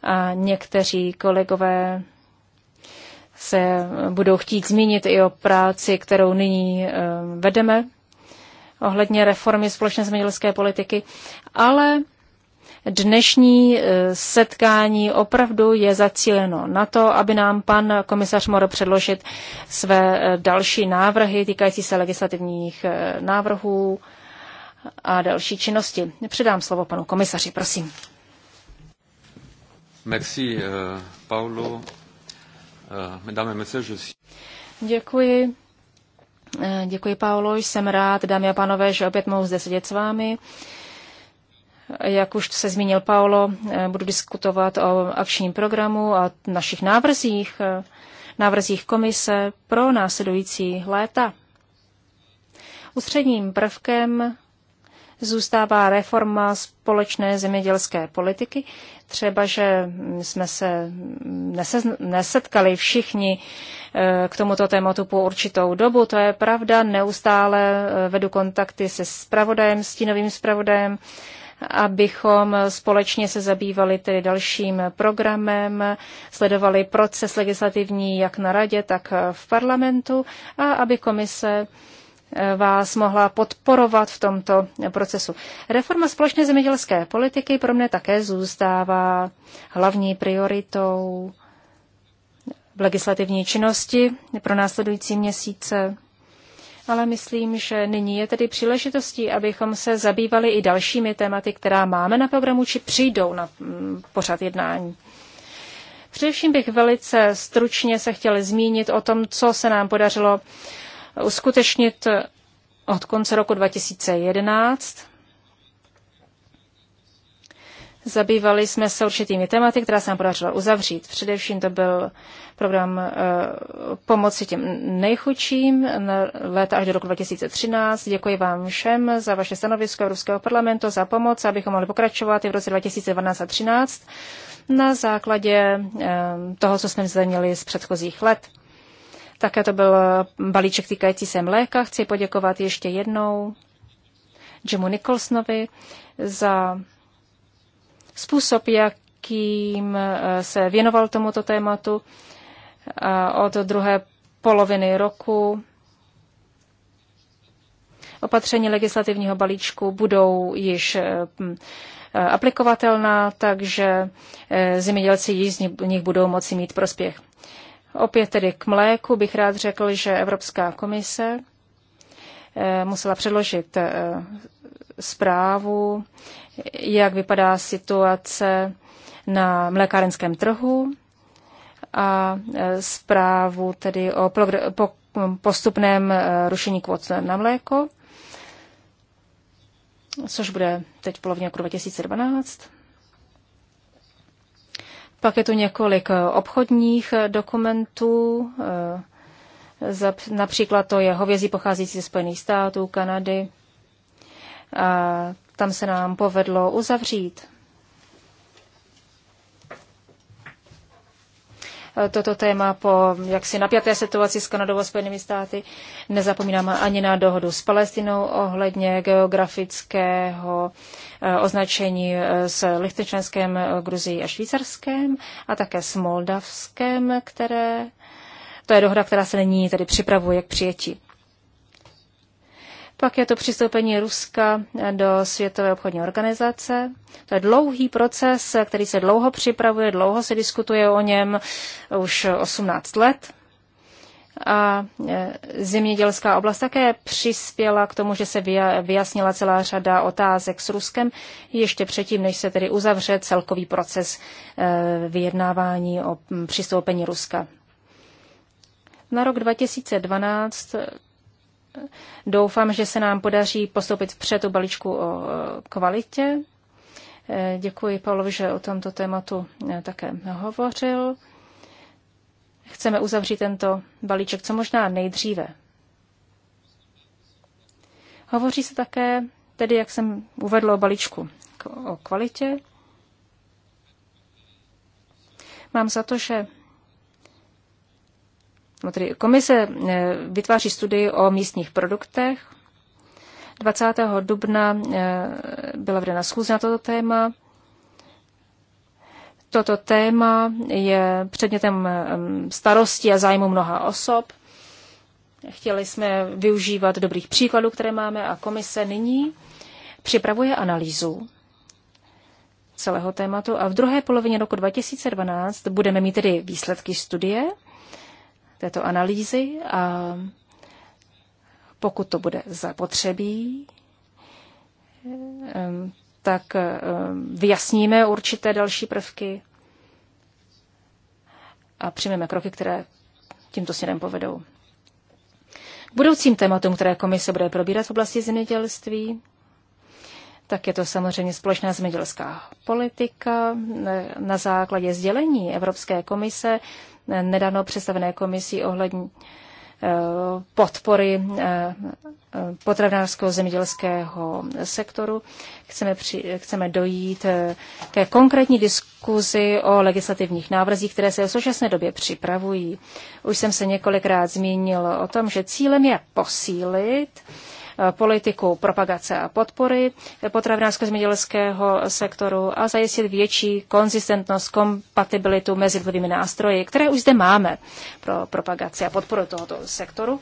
A někteří kolegové se budou chtít zmínit i o práci, kterou nyní eh, vedeme ohledně reformy společné zemědělské politiky, ale dnešní eh, setkání opravdu je zacíleno na to, aby nám pan komisař mohl předložit své eh, další návrhy týkající se legislativních návrhů a další činnosti. Předám slovo panu komisaři, prosím. Merci, Paulo. Eh, děkuji. Eh, děkuji, Paolo. Jsem rád, dámy a pánové, že opět mohu zde sedět s vámi. Jak už se zmínil Paolo, eh, budu diskutovat o akčním programu a našich návrzích, návrzích komise pro následující léta. Ústředním prvkem zůstává reforma společné zemědělské politiky, Třeba, že jsme se nesetkali všichni eh, k tomuto tématu po určitou dobu, to je pravda, neustále eh, vedu kontakty se spravodajem, stínovým spravodajem, abychom společně se zabývali tedy dalším programem, sledovali proces legislativní jak na radě, tak v parlamentu a aby komise vás mohla podporovat v tomto procesu. Reforma společné zemědělské politiky pro mne také zůstává hlavní prioritou v legislativní činnosti pro následující měsíce. Ale myslím, že nyní je tedy příležitostí, abychom se zabývali i dalšími tématy, která máme na programu, či přijdou na mm, pořad jednání. Především bych velice stručně se chtěl zmínit o tom, co se nám podařilo uskutečnit od konce roku 2011. Zabývali jsme se určitými tématy, která se nám podařila uzavřít. Především to byl program eh, pomoci těm nejchudším na léta až do roku 2013. Děkuji vám všem za vaše stanovisko Evropského parlamentu, za pomoc, abychom mohli pokračovat i v roce 2012 a 2013 na základě eh, toho, co jsme zde měli z předchozích let. Také to byl balíček týkající se mléka. Chci poděkovat ještě jednou Jimu Nicholsonovi za způsob, jakým eh, se věnoval tomuto tématu eh, od druhé poloviny roku. Opatření legislativního balíčku budou již eh, aplikovatelná, takže zemědělci již z nich budou moci mít prospěch. Opět tedy k mléku bych rád řekl, že Evropská komise eh, musela předložit eh, zprávu, jak vypadá situace na mlékárenském trhu a eh, zprávu tedy o postupném rušení kvot na mléko, což bude teď v polovině roku 2012. Pak je tu několik eh, obchodních eh, dokumentů, eh, například to je hovězí pocházející ze Spojených států, Kanady. A tam se nám povedlo uzavřít toto téma po jaksi napjaté situaci s Kanadou a Spojenými státy. Nezapomínáme ani na dohodu s Palestinou ohledně geografického eh, označení eh, s Lichtenčenském, eh, Gruzií a Švýcarském a také s Moldavském, které to je dohoda, která se není tedy připravuje k přijetí. Pak je to přistoupení Ruska do Světové obchodní organizace. To je dlouhý proces, který se dlouho připravuje, dlouho se diskutuje o něm, už 18 let. A e, zemědělská oblast také přispěla k tomu, že se vyjasnila celá řada otázek s Ruskem ještě předtím, než se tedy uzavře celkový proces e, vyjednávání o přistoupení Ruska. Na rok 2012 Doufám, že se nám podaří postoupit před tu balíčku o e, kvalitě. E, děkuji Pavlovi, že o tomto tématu e, také hovořil. Chceme uzavřít tento balíček co možná nejdříve. Hovoří se také, tedy jak jsem uvedl o balíčku o kvalitě. Mám za to, že No komise eh, vytváří studii o místních produktech. 20. dubna eh, byla vedena schůz na toto téma. Toto téma je předmětem eh, starosti a zájmu mnoha osob. Chtěli jsme využívat dobrých příkladů, které máme a komise nyní připravuje analýzu celého tématu a v druhé polovině roku 2012 budeme mít tedy výsledky studie této analýzy a pokud to bude zapotřebí, tak vyjasníme určité další prvky a přijmeme kroky, které tímto směrem povedou. K budoucím tématům, které komise bude probírat v oblasti zemědělství, tak je to samozřejmě společná zemědělská politika. Na základě sdělení Evropské komise nedávno představené komisí ohledně eh, podpory eh, eh, potravinářského zemědělského sektoru. Chceme, při, chceme dojít ke konkrétní diskuzi o legislativních návrzích, které se v současné době připravují. Už jsem se několikrát zmínil o tom, že cílem je posílit politiku propagace a podpory potravinářského zemědělského sektoru a zajistit větší konzistentnost, kompatibilitu mezi jednotlivými nástroji, které už zde máme pro propagaci a podporu tohoto sektoru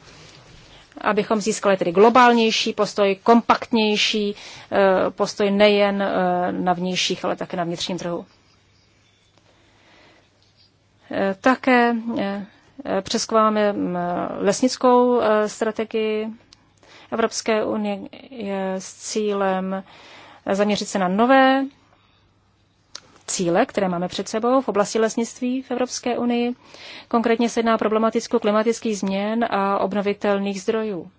abychom získali tedy globálnější postoj, kompaktnější eh, postoj nejen eh, na vnějších, ale také na vnitřním trhu. Eh, také přeskoumáme mm, lesnickou strategii Evropské unie s cílem zaměřit se na nové cíle, které máme před sebou v oblasti lesnictví v Evropské unii. Konkrétně se jedná o problematickou klimatických změn a obnovitelných zdrojů.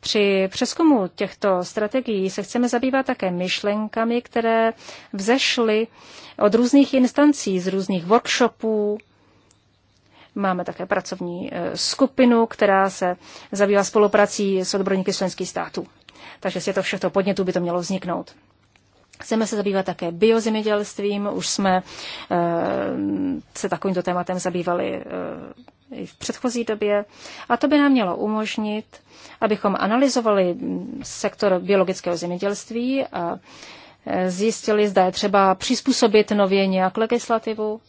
Při přeskumu těchto strategií se chceme zabývat také myšlenkami, které vzešly od různých instancí, z různých workshopů, Máme také pracovní eh, skupinu, která se zabývá spoluprací s odborníky členských států. Takže je to všechno podnětů by to mělo vzniknout. Chceme se zabývat také biozemědělstvím. Už jsme eh, se takovýmto tématem zabývali eh, i v předchozí době. A to by nám mělo umožnit, abychom analyzovali sektor biologického zemědělství a zjistili, zda je třeba přizpůsobit nově nějak legislativu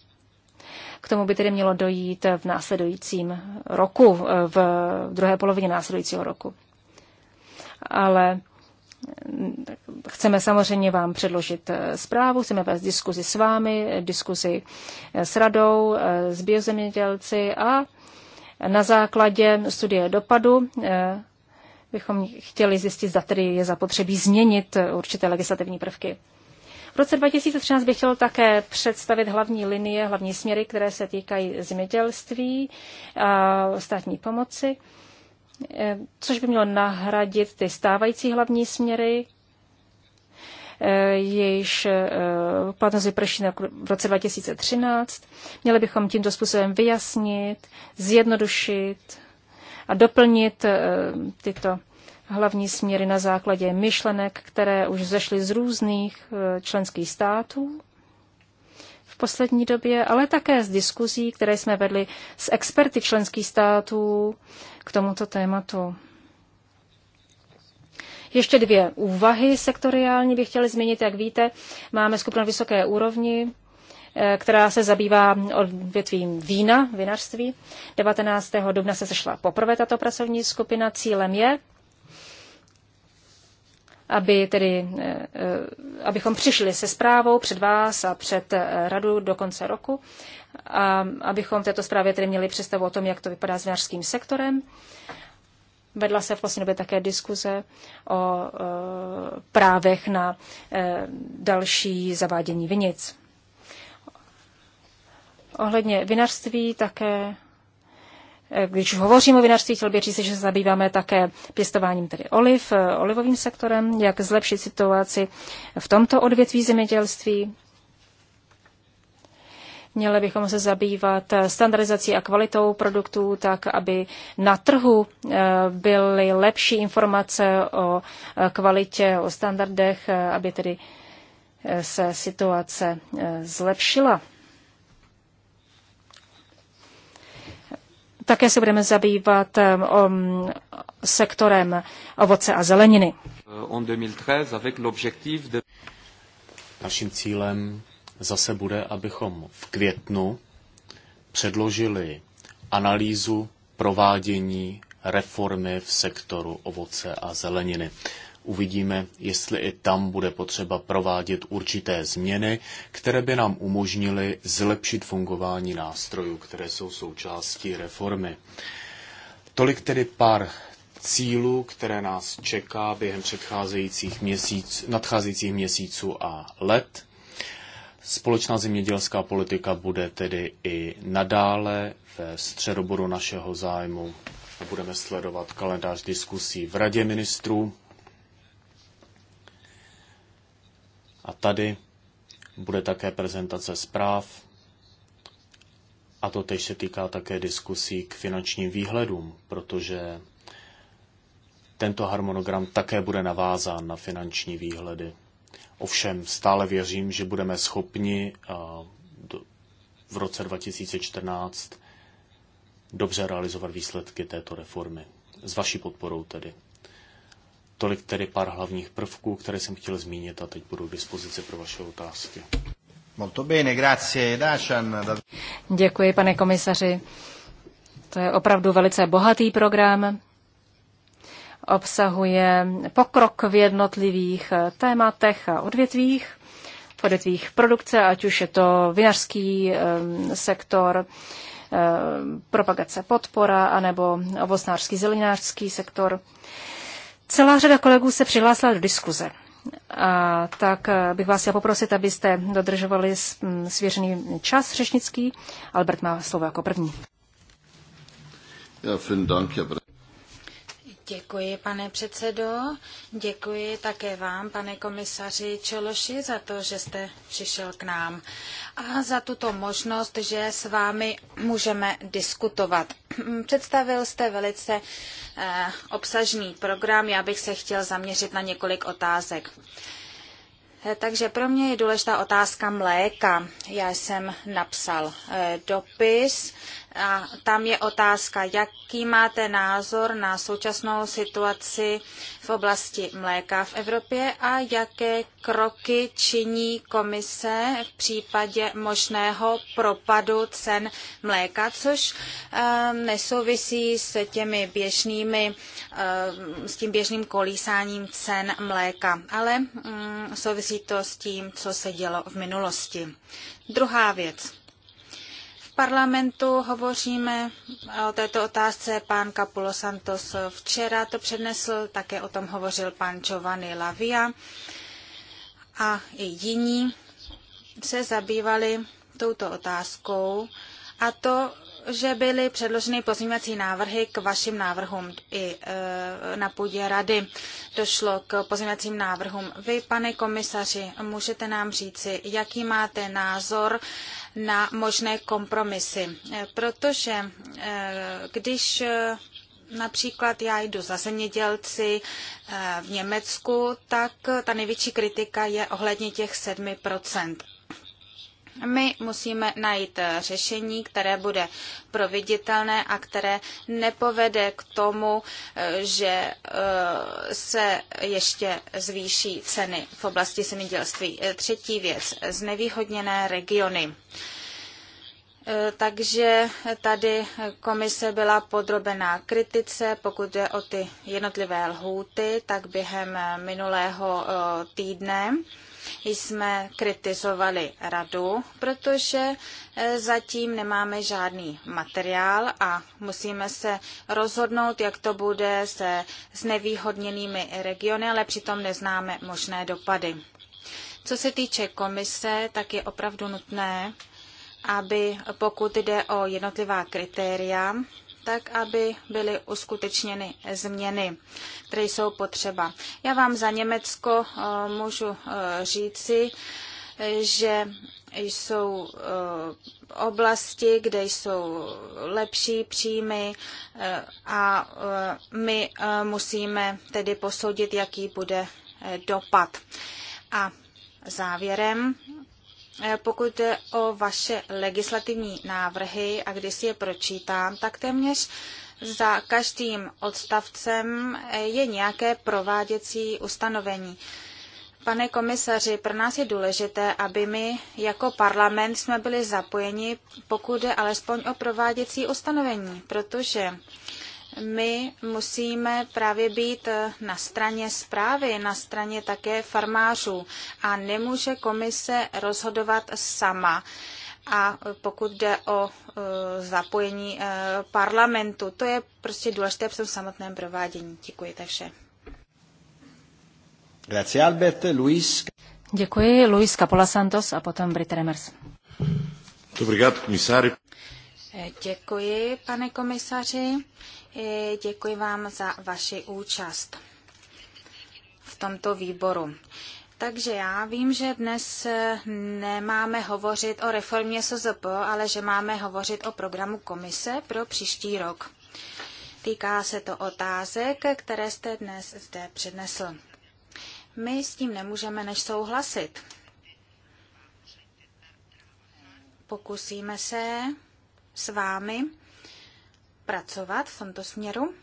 k tomu by tedy mělo dojít v následujícím roku, v druhé polovině následujícího roku. Ale mm, Chceme samozřejmě vám předložit eh, zprávu, chceme vést diskuzi s vámi, diskuzi eh, s radou, eh, s biozemědělci a na základě studie dopadu bychom chtěli zjistit, zda tedy je zapotřebí změnit určité legislativní prvky. V roce 2013 bych chtěl také představit hlavní linie, hlavní směry, které se týkají zemědělství a státní pomoci, eh, což by mělo nahradit ty stávající hlavní směry, eh, jejíž eh, platnost vyprší v roce 2013. Měli bychom tímto způsobem vyjasnit, zjednodušit a doplnit tyto hlavní směry na základě myšlenek, které už zešly z různých eh, členských států v poslední době, ale také z diskuzí, které jsme vedli s experty členských států k tomuto tématu. Ještě dvě úvahy sektoriální bych chtěla změnit. Jak víte, máme skupinu vysoké úrovni, eh, která se zabývá odvětvím vína, vinařství. 19. dubna se sešla poprvé tato pracovní skupina. Cílem je aby tedy, eh, eh, abychom přišli se zprávou před vás a před eh, radu do konce roku, a abychom v této zprávě tedy měli představu o tom, jak to vypadá s vinařským sektorem. Vedla se v poslední době také diskuze o právech na další zavádění vinic. Ohledně vinařství také když hovořím o vinařství, chtěl bych říct, že se zabýváme také pěstováním tedy oliv, eh, olivovým sektorem, jak zlepšit situaci v tomto odvětví zemědělství. Měli bychom se zabývat eh, standardizací a kvalitou produktů tak, aby na trhu eh, byly lepší informace o kvalitě, o standardech, aby tedy se situace zlepšila. Také se budeme zabývat um, um sektorem ovoce a zeleniny. Euh, Naším cílem zase bude, abychom v květnu předložili analýzu provádění reformy v sektoru ovoce a zeleniny. Uvidíme, jestli i tam bude potřeba provádět určité změny, které by nám umožnily zlepšit fungování nástrojů, které jsou součástí reformy. Tolik tedy pár cílů, které nás čeká během předcházejících měsíc, nadcházejících měsíců a let. Společná zemědělská politika bude tedy i nadále ve středobodu našeho zájmu. Budeme sledovat kalendář diskusí v Radě ministrů A tady bude také prezentace zpráv a to tež se týká také diskusí k finančním výhledům, protože tento harmonogram také bude navázán na finanční výhledy. Ovšem stále věřím, že budeme schopni v roce 2014 dobře realizovat výsledky této reformy. S vaší podporou tedy. Tolik tedy pár hlavních prvků, které jsem chtěl zmínit a teď budu k dispozici pro vaše otázky. Molto bene, grazie, Děkuji, pane komisaři. To je opravdu velice bohatý program. Obsahuje pokrok v jednotlivých tématech a odvětvích, v odvětvích produkce, ať už je to vinařský sektor, propagace podpora, anebo ovocnářský, zelenářský sektor. Celá řada kolegů se přihlásila do diskuze. A tak eh, bych vás já poprosit, abyste dodržovali svěřený čas řečnický. Albert má slovo jako první. Ja, Dank, Děkuji, pane předsedo. Děkuji také vám, pane komisaři Čološi, za to, že jste přišel k nám a za tuto možnost, že s vámi můžeme diskutovat. Představil jste velice eh, obsažný program, já bych se chtěl zaměřit na několik otázek. Eh, takže pro mě je důležitá otázka mléka. Já jsem napsal eh, dopis a tam je otázka, jaký máte názor na současnou situaci v oblasti mléka v Evropě a jaké kroky činí komise v případě možného propadu cen mléka, což ehm, nesouvisí s těmi běžnými, ehm, s tím běžným kolísáním cen mléka, ale mm, souvisí to s tím, co se dělo v minulosti. Druhá věc parlamentu hovoříme o této otázce. Pán Capulo Santos včera to přednesl, také o tom hovořil pan Giovanni Lavia a i jiní se zabývali touto otázkou a to že byly předloženy pozměňovací návrhy k vašim návrhům i e, na půdě rady. Došlo k pozměňovacím návrhům. Vy, pane komisaři, můžete nám říci, jaký máte názor na možné kompromisy, e, protože e, když Například já jdu za zemědělci v Německu, tak ta největší kritika je ohledně těch 7%. My musíme najít eh, řešení, které bude proveditelné a které nepovede k tomu, eh, že eh, se ještě zvýší ceny v oblasti zemědělství. Třetí věc, znevýhodněné regiony. Takže tady komise byla podrobená kritice, pokud jde o ty jednotlivé lhůty, tak během minulého eh, týdne jsme kritizovali radu, protože eh, zatím nemáme žádný materiál a musíme se rozhodnout, jak to bude se s nevýhodněnými regiony, ale přitom neznáme možné dopady. Co se týče komise, tak je opravdu nutné, aby pokud jde o jednotlivá kritéria, tak, aby byly uskutečněny změny, které jsou potřeba. Já vám za Německo eh, můžu eh, říci, že jsou eh, oblasti, kde jsou lepší příjmy a my musíme tedy posoudit, jaký bude dopad. A závěrem Eh, pokud jde o vaše legislativní návrhy a když si je pročítám, tak téměř za každým odstavcem eh, je nějaké prováděcí ustanovení. Pane komisaři, pro nás je důležité, aby my jako parlament jsme byli zapojeni, pokud jde alespoň o prováděcí ustanovení, protože my musíme právě být na straně zprávy, na straně také farmářů a nemůže komise rozhodovat sama. A pokud jde o e, zapojení e, parlamentu, to je prostě důležité v tom samotném provádění. Děkuji, to vše. Grazie Albert, Luis. Děkuji, Luis Capola Santos a potom Brit Remers. Dobrý komisáři. E, děkuji, pane komisaři. E, děkuji vám za vaši účast v tomto výboru. Takže já vím, že dnes e, nemáme hovořit o reformě SZP, ale že máme hovořit o programu komise pro příští rok. Týká se to otázek, které jste dnes zde přednesl. My s tím nemůžeme než souhlasit. Pokusíme se s vámi pracovat v tomto směru.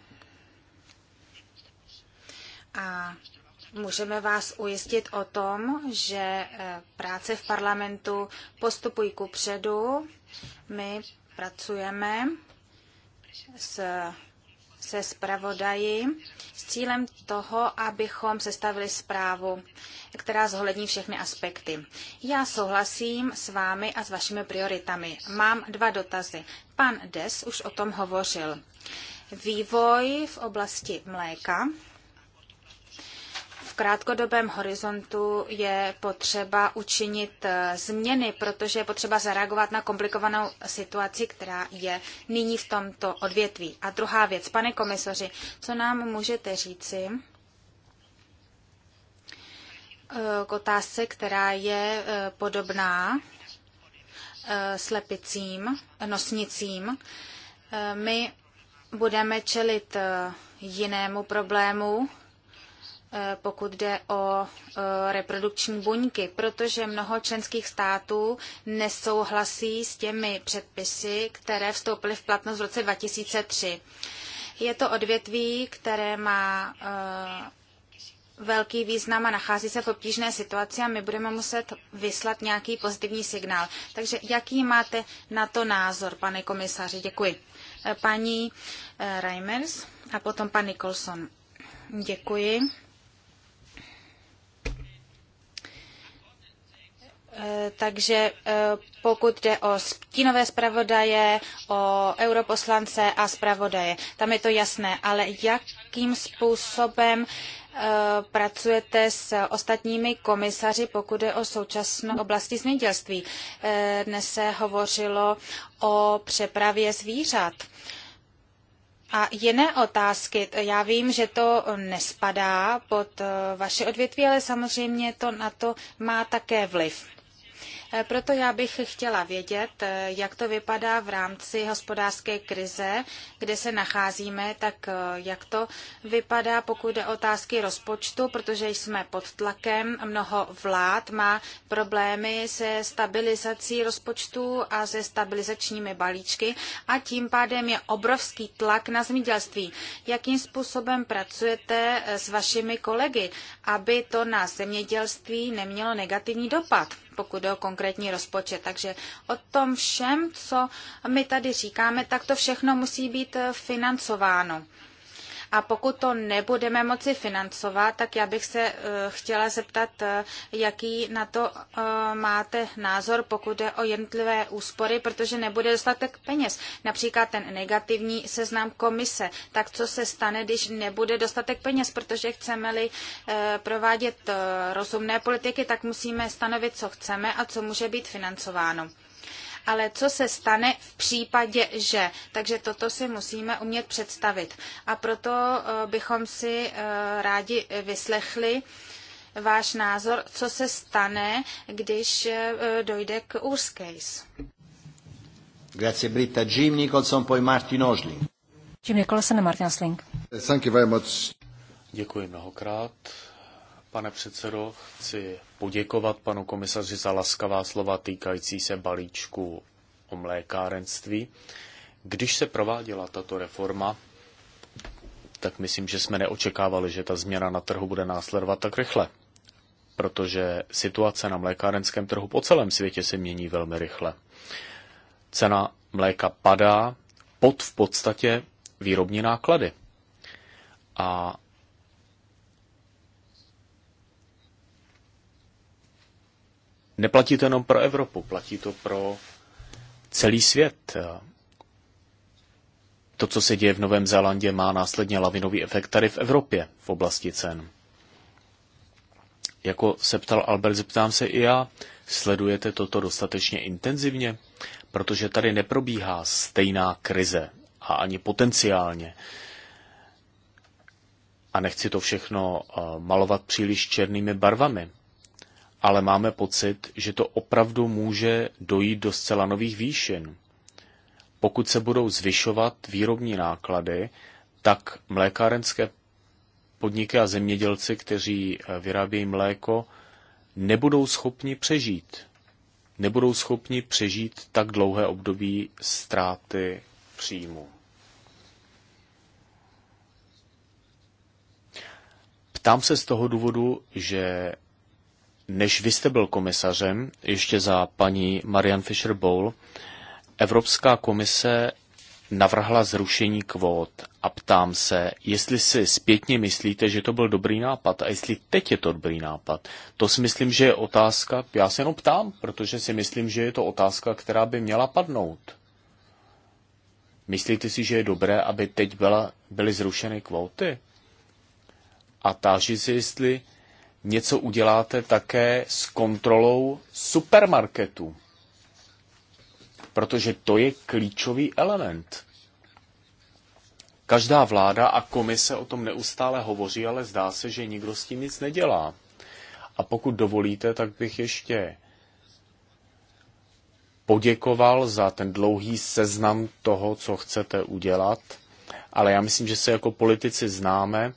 A můžeme vás ujistit o tom, že eh, práce v parlamentu postupují ku předu. My pracujeme s se zpravodaji s cílem toho, abychom sestavili zprávu, která zohlední všechny aspekty. Já souhlasím s vámi a s vašimi prioritami. Mám dva dotazy. Pan Des už o tom hovořil. Vývoj v oblasti mléka v krátkodobém horizontu je potřeba učinit eh, změny, protože je potřeba zareagovat na komplikovanou situaci, která je nyní v tomto odvětví. A druhá věc, pane komisaři, co nám můžete říci? Eh, k otázce, která je eh, podobná slepicím, nosnicím. My budeme čelit jinému problému, Eh, pokud jde o eh, reprodukční buňky, protože mnoho členských států nesouhlasí s těmi předpisy, které vstoupily v platnost v roce 2003. Je to odvětví, které má eh, velký význam a nachází se v obtížné situaci a my budeme muset vyslat nějaký pozitivní signál. Takže jaký máte na to názor, pane komisaři? Děkuji. Paní Reimers a potom pan Nicholson. Děkuji. Eh, takže eh, pokud jde o stínové zpravodaje, o europoslance a zpravodaje, tam je to jasné, ale jakým způsobem eh, pracujete s ostatními komisaři, pokud je o současnou oblasti zemědělství? Dnes se hovořilo o přepravě zvířat. A jiné otázky. Já vím, že to nespadá pod vaše odvětví, ale samozřejmě to na to má také vliv. Proto já bych chtěla vědět, jak to vypadá v rámci hospodářské krize, kde se nacházíme, tak eh, jak to vypadá, pokud jde otázky rozpočtu, protože jsme pod tlakem. Mnoho vlád má problémy se stabilizací rozpočtu a se stabilizačními balíčky a tím pádem je obrovský tlak na zemědělství. Jakým způsobem pracujete eh, s vašimi kolegy, aby to na zemědělství nemělo negativní dopad? pokud jde o konkrétní rozpočet. Takže o tom všem, co my tady říkáme, tak to všechno musí být financováno. A pokud to nebudeme moci financovat, tak já bych se eh, chtěla zeptat, eh, jaký na to eh, máte názor, pokud jde o jednotlivé úspory, protože nebude dostatek peněz. Například ten negativní seznam komise. Tak co se stane, když nebude dostatek peněz, protože chceme-li provádět rozumné politiky, tak musíme stanovit, co chceme a co může být financováno ale co se stane v případě, že. Takže toto si musíme umět představit. A proto eh, bychom si eh, rádi vyslechli, váš názor, co se stane, když eh, dojde k worst case. Grazie Britta. Jim Nicholson, poi Martin Osling. Jim Nicholson a Martin Osling. Thank you very much. Děkuji mnohokrát. Pane předsedo, chci poděkovat panu komisaři za laskavá slova týkající se balíčku o mlékárenství. Když se prováděla tato reforma, tak myslím, že jsme neočekávali, že ta změna na trhu bude následovat tak rychle, protože situace na mlékárenském trhu po celém světě se mění velmi rychle. Cena mléka padá pod v podstatě výrobní náklady. A neplatí to jenom pro Evropu, platí to pro celý svět. To, co se děje v Novém Zélandě, má následně lavinový efekt tady v Evropě v oblasti cen. Jako se ptal Albert, zeptám se i já, sledujete toto dostatečně intenzivně? Protože tady neprobíhá stejná krize a ani potenciálně. A nechci to všechno eh, malovat příliš černými barvami ale máme pocit, že to opravdu může dojít do zcela nových výšin. Pokud se budou zvyšovat výrobní náklady, tak mlékárenské podniky a zemědělci, kteří eh, vyrábějí mléko, nebudou schopni přežít. Nebudou schopni přežít tak dlouhé období ztráty příjmu. Ptám se z toho důvodu, že než vy jste byl komisařem, ještě za paní Marian Fisher Bowl, Evropská komise navrhla zrušení kvót a ptám se, jestli si zpětně myslíte, že to byl dobrý nápad a jestli teď je to dobrý nápad. To si myslím, že je otázka, já se jenom ptám, protože si myslím, že je to otázka, která by měla padnout. Myslíte si, že je dobré, aby teď byla, byly zrušeny kvóty? A táží se, jestli něco uděláte také s kontrolou supermarketu, Protože to je klíčový element. Každá vláda a komise o tom neustále hovoří, ale zdá se, že nikdo s tím nic nedělá. A pokud dovolíte, tak bych ještě poděkoval za ten dlouhý seznam toho, co chcete udělat. Ale já myslím, že se jako politici známe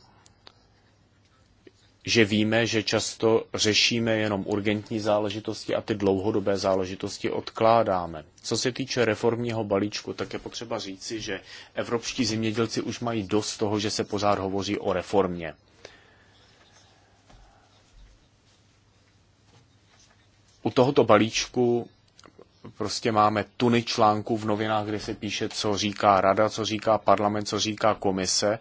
že víme, že často řešíme jenom urgentní záležitosti a ty dlouhodobé záležitosti odkládáme. Co se týče reformního balíčku, tak je potřeba říci, že evropští zemědělci už mají dost toho, že se pořád hovoří o reformě. U tohoto balíčku prostě máme tuny článků v novinách, kde se píše, co říká rada, co říká parlament, co říká komise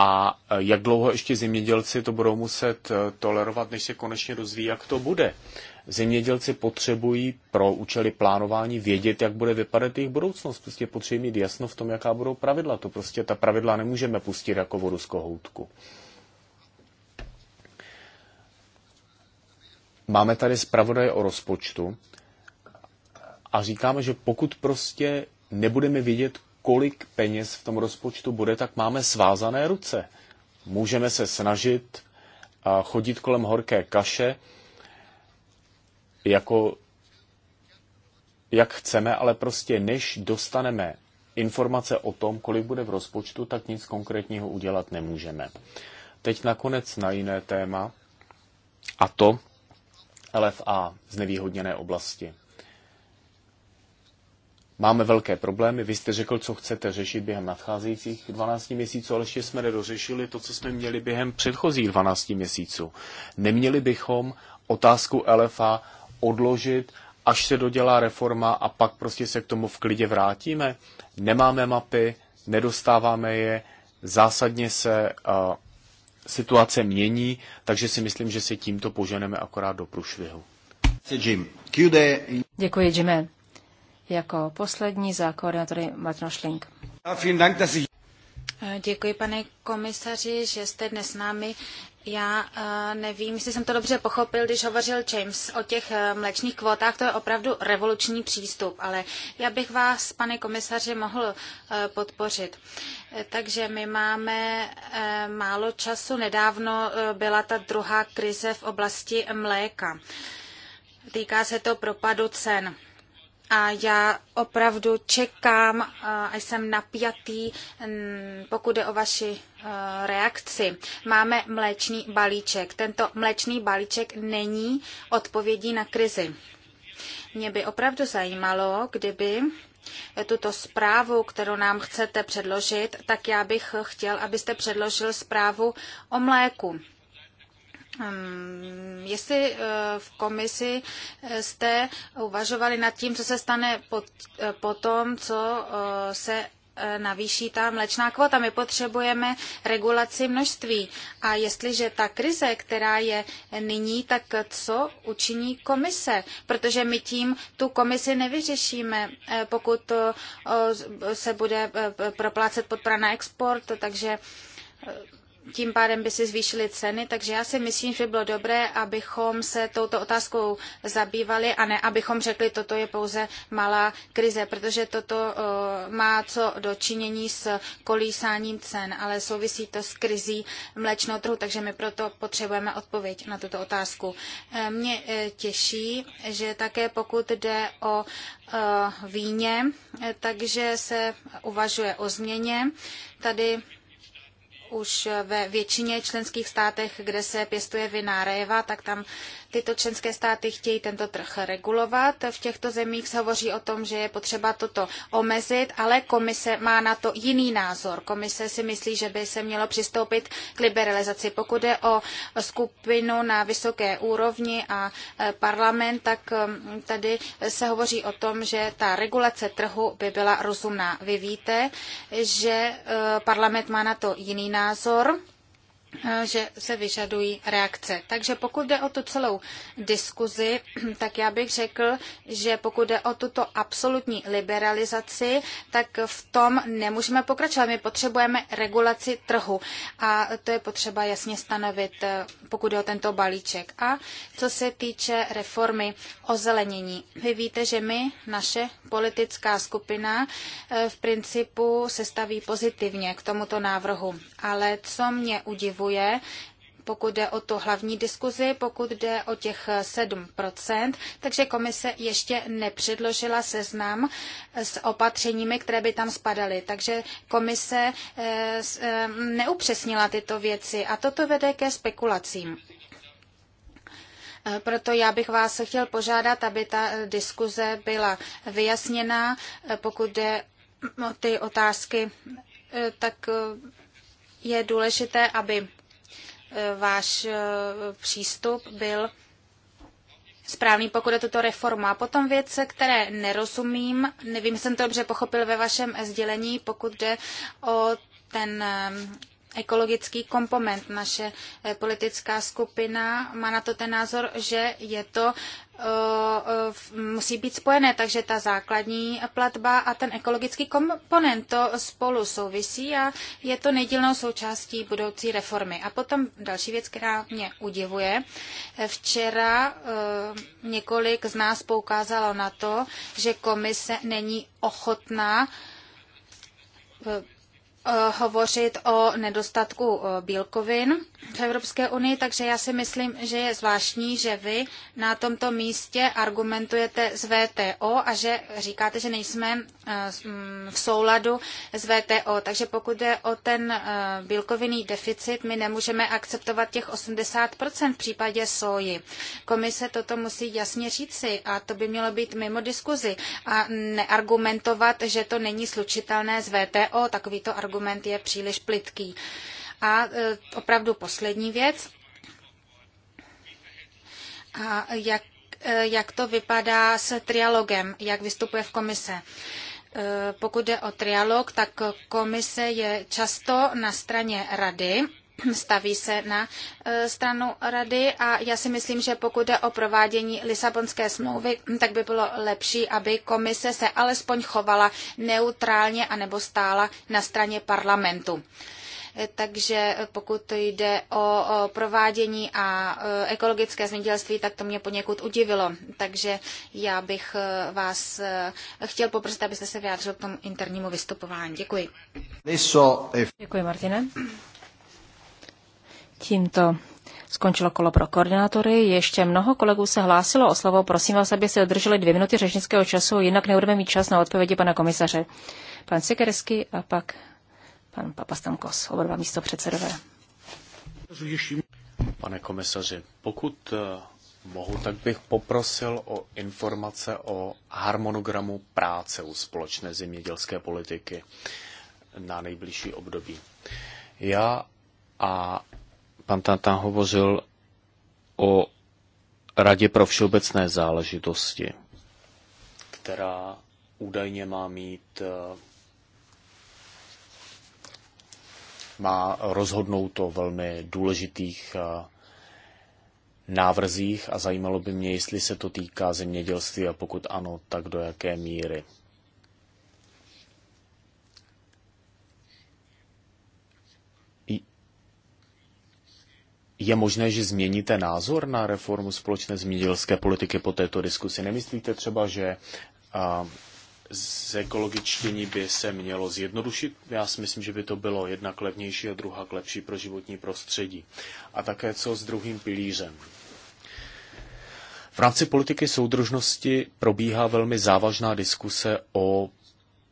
a eh, jak dlouho ještě zemědělci to budou muset eh, tolerovat, než se konečně dozví, jak to bude. Zemědělci potřebují pro účely plánování vědět, jak bude vypadat jejich budoucnost. Prostě potřebují mít jasno v tom, jaká budou pravidla. To prostě ta pravidla nemůžeme pustit jako vodu z kohoutku. Máme tady zpravodaje o rozpočtu a říkáme, že pokud prostě nebudeme vědět, kolik peněz v tom rozpočtu bude, tak máme svázané ruce. Můžeme se snažit chodit kolem horké kaše, jako jak chceme, ale prostě než dostaneme informace o tom, kolik bude v rozpočtu, tak nic konkrétního udělat nemůžeme. Teď nakonec na jiné téma, a to LFA z nevýhodněné oblasti. Máme velké problémy. Vy jste řekl, co chcete řešit během nadcházejících 12 měsíců, ale ještě jsme nedořešili to, co jsme měli během předchozích 12 měsíců. Neměli bychom otázku LFA odložit, až se dodělá reforma a pak prostě se k tomu v klidě vrátíme. Nemáme mapy, nedostáváme je, zásadně se uh, situace mění, takže si myslím, že se tímto poženeme akorát do průšvihu. Děkuji, Jimé jako poslední za koordinátory Martin Schling. Eh, děkuji, pane komisaři, že jste dnes s námi. Já uh, nevím, jestli jsem to dobře pochopil, když hovořil James o těch uh, eh, kvotách. to je opravdu revoluční přístup, ale já bych vás, pane komisaři, mohl uh, podpořit. Takže my máme uh, málo času, nedávno uh, byla ta druhá krize v oblasti mléka. Týká se to propadu cen a já opravdu čekám a jsem napjatý, pokud je o vaši e, reakci. Máme mléčný balíček. Tento mléčný balíček není odpovědí na krizi. Mě by opravdu zajímalo, kdyby tuto zprávu, kterou nám chcete předložit, tak já bych chtěl, abyste předložil zprávu o mléku Hmm, jestli eh, v komisi eh, jste uvažovali nad tím, co se stane po eh, tom, co se navýší ta mlečná kvota. My potřebujeme regulaci množství. A jestliže ta krize, která je nyní, tak co učiní komise? Protože my tím tu komisi nevyřešíme, pokud se bude proplácet podpora na export, takže tím pádem by se zvýšily ceny, takže já si myslím, že by bylo dobré, abychom se touto otázkou zabývali a ne, abychom řekli, toto je pouze malá krize, protože toto eh, má co dočinění s kolísáním cen, ale souvisí to s krizí mléčného trhu, takže my proto potřebujeme odpověď na tuto otázku. Eh, mě eh, těší, že také pokud jde o víně, takže se uvažuje o změně. Tady už ve většině členských státech, kde se pěstuje réva, tak tam Tyto členské státy chtějí tento trh regulovat. V těchto zemích se hovoří o tom, že je potřeba toto omezit, ale komise má na to jiný názor. Komise si myslí, že by se mělo přistoupit k liberalizaci. Pokud je o skupinu na vysoké úrovni a e, parlament, tak e, tady se hovoří o tom, že ta regulace trhu by byla rozumná. Vy víte, že e, parlament má na to jiný názor. Eh, že se vyžadují reakce. Takže pokud jde o tu celou diskuzi, (clears throat) tak já bych řekl, že pokud jde o tuto absolutní liberalizaci, tak v tom nemůžeme pokračovat. My potřebujeme regulaci trhu a to je potřeba jasně stanovit, eh, pokud jde o tento balíček. A co se týče reformy zelenění, vy víte, že my, naše politická skupina, eh, v principu se staví pozitivně k tomuto návrhu. Ale co mě udivuje, motivuje, pokud jde o tu hlavní diskuzi, pokud jde o těch 7%, takže komise ještě nepředložila seznam s opatřeními, které by tam spadaly. Takže komise eh, eh, neupřesnila tyto věci a toto vede ke spekulacím. Eh, proto já bych vás chtěl požádat, aby ta diskuze byla vyjasněná, pokud jde o ty otázky, tak je důležité, aby e, váš e, přístup byl správný, pokud je toto reforma. Potom věc, které nerozumím, nevím, jsem to dobře pochopil ve vašem sdělení, pokud jde o ten ekologický komponent. Naše eh, politická skupina má na to ten názor, že je to eh, eh, musí být spojené, takže ta základní platba a ten ekologický komponent to spolu souvisí a je to nedílnou součástí budoucí reformy. A potom další věc, která mě udivuje. Včera několik z nás poukázalo na to, že komise není ochotná Eh, hovořit o nedostatku eh, bílkovin v Evropské unii, takže já si myslím, že je zvláštní, že vy na tomto místě argumentujete z VTO a že říkáte, že nejsme Eh, mm, v souladu s VTO. Takže pokud je o ten eh, bílkovinný deficit, my nemůžeme akceptovat těch 80% v případě soji. Komise toto musí jasně říci a to by mělo být mimo diskuzi a neargumentovat, že to není slučitelné s VTO. Takovýto argument je příliš plitký. A eh, opravdu poslední věc. A jak, jak to vypadá s trialogem, jak vystupuje v komise. Eh, pokud jde o trialog, tak komise je často na straně rady (clears throat) staví se na eh, stranu rady a já si myslím, že pokud jde o provádění Lisabonské smlouvy, tak by bylo lepší, aby komise se alespoň chovala neutrálně anebo stála na straně parlamentu takže pokud to jde o provádění a e, ekologické zemědělství, tak to mě poněkud udivilo. Takže já bych e, vás e, chtěl poprosit, abyste se vyjádřil k tomu internímu vystupování. Děkuji. Děkuji, Martine. Tímto Skončilo kolo pro koordinátory, ještě mnoho kolegů se hlásilo o slovo. Prosím vás, abyste održeli dvě minuty řečnického času, jinak nebudeme mít čas na odpovědi pana komisaře. Pan Sikersky a pak pan Papastamkos, oba místo předsedové. Pane komisaři, pokud eh, mohu, tak bych poprosil o informace o harmonogramu práce u společné zemědělské politiky na nejbližší období. Já a pan Tantán hovořil o Radě pro všeobecné záležitosti, která údajně má mít eh, má rozhodnout o velmi důležitých eh, návrzích a zajímalo by mě, jestli se to týká zemědělství a pokud ano, tak do jaké míry. Je možné, že změníte názor na reformu společné zemědělské politiky po této diskusi? Nemyslíte třeba, že eh, zekologičtění by se mělo zjednodušit. Já si myslím, že by to bylo jednak levnější a druhá lepší pro životní prostředí. A také co s druhým pilířem. V rámci politiky soudržnosti probíhá velmi závažná diskuse o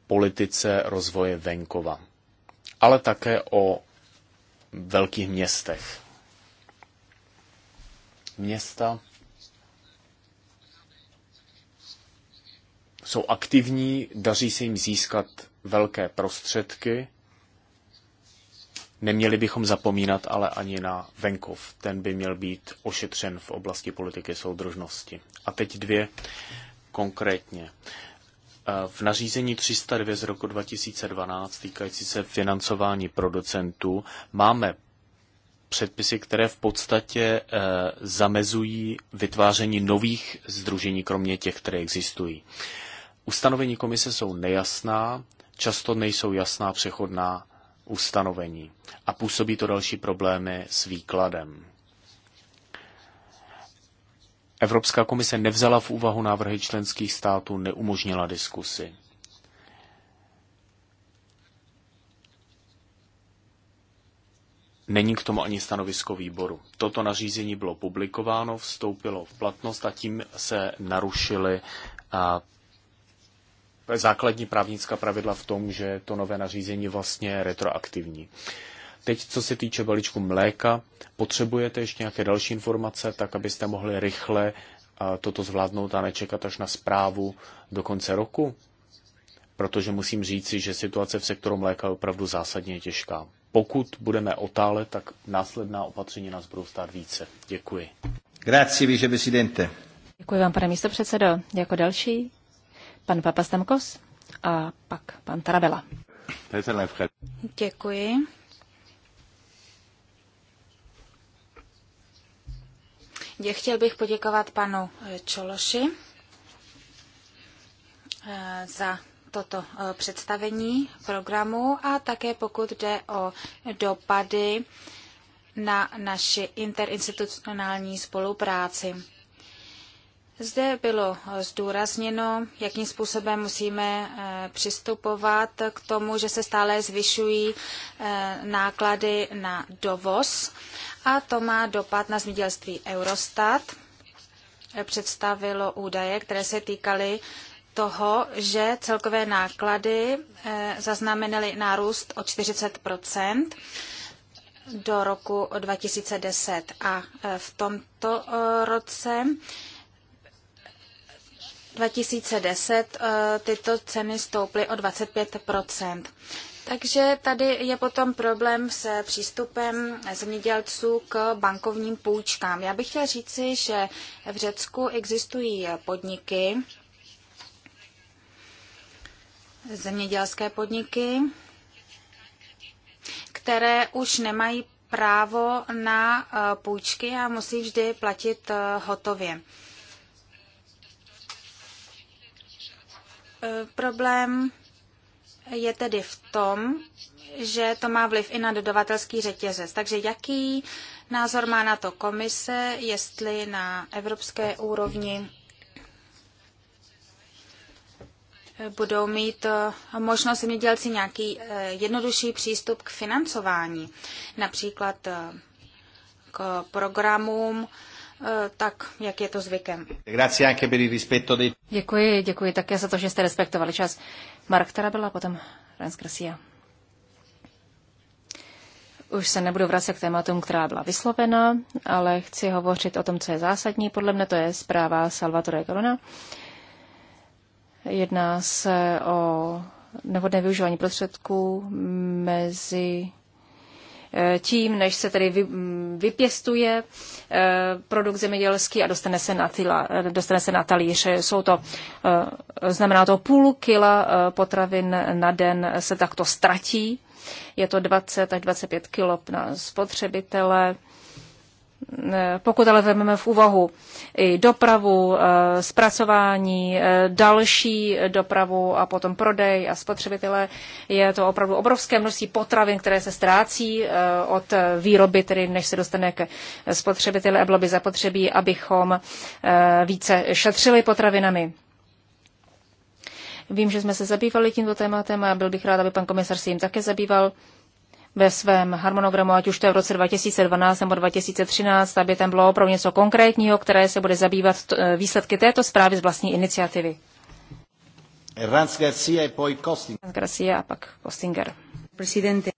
politice rozvoje venkova, ale také o velkých městech. Města jsou aktivní, daří se jim získat velké prostředky. Neměli bychom zapomínat ale ani na venkov. Ten by měl být ošetřen v oblasti politiky soudržnosti. A teď dvě konkrétně. V nařízení 302 z roku 2012 týkající se financování producentů máme předpisy, které v podstatě eh, zamezují vytváření nových združení, kromě těch, které existují. Ustanovení komise jsou nejasná, často nejsou jasná přechodná ustanovení a působí to další problémy s výkladem. Evropská komise nevzala v úvahu návrhy členských států, neumožnila diskusy. Není k tomu ani stanovisko výboru. Toto nařízení bylo publikováno, vstoupilo v platnost a tím se narušily základní právnická pravidla v tom, že to nové nařízení vlastně je retroaktivní. Teď, co se týče balíčku mléka, potřebujete ještě nějaké další informace, tak abyste mohli rychle toto zvládnout a nečekat až na zprávu do konce roku? Protože musím říci, že situace v sektoru mléka je opravdu zásadně těžká. Pokud budeme otále, tak následná opatření nás budou stát více. Děkuji. Grazie, viceprezidente. Děkuji vám, pane předsedo. Jako další pan Papastamkos a pak pan Tarabela. Děkuji. Dě, chtěl bych poděkovat panu eh, Čološi eh, za toto eh, představení programu a také pokud jde o dopady na naši interinstitucionální spolupráci. Zde bylo zdůrazněno, jakým způsobem musíme e, přistupovat k tomu, že se stále zvyšují e, náklady na dovoz a to má dopad na zemědělství Eurostat. E, představilo údaje, které se týkaly toho, že celkové náklady zaznamenaly nárůst o 40 do roku 2010 a v tomto roce 2010 eh, tyto ceny stouply o 25 takže tady je potom problém s přístupem zemědělců k bankovním půjčkám. Já bych chtěla říci, že v Řecku existují podniky, zemědělské podniky, které už nemají právo na eh, půjčky a musí vždy platit eh, hotově. Eh, problém je tedy v tom, že to má vliv i na dodavatelský řetězec. Takže jaký názor má na to komise, jestli na evropské úrovni eh, budou mít eh, možnost zemědělci nějaký jednodušší přístup k financování, například k programům Eh, tak, jak je to zvykem. Děkuji, děkuji také za to, že jste respektovali čas. Mark Tarabella, potom Rens Garcia. Už se nebudu vracet k tématům, která byla vyslovena, ale chci hovořit o tom, co je zásadní. Podle mne to je zpráva Salvatore Corona. Jedná se o nevhodné využívání prostředků mezi Eh, tím, než se tedy mm, vypěstuje eh, produkt zemědělský a dostane se na, tyla, eh, dostane se na talíř. Jsou to, znamená to půl kila potravin na den se takto ztratí. Je to 20 až 25 kilo na spotřebitele Eh, pokud ale vezmeme v úvahu i dopravu, eh, zpracování, eh, další dopravu a potom prodej a spotřebitele, je to opravdu obrovské množství potravin, které se ztrácí od výroby, tedy než se dostane k spotřebiteli a bylo by zapotřebí, abychom více šetřili potravinami. Vím, že jsme se zabývali tímto tématem a byl bych rád, aby pan komisar se jim také zabýval ve svém harmonogramu, ať už to je v roce 2012 nebo 2013, aby tam bylo opravdu něco konkrétního, které se bude zabývat eh, výsledky této zprávy z vlastní iniciativy. Rans Garcia, Garcia a pak Kostinger. Presidente.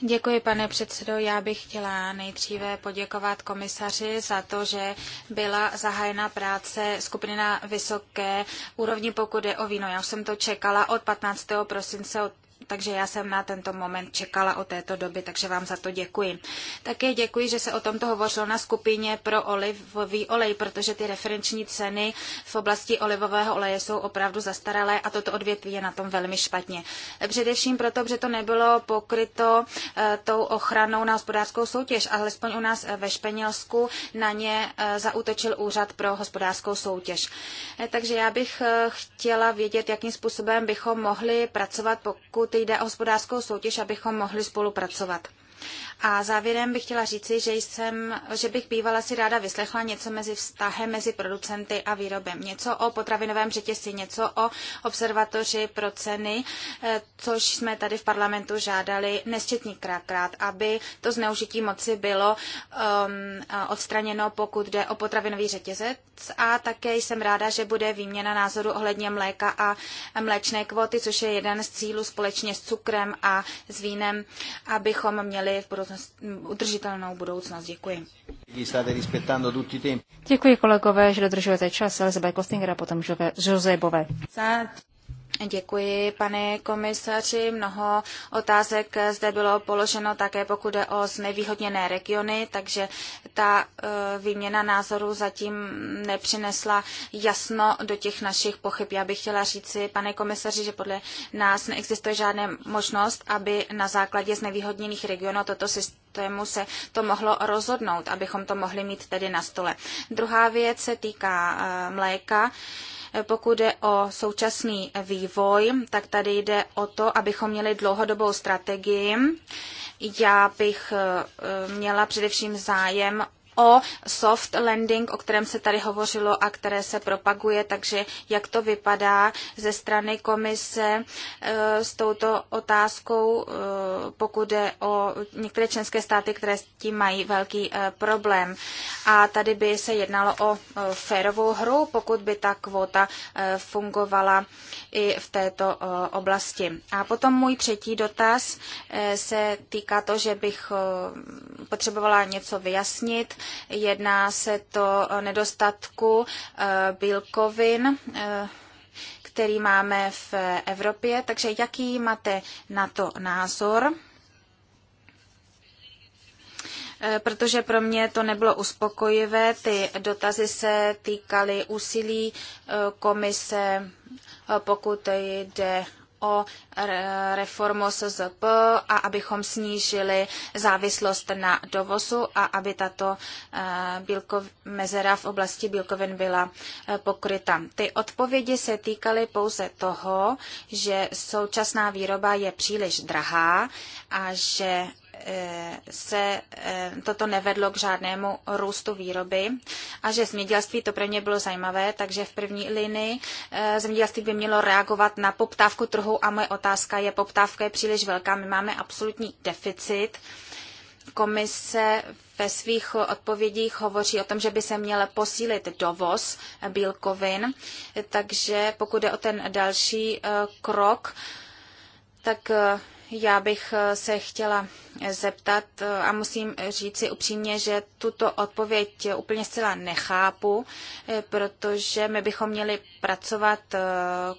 Děkuji, pane předsedo. Já bych chtěla nejdříve poděkovat komisaři za to, že byla zahájena práce skupiny na vysoké úrovni, pokud je o víno. Já už jsem to čekala od 15. prosince od takže já jsem na tento moment čekala o této doby, takže vám za to děkuji. Také děkuji, že se o tomto hovořilo na skupině pro olivový olej, protože ty referenční ceny v oblasti olivového oleje jsou opravdu zastaralé a toto odvětví je na tom velmi špatně. Především proto, že to nebylo pokryto eh, tou ochranou na hospodářskou soutěž, alespoň u nás eh, ve Španělsku na ně eh, zautočil úřad pro hospodářskou soutěž. Takže já bych chtěla vědět, jakým způsobem bychom mohli pracovat, pokud jde o hospodářskou soutěž, abychom mohli spolupracovat. A závěrem bych chtěla říci, že, jsem, že bych bývala si ráda vyslechla něco mezi vztahem mezi producenty a výrobem. Něco o potravinovém řetězci, něco o observatoři pro ceny, eh, což jsme tady v parlamentu žádali krát, aby to zneužití moci bylo um, odstraněno, pokud jde o potravinový řetězec. A také jsem ráda, že bude výměna názoru ohledně mléka a mléčné kvóty, což je jeden z cílů společně s cukrem a s vínem, abychom měli v budoucnu budoucnost, udržitelnou budoucnost. Děkuji. Děkuji kolegové, že dodržujete čas. Elizabeth Kostinger a potom Jose Bové. Děkuji, pane komisaři. Mnoho otázek zde bylo položeno také pokud jde o znevýhodněné regiony, takže ta e, výměna názorů zatím nepřinesla jasno do těch našich pochyb. Já bych chtěla říci, pane komisaři, že podle nás neexistuje žádná možnost, aby na základě znevýhodněných regionů toto systému se to mohlo rozhodnout, abychom to mohli mít tedy na stole. Druhá věc se týká e, mléka. Pokud jde o současný vývoj, tak tady jde o to, abychom měli dlouhodobou strategii. Já bych eh, měla především zájem o soft landing, o kterém se tady hovořilo a které se propaguje, takže jak to vypadá ze strany komise e, s touto otázkou, e, pokud jde o některé členské státy, které s tím mají velký e, problém. A tady by se jednalo o férovou hru, pokud by ta kvota fungovala i v této oblasti. A potom můj třetí dotaz se týká to, že bych potřebovala něco vyjasnit Jedná se to o nedostatku eh, bílkovin, eh, který máme v Evropě. Takže jaký máte na to názor? Eh, protože pro mě to nebylo uspokojivé. Ty dotazy se týkaly úsilí komise, pokud jde o reformu SZP a abychom snížili závislost na dovozu a aby tato eh, bílkov, mezera v oblasti bílkovin byla eh, pokryta. Ty odpovědi se týkaly pouze toho, že současná výroba je příliš drahá a že se eh, toto nevedlo k žádnému růstu výroby a že zemědělství to pro ně bylo zajímavé, takže v první linii eh, zemědělství by mělo reagovat na poptávku trhu a moje otázka je, poptávka je příliš velká, my máme absolutní deficit. Komise ve svých odpovědích hovoří o tom, že by se měl posílit dovoz bílkovin, takže pokud je o ten další eh, krok, tak já bych eh, se chtěla eh, zeptat eh, a musím říct si upřímně, že tuto odpověď úplně zcela nechápu, protože my bychom měli pracovat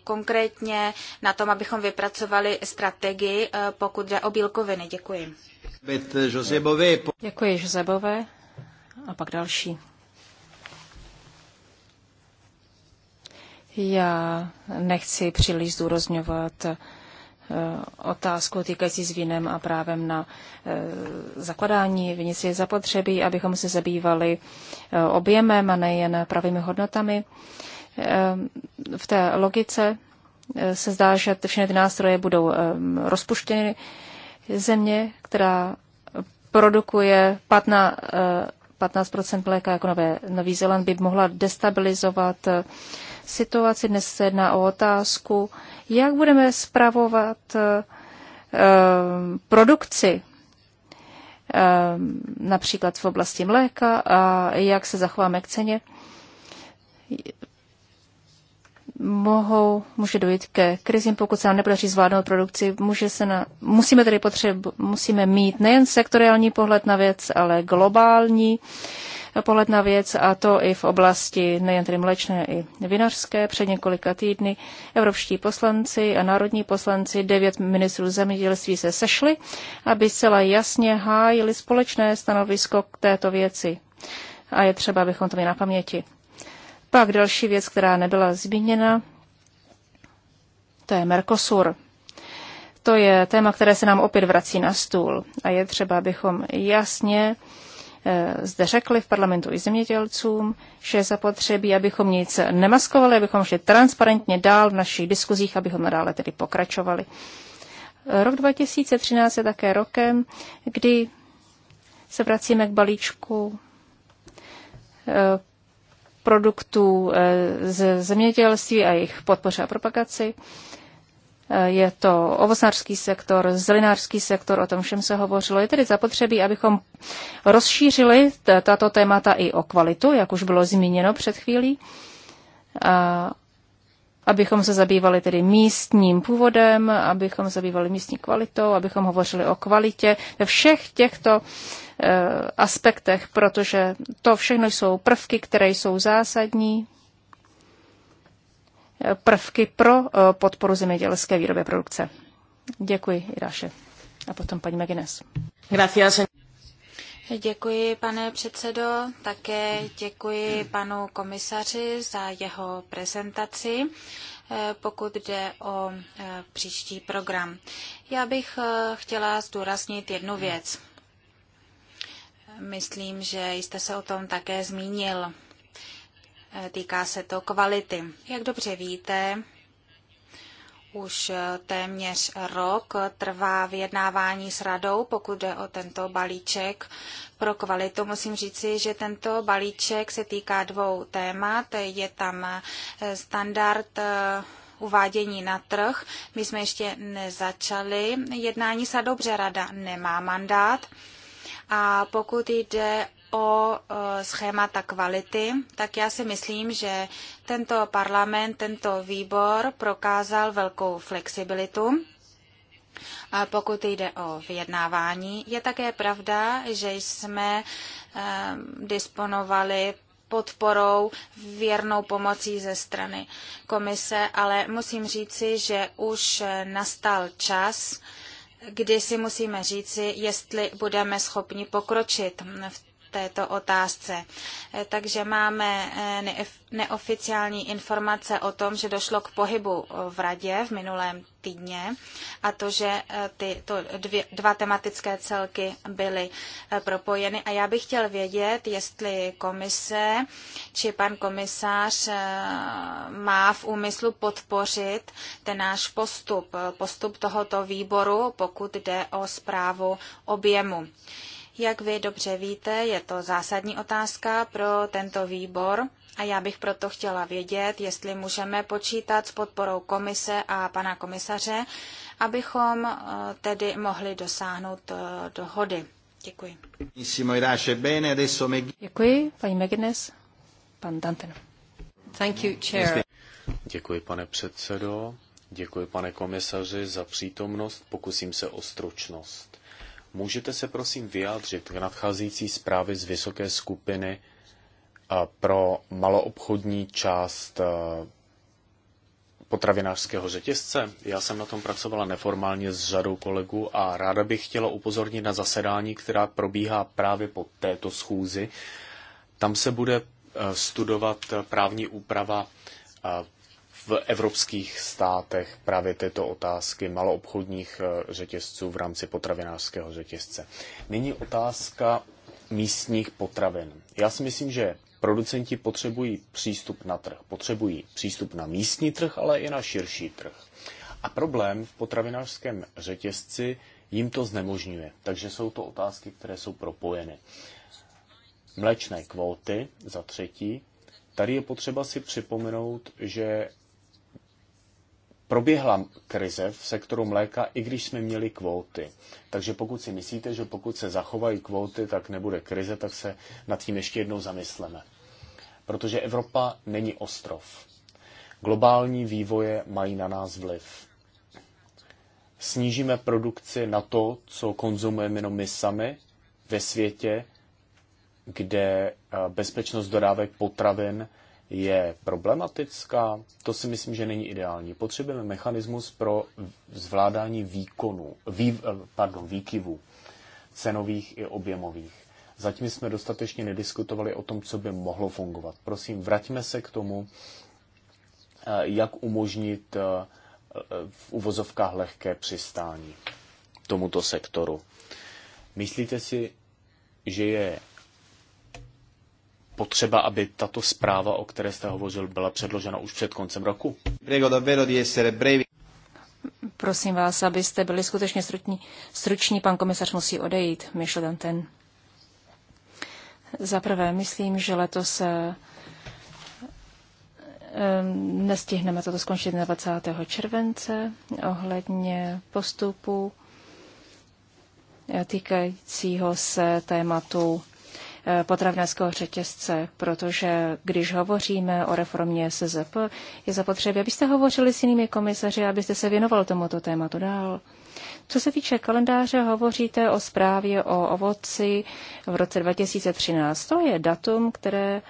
konkrétně na tom, abychom vypracovali strategii, pokud jde o bílkoviny. Děkuji. Děkuji, Josebové. A pak další. Já nechci příliš zdůrazňovat Eh, otázku týkající s vínem a právem na eh, zakladání vinic je zapotřebí, abychom se zabývali eh, objemem a nejen pravými hodnotami. V té logice se zdá, že všechny ty nástroje budou rozpuštěny. Země, která produkuje 15, 15 mléka jako nové, Nový Zeland, by mohla destabilizovat situaci. Dnes se jedná o otázku, jak budeme spravovat eh, eh, produkci eh, například v oblasti mléka a jak se zachováme k ceně, mohou, může dojít ke krizím, pokud se nám nepodaří zvládnout produkci. Může se na, musíme tedy potřebu, musíme mít nejen sektoriální pohled na věc, ale globální pohled na věc a to i v oblasti nejen tedy mlečné i vinařské. Před několika týdny evropští poslanci a národní poslanci, devět ministrů zemědělství se sešli, aby zcela jasně hájili společné stanovisko k této věci. A je třeba, abychom to měli na paměti. Pak další věc, která nebyla zmíněna, to je Mercosur. To je téma, které se nám opět vrací na stůl a je třeba, abychom jasně Eh, zde řekli v parlamentu i zemědělcům, že je zapotřebí, abychom nic nemaskovali, abychom šli transparentně dál v našich diskuzích, abychom nadále tedy pokračovali. Rok 2013 je také rokem, kdy se vracíme k balíčku eh, produktů eh, z zemědělství a jejich podpoře a propagaci je to ovocnářský sektor, zelinářský sektor, o tom všem se hovořilo. Je tedy zapotřebí, abychom rozšířili tato témata i o kvalitu, jak už bylo zmíněno před chvílí, a abychom se zabývali tedy místním původem, abychom se zabývali místní kvalitou, abychom hovořili o kvalitě ve všech těchto e, aspektech, protože to všechno jsou prvky, které jsou zásadní prvky pro eh, podporu zemědělské výroby produkce. Děkuji, Iráše. A potom paní McGuinness. Gracias. Děkuji, pane předsedo. Také děkuji panu komisaři za jeho prezentaci, eh, pokud jde o eh, příští program. Já bych chtěla zdůraznit jednu věc. Myslím, že jste se o tom také zmínil. Eh, týká se to kvality. Jak dobře víte, už eh, téměř rok trvá vyjednávání s radou, pokud jde o tento balíček pro kvalitu. Musím říci, že tento balíček se týká dvou témat. Je tam eh, standard uvádění na trh. My jsme ještě nezačali jednání s radou, protože rada nemá mandát. A pokud jde o e, schémata kvality, tak já si myslím, že tento parlament, tento výbor prokázal velkou flexibilitu. A pokud jde o vyjednávání, je také pravda, že jsme e, disponovali podporou, věrnou pomocí ze strany komise, ale musím říci, že už nastal čas, kdy si musíme říci, jestli budeme schopni pokročit v této otázce. Eh, takže máme eh, neoficiální informace o tom, že došlo k pohybu eh, v radě v minulém týdně a to, že tyto dvě, dva tematické celky byly propojeny. A já bych chtěl vědět, jestli komise či pan komisář má v úmyslu podpořit ten náš postup, postup tohoto výboru, pokud jde o zprávu objemu. Jak vy dobře víte, je to zásadní otázka pro tento výbor a já bych proto chtěla vědět, jestli můžeme počítat s podporou komise a pana komisaře, abychom eh, tedy mohli dosáhnout eh, dohody. Děkuji. Děkuji, paní Megines, pan Danten. Thank you, chair. Děkuji, pane předsedo. Děkuji, pane komisaři, za přítomnost. Pokusím se o stručnost. Můžete se prosím vyjádřit k nadcházející zprávy z vysoké skupiny eh, pro maloobchodní část eh, potravinářského řetězce. Já jsem na tom pracovala neformálně s řadou kolegů a ráda bych chtěla upozornit na zasedání, která probíhá právě po této schůzi. Tam se bude eh, studovat právní úprava v evropských státech právě této otázky maloobchodních eh, řetězců v rámci potravinářského řetězce. Nyní otázka místních potravin. Já si myslím, že producenti potřebují přístup na trh. Potřebují přístup na místní trh, ale i na širší trh. A problém v potravinářském řetězci jim to znemožňuje. Takže jsou to otázky, které jsou propojeny. Mléčné kvóty za třetí. Tady je potřeba si připomenout, že proběhla krize v sektoru mléka, i když jsme měli kvóty. Takže pokud si myslíte, že pokud se zachovají kvóty, tak nebude krize, tak se nad tím ještě jednou zamysleme. Protože Evropa není ostrov. Globální vývoje mají na nás vliv. Snížíme produkci na to, co konzumujeme jenom my sami ve světě, kde eh, bezpečnost dodávek potravin je problematická, to si myslím, že není ideální. Potřebujeme mechanismus pro zvládání výkonu, vý, pardon, výkivu cenových i objemových. Zatím jsme dostatečně nediskutovali o tom, co by mohlo fungovat. Prosím, vraťme se k tomu, eh, jak umožnit eh, v uvozovkách lehké přistání tomuto sektoru. Myslíte si, že je potřeba, aby tato zpráva, o které jste hovořil, byla předložena už před koncem roku? Prosím vás, abyste byli skutečně struční. Struční pan komisař musí odejít, Michel ten. Za prvé, myslím, že letos eh, nestihneme toto skončit na 20. července ohledně postupu eh, týkajícího se tématu potravinářského řetězce, protože když hovoříme o reformě SZP, je zapotřebí, abyste hovořili s jinými komisaři, abyste se věnoval tomuto tématu dál. Co se týče kalendáře, hovoříte o zprávě o ovoci v roce 2013. To je datum, které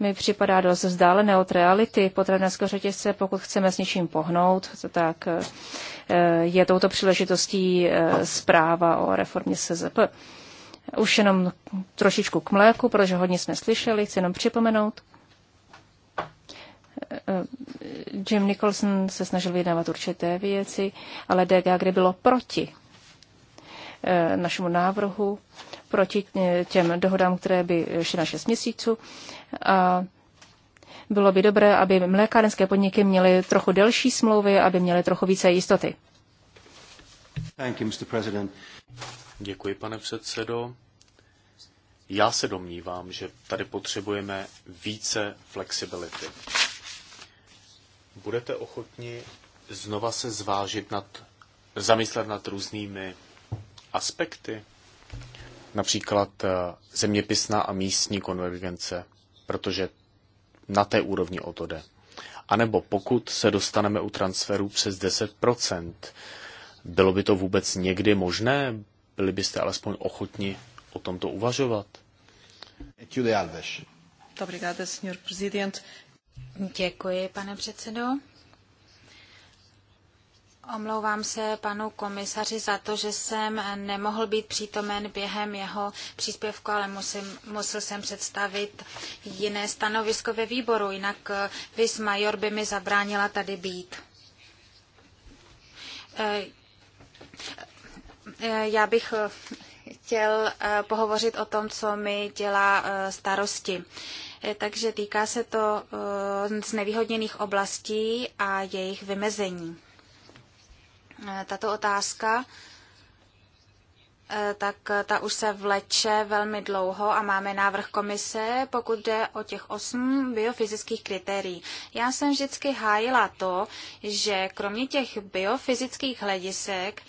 mi připadá dost vzdálené od reality potravinářského řetězce. Pokud chceme s něčím pohnout, tak eh, je touto příležitostí eh, zpráva o reformě SZP. Už jenom trošičku k mléku, protože hodně jsme slyšeli, chci jenom připomenout. Jim Nicholson se snažil vydávat určité věci, ale DG Agri bylo proti eh, našemu návrhu, proti eh, těm dohodám, které by šly na 6 měsíců. A bylo by dobré, aby mlékárenské podniky měly trochu delší smlouvy, aby měly trochu více jistoty. Thank you, Mr. President. Děkuji, pane předsedo. Já se domnívám, že tady potřebujeme více flexibility. Budete ochotni znova se zvážit nad, zamyslet nad různými aspekty, například eh, zeměpisná a místní konvergence, protože na té úrovni o to jde. A nebo pokud se dostaneme u transferů přes 10%, bylo by to vůbec někdy možné? Byli byste alespoň ochotni o tomto uvažovat? Julia Alves. Obrigada, senhor presidente. Děkuji, pane předsedo. Omlouvám se panu komisaři za to, že jsem nemohl být přítomen během jeho příspěvku, ale musím, musel jsem představit jiné stanovisko ve výboru, jinak vis major by mi zabránila tady být. E Eh, já bych eh, chtěl eh, pohovořit o tom, co mi dělá starosti. Takže týká se to znevýhodněných oblastí a jejich vymezení. Tato otázka tak ta už se vleče velmi dlouho a máme návrh komise, pokud jde o těch osm biofyzických kritérií. Já jsem vždycky hájila to, že kromě těch biofyzických hledisek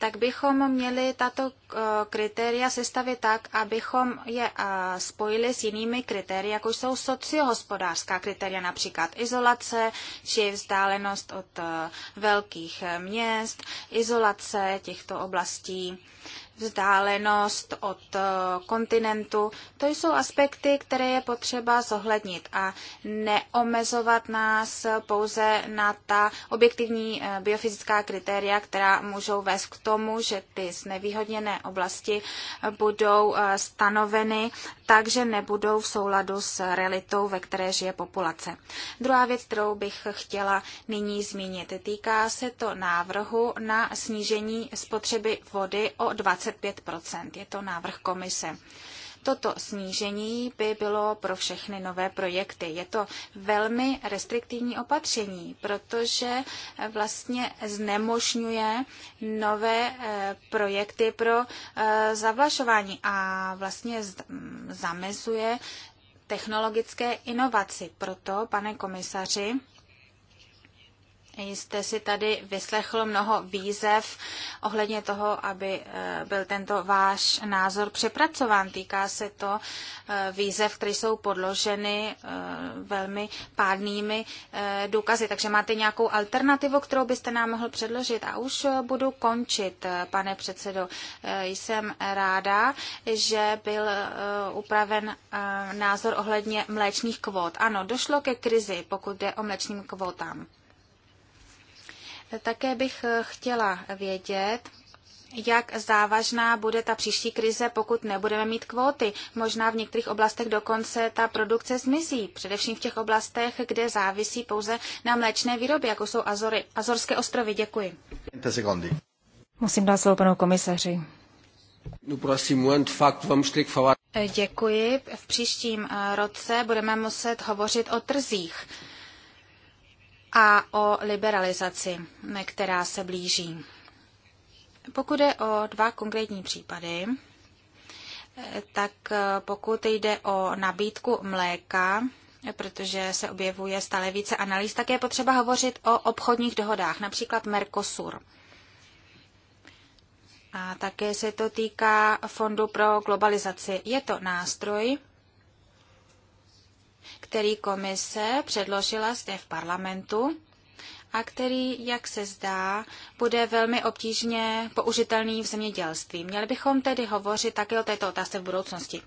tak bychom měli tato eh, kritéria sestavit tak, abychom je eh, spojili s jinými kritérii, jako jsou sociohospodářská kritéria, například izolace či vzdálenost od eh, velkých měst, izolace těchto oblastí vzdálenost od eh, kontinentu. To jsou aspekty, které je potřeba zohlednit a neomezovat nás pouze na ta objektivní eh, biofyzická kritéria, která můžou vést k tomu, že ty znevýhodněné oblasti budou eh, stanoveny takže nebudou v souladu s realitou, ve které žije populace. Druhá věc, kterou bych chtěla nyní zmínit, týká se to návrhu na snížení spotřeby vody o 25 Je to návrh komise. Toto snížení by bylo pro všechny nové projekty. Je to velmi restriktivní opatření, protože eh, vlastně znemožňuje nové eh, projekty pro eh, zavlašování a vlastně mm, zamezuje technologické inovaci. Proto, pane komisaři, Jste si tady vyslechl mnoho výzev ohledně toho, aby eh, byl tento váš názor přepracován. Týká se to eh, výzev, které jsou podloženy eh, velmi pádnými důkazy. Takže máte nějakou alternativu, kterou byste nám mohl předložit. A už budu končit, pane předsedo. Jsem ráda, že byl upraven názor ohledně mléčných kvót. Ano, došlo ke krizi, pokud jde o mléčným kvótám. Také bych eh, chtěla vědět, jak závažná bude ta příští krize, pokud nebudeme mít kvóty. Možná v některých oblastech dokonce ta produkce zmizí, především v těch oblastech, kde závisí pouze na mléčné výrobě, jako jsou Azory. Azorské ostrovy. Děkuji. Musím dát slovo panu komisaři. No eh, děkuji. V příštím eh, roce budeme muset hovořit o trzích a o liberalizaci, která se blíží. Pokud jde o dva konkrétní případy, tak pokud jde o nabídku mléka, protože se objevuje stále více analýz, tak je potřeba hovořit o obchodních dohodách, například Mercosur. A také se to týká Fondu pro globalizaci. Je to nástroj, který komise předložila zde v parlamentu a který, jak se zdá, bude velmi obtížně použitelný v zemědělství. Měli bychom tedy hovořit také o této otázce v budoucnosti.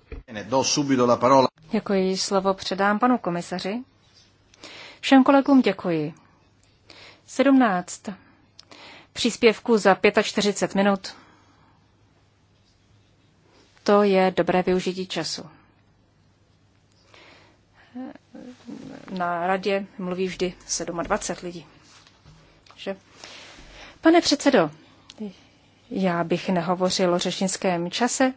Děkuji, slovo předám panu komisaři. Všem kolegům děkuji. 17. Příspěvku za 45 minut. To je dobré využití času na radě mluví vždy 27 lidí. Že? Pane předsedo, já bych nehovořil o řečnickém čase.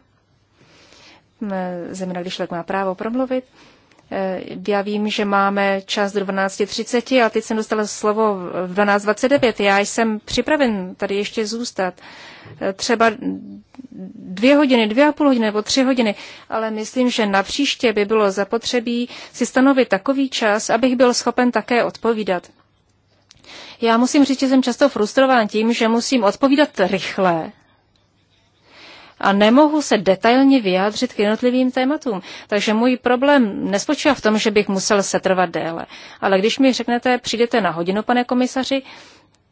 Hm, Zemina když má právo promluvit. Eh, já vím, že máme čas do 12.30 a teď jsem dostala slovo v 12.29. Já jsem připraven tady ještě zůstat. Eh, třeba dvě hodiny, dvě a půl hodiny nebo tři hodiny, ale myslím, že na příště by bylo zapotřebí si stanovit takový čas, abych byl schopen také odpovídat. Já musím říct, že jsem často frustrován tím, že musím odpovídat rychle, a nemohu se detailně vyjádřit k jednotlivým tématům. Takže můj problém nespočívá v tom, že bych musel setrvat déle. Ale když mi řeknete, přijdete na hodinu, pane komisaři,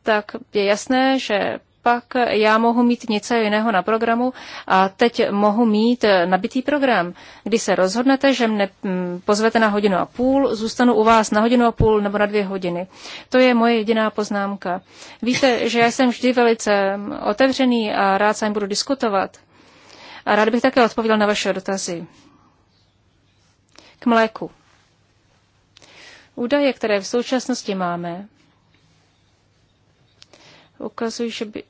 tak je jasné, že pak já mohu mít něco jiného na programu a teď mohu mít nabitý program. Když se rozhodnete, že mne mm, pozvete na hodinu a půl, zůstanu u vás na hodinu a půl nebo na dvě hodiny. To je moje jediná poznámka. Víte, že já jsem vždy velice otevřený a rád s vámi budu diskutovat. A rád bych také odpověděl na vaše dotazy. K mléku. Údaje, které v současnosti máme, ukazují, že by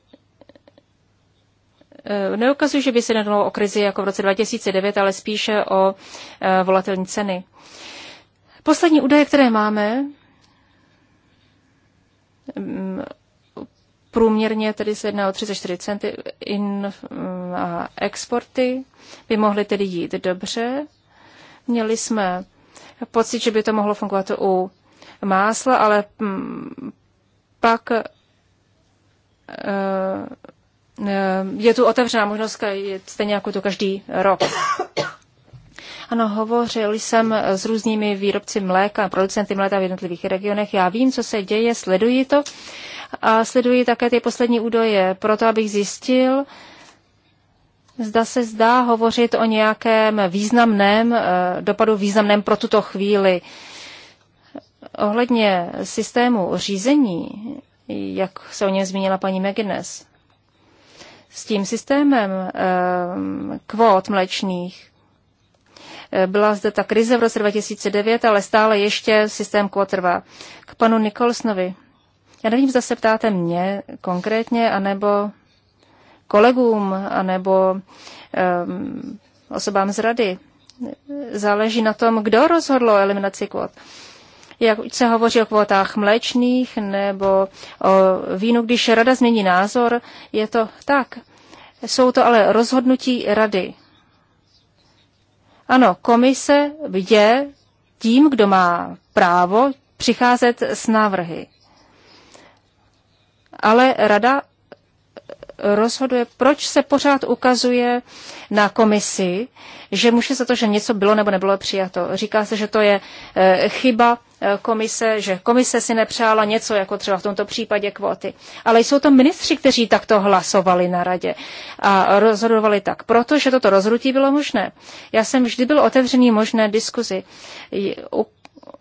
eh, neukazují, že by se nedalo o krizi jako v roce 2009, ale spíše o eh, volatilní ceny. Poslední údaje, které máme, mm, Průměrně tedy se jedná o 34 centy in, a exporty by mohly tedy jít dobře. Měli jsme pocit, že by to mohlo fungovat u másla, ale mm, pak e, e, je tu otevřená možnost, stejně jako to každý rok. Ano, hovořil jsem s různými výrobci mléka, producenty mléka v jednotlivých regionech. Já vím, co se děje, sleduji to a sleduji také ty poslední údoje, proto abych zjistil, zda se zdá hovořit o nějakém významném, eh, dopadu významném pro tuto chvíli. Ohledně systému řízení, jak se o něm zmínila paní McGuinness, s tím systémem eh, kvót mlečných, eh, byla zde ta krize v roce 2009, ale stále ještě systém kvót trvá. K panu Nikolsnovi. Já nevím, zda se ptáte mě konkrétně, anebo kolegům, anebo um, osobám z rady. Záleží na tom, kdo rozhodl o eliminaci kvot. Jak se hovoří o kvotách mléčných nebo o vínu, když rada změní názor, je to tak. Jsou to ale rozhodnutí rady. Ano, komise je tím, kdo má právo přicházet s návrhy ale rada rozhoduje, proč se pořád ukazuje na komisi, že může za to, že něco bylo nebo nebylo přijato. Říká se, že to je eh, chyba eh, komise, že komise si nepřála něco, jako třeba v tomto případě kvóty. Ale jsou to ministři, kteří takto hlasovali na radě a rozhodovali tak, protože toto rozhodnutí bylo možné. Já jsem vždy byl otevřený možné diskuzi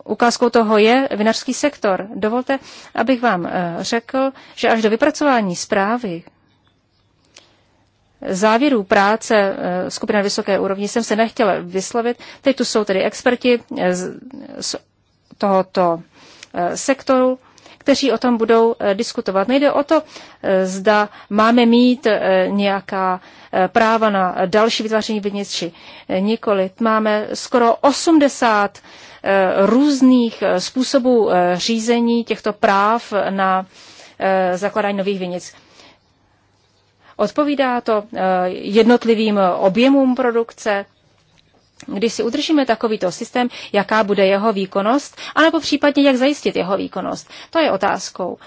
ukázkou toho je vinařský sektor. Dovolte, abych vám eh, řekl, že až do vypracování zprávy závěrů práce eh, skupiny vysoké úrovni jsem se nechtěla vyslovit. Teď tu jsou tedy experti eh, z tohoto sektoru, kteří o tom budou diskutovat. Nejde o to, zda máme mít nějaká práva na další vytváření vinic, či nikoli. Máme skoro 80 Eh, různých eh, způsobů eh, řízení těchto práv na zakládání nových vinic. Odpovídá to jednotlivým objemům produkce, když si udržíme takovýto systém, jaká bude jeho výkonnost, anebo případně jak zajistit jeho výkonnost. To je otázkou.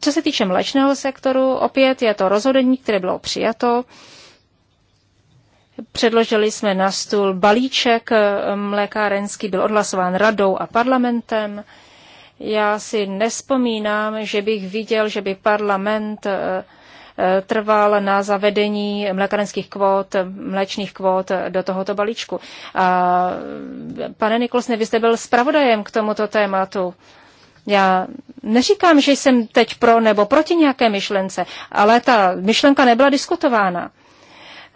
Co se týče mlečného sektoru, opět je to rozhodnutí, které bylo přijato Předložili jsme na stůl balíček eh, mlékárenský, byl odhlasován radou a parlamentem. Já si nespomínám, že bych viděl, že by parlament eh, eh, trval na zavedení mlékarenských kvót, mléčných kvót do tohoto balíčku. A pane Nikolsne, vy jste byl zpravodajem k tomuto tématu. Já neříkám, že jsem teď pro nebo proti nějaké myšlence, ale ta myšlenka nebyla diskutována.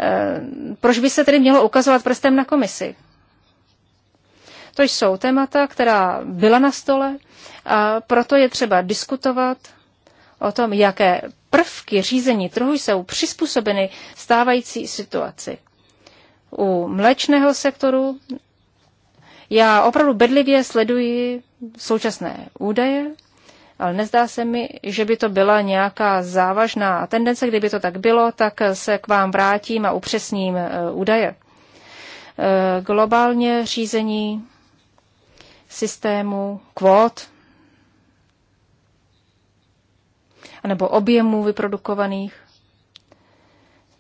Eh, proč by se tedy mělo ukazovat prstem na komisi? To jsou témata, která byla na stole a proto je třeba diskutovat o tom, jaké prvky řízení trhu jsou přizpůsobeny stávající situaci. U mléčného sektoru já opravdu bedlivě sleduji současné údaje ale nezdá se mi, že by to byla nějaká závažná tendence. Kdyby to tak bylo, tak se k vám vrátím a upřesním eh, údaje. Eh, globálně řízení systému kvót nebo objemů vyprodukovaných.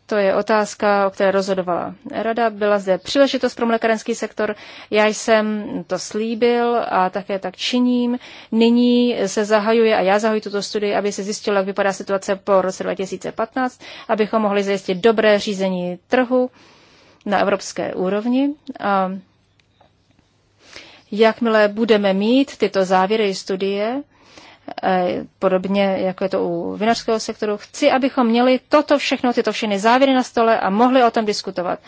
To je otázka, o které rozhodovala rada. Byla zde příležitost pro mlékárenský sektor. Já jsem to slíbil a také tak činím. Nyní se zahajuje a já zahajuji tuto studii, aby se zjistilo, jak vypadá situace po roce 2015, abychom mohli zajistit dobré řízení trhu na evropské úrovni. A jakmile budeme mít tyto závěry studie, E, podobně jako je to u vinařského sektoru. Chci, abychom měli toto všechno, tyto všechny závěry na stole a mohli o tom diskutovat.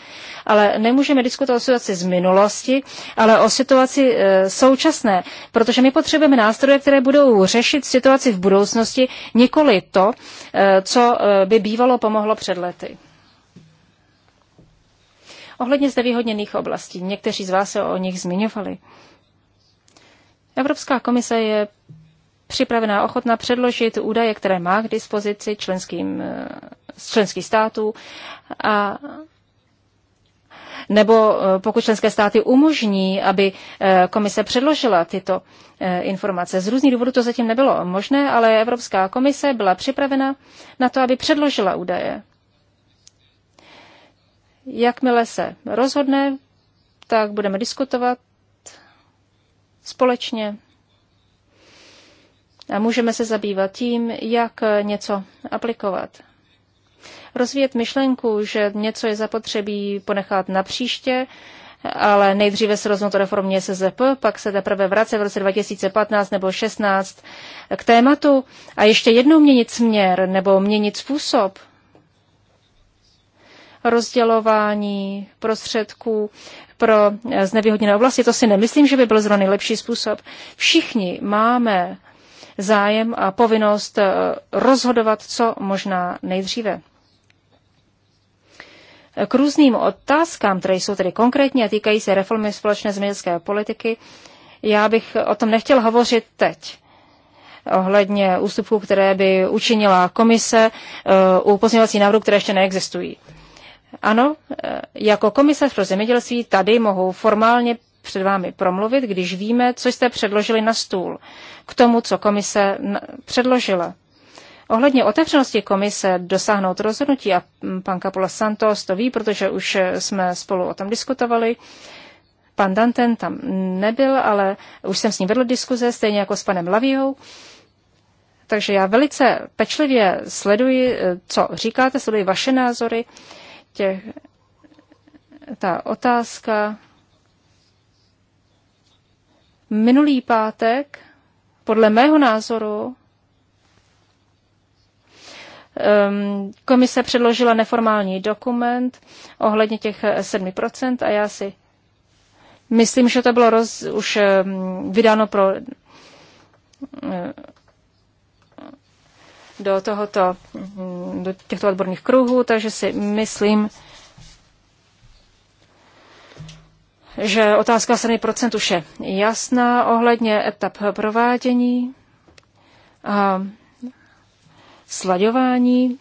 Ale nemůžeme diskutovat o situaci z minulosti, ale o situaci e, současné, protože my potřebujeme nástroje, které budou řešit situaci v budoucnosti, nikoli to, e, co by bývalo pomohlo před lety. Ohledně znevýhodněných oblastí. Někteří z vás se o nich zmiňovali. Evropská komise je připravená ochotna předložit údaje, které má k dispozici členským, eh, členský států a nebo eh, pokud členské státy umožní, aby eh, komise předložila tyto informace. Z různých důvodů to zatím nebylo možné, ale Evropská komise byla připravena na to, aby předložila údaje. Jakmile se rozhodne, tak budeme diskutovat společně a můžeme se zabývat tím, jak něco aplikovat. Rozvíjet myšlenku, že něco je zapotřebí ponechat na příště, ale nejdříve se rozhodnout o reformě SZP, pak se teprve vrace v roce 2015 nebo 16 k tématu a ještě jednou měnit směr nebo měnit způsob rozdělování prostředků pro znevýhodněné oblasti. To si nemyslím, že by byl zrovna nejlepší způsob. Všichni máme zájem a povinnost eh, rozhodovat co možná nejdříve. K různým otázkám, které jsou tedy konkrétní a týkají se reformy společné zemědělské politiky, já bych o tom nechtěl hovořit teď ohledně ústupů, které by učinila komise eh, u pozměňovací návrhů, které ještě neexistují. Ano, eh, jako komisař pro zemědělství tady mohu formálně před vámi promluvit, když víme, co jste předložili na stůl k tomu, co komise předložila. Ohledně otevřenosti komise dosáhnout rozhodnutí, a pan Capola Santos to ví, protože už jsme spolu o tom diskutovali, pan Danten tam nebyl, ale už jsem s ním vedl diskuze, stejně jako s panem Lavijou. Takže já velice pečlivě sleduji, co říkáte, sleduji vaše názory. Těch, ta otázka Minulý pátek, podle mého názoru, ehm, komise předložila neformální dokument ohledně těch 7% eh, a já si myslím, že to bylo roz, už ehm, vydáno pro eh, do tohoto, mm, do těchto odborných kruhů, takže si myslím, že otázka 7% už je jasná ohledně etap provádění a slaďování.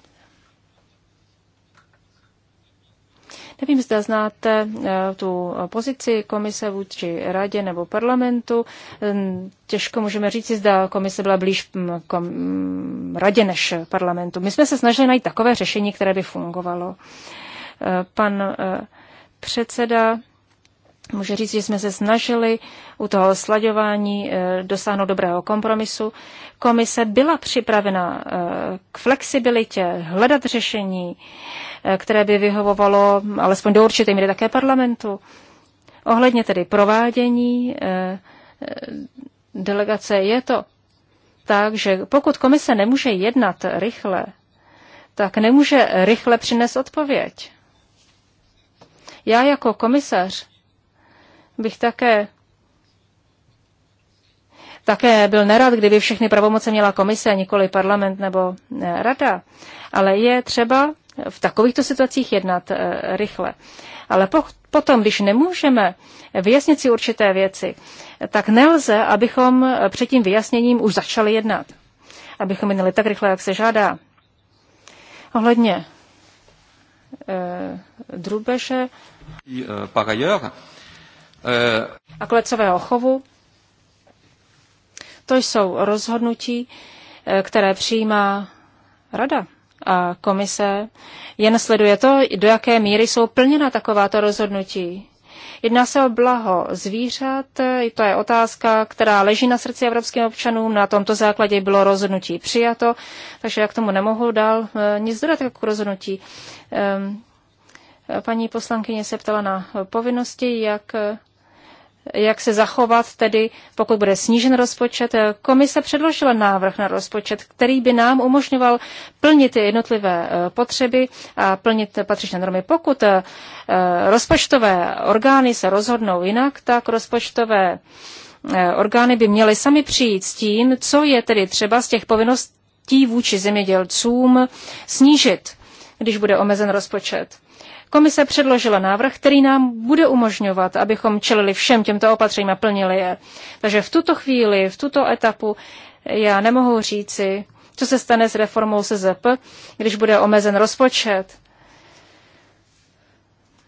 Nevím, zda znáte eh, tu pozici komise vůči radě nebo parlamentu. Hm, těžko můžeme říct, zda komise byla blíž hm, kom, hm, radě než parlamentu. My jsme se snažili najít takové řešení, které by fungovalo. Eh, pan eh, předseda Může říct, že jsme se snažili u toho slaďování eh, dosáhnout dobrého kompromisu. Komise byla připravena eh, k flexibilitě, hledat řešení, eh, které by vyhovovalo alespoň do určité míry také parlamentu. Ohledně tedy provádění delegace je to tak, že pokud komise nemůže jednat rychle, tak nemůže rychle přinést odpověď. Já jako komisař bych také také byl nerad, kdyby všechny pravomoce měla komise, nikoli parlament nebo eh, rada. Ale je třeba v takovýchto situacích jednat eh, rychle. Ale po, potom, když nemůžeme vyjasnit si určité věci, tak nelze, abychom před tím vyjasněním už začali jednat. Abychom jednali tak rychle, jak se žádá. Ohledně e, eh, drubeže a klecového chovu. To jsou rozhodnutí, eh, které přijímá rada a komise. Jen sleduje to, do jaké míry jsou plněna takováto rozhodnutí. Jedná se o blaho zvířat, eh, to je otázka, která leží na srdci evropským občanům, na tomto základě bylo rozhodnutí přijato, takže já k tomu nemohu dál eh, nic dodat jako rozhodnutí. Ehm, paní poslankyně se ptala na povinnosti, jak jak se zachovat tedy, pokud bude snížen rozpočet. Komise předložila návrh na rozpočet, který by nám umožňoval plnit jednotlivé eh, potřeby a plnit patřičné normy. Pokud eh, rozpočtové orgány se rozhodnou jinak, tak rozpočtové eh, orgány by měly sami přijít s tím, co je tedy třeba z těch povinností vůči zemědělcům snížit, když bude omezen rozpočet. Komise předložila návrh, který nám bude umožňovat, abychom čelili všem těmto opatřením a plnili je. Takže v tuto chvíli, v tuto etapu já nemohu říci, co se stane s reformou SZP, když bude omezen rozpočet.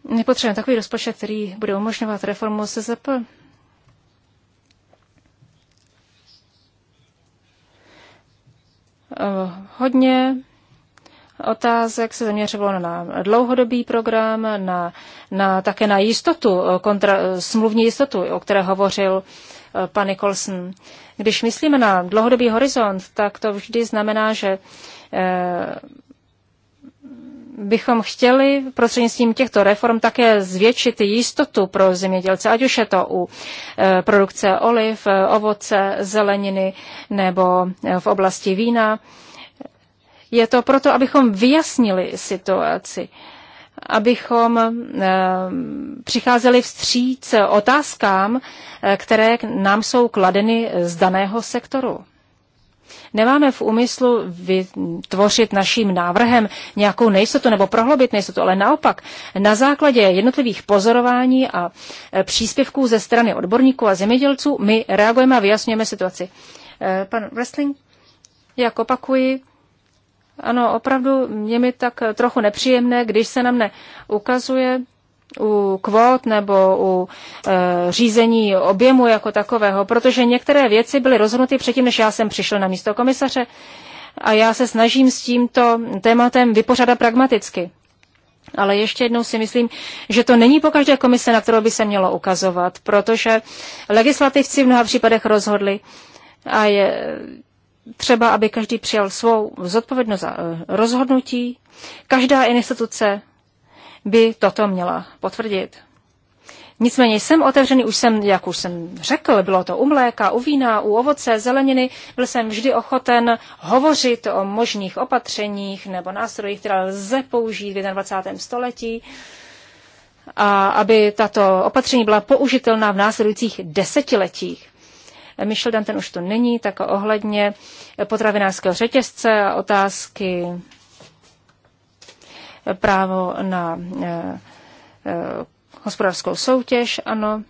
Nepotřebujeme takový rozpočet, který bude umožňovat reformu SZP. Eh, hodně otázek se zaměřovalo na dlouhodobý program, na, na, také na jistotu, eh, kontra, eh, smluvní jistotu, o které hovořil eh, pan Nicholson. Když myslíme na dlouhodobý horizont, tak to vždy znamená, že bychom chtěli prostřednictvím těchto reform také zvětšit jistotu pro zemědělce, ať už je to u produkce oliv, ovoce, zeleniny nebo v oblasti vína je to proto, abychom vyjasnili situaci, abychom eh, přicházeli vstříc otázkám, eh, které nám jsou kladeny z daného sektoru. Nemáme v úmyslu vytvořit naším návrhem nějakou nejistotu nebo prohlobit nejistotu, ale naopak na základě jednotlivých pozorování a eh, příspěvků ze strany odborníků a zemědělců my reagujeme a vyjasňujeme situaci. Pan Wrestling, jak opakuji, ano, opravdu je mi tak trochu nepříjemné, když se na mne ukazuje u kvót nebo u e, řízení objemu jako takového, protože některé věci byly rozhodnuty předtím, než já jsem přišel na místo komisaře a já se snažím s tímto tématem vypořádat pragmaticky. Ale ještě jednou si myslím, že to není po každé komise, na kterou by se mělo ukazovat, protože legislativci v mnoha případech rozhodli a je, třeba, aby každý přijal svou zodpovědnost za eh, rozhodnutí. Každá instituce by toto měla potvrdit. Nicméně jsem otevřený, už jsem, jak už jsem řekl, bylo to u mléka, u vína, u ovoce, zeleniny, byl jsem vždy ochoten hovořit o možných opatřeních nebo nástrojích, které lze použít v 21. století a aby tato opatření byla použitelná v následujících desetiletích. Michel Dan, ten už to není, tak ohledně potravinářského řetězce a otázky právo na eh, eh, hospodářskou soutěž, ano,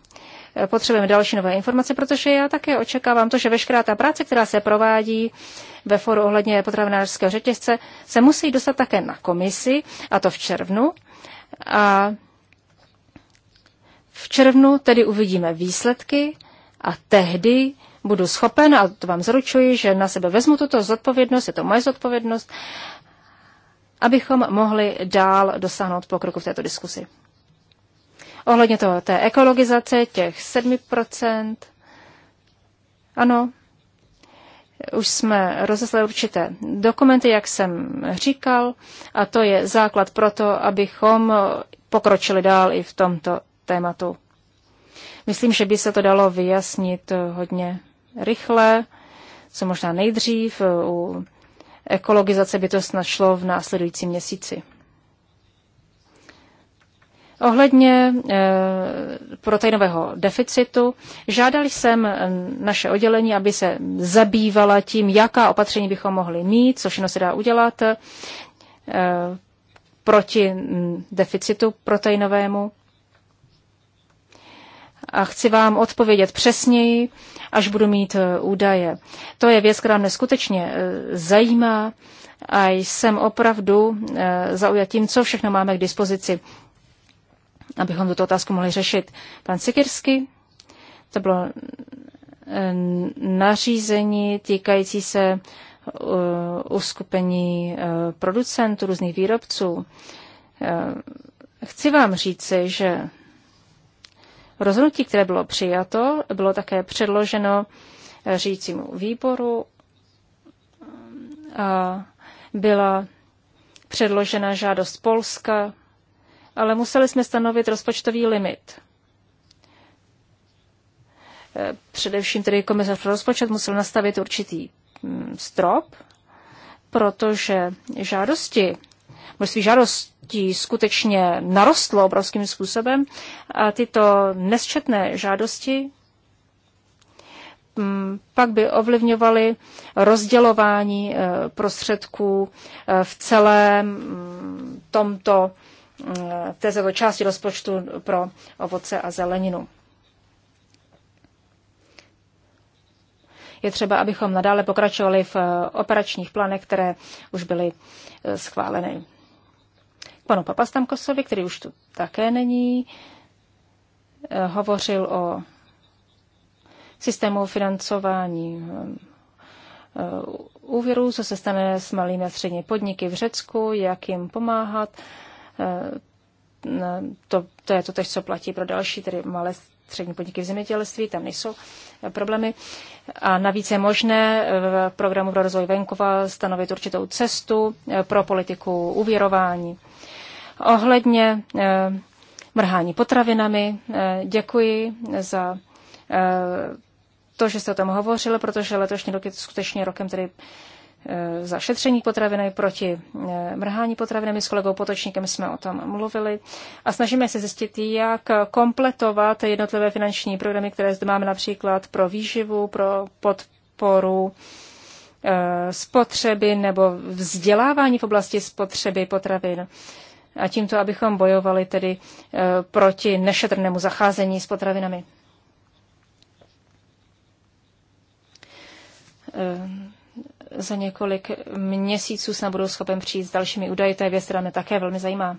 potřebujeme další nové informace, protože já také očekávám to, že veškerá ta práce, která se provádí ve foru ohledně potravinářského řetězce, se musí dostat také na komisi, a to v červnu. A v červnu tedy uvidíme výsledky a tehdy budu schopen, a to vám zaručuji, že na sebe vezmu tuto zodpovědnost, je to moje zodpovědnost, abychom mohli dál dosáhnout pokroku v této diskusi. Ohledně toho, té ekologizace, těch 7%, ano, už jsme rozeslali určité dokumenty, jak jsem říkal, a to je základ pro to, abychom pokročili dál i v tomto tématu. Myslím, že by se to dalo vyjasnit eh, hodně rychle, co možná nejdřív. Eh, u ekologizace by to snad šlo v následujícím měsíci. Ohledně eh, proteinového deficitu žádali jsem naše oddělení, aby se zabývala tím, jaká opatření bychom mohli mít, co všechno se dá udělat proti mm, deficitu proteinovému a chci vám odpovědět přesněji, až budu mít e, údaje. To je věc, která mě skutečně e, zajímá a jsem opravdu e, zaujat tím, co všechno máme k dispozici, abychom tuto otázku mohli řešit. Pan Sikirsky, to bylo nařízení týkající se uskupení producentů, různých výrobců. Chci vám říci, že Rozhodnutí, které bylo přijato, bylo také předloženo eh, řídícímu výboru a byla předložena žádost Polska, ale museli jsme stanovit rozpočtový limit. Eh, především tedy komisař pro rozpočet musel nastavit určitý mm, strop, protože žádosti, množství žádost žádostí skutečně narostlo obrovským způsobem a tyto nesčetné žádosti mm, pak by ovlivňovaly rozdělování e, prostředků e, v celém mm, tomto mm, této části rozpočtu pro ovoce a zeleninu. Je třeba, abychom nadále pokračovali v e, operačních plánech, které už byly schváleny panu Papastamkosovi, který už tu také není, eh, hovořil o systému financování eh, eh, úvěrů, co se stane s malými a středními podniky v Řecku, jak jim pomáhat. To, to je to tež, co platí pro další, tedy malé střední podniky v zemědělství, tam nejsou problémy. A navíc je možné v programu pro rozvoj venkova stanovit určitou cestu pro politiku uvěrování. Ohledně eh, mrhání potravinami eh, děkuji za eh, to, že jste o tom hovořil, protože letošní rok je skutečně rokem tedy za šetření potravinami proti mrhání potravinami. S kolegou Potočníkem jsme o tom mluvili a snažíme se zjistit, jak kompletovat jednotlivé finanční programy, které zde máme například pro výživu, pro podporu spotřeby nebo vzdělávání v oblasti spotřeby potravin a tímto, abychom bojovali tedy eh, proti nešetrnému zacházení s potravinami. Eh, za několik měsíců se budou schopen přijít s dalšími údaji, to je věc, která mě také velmi zajímá.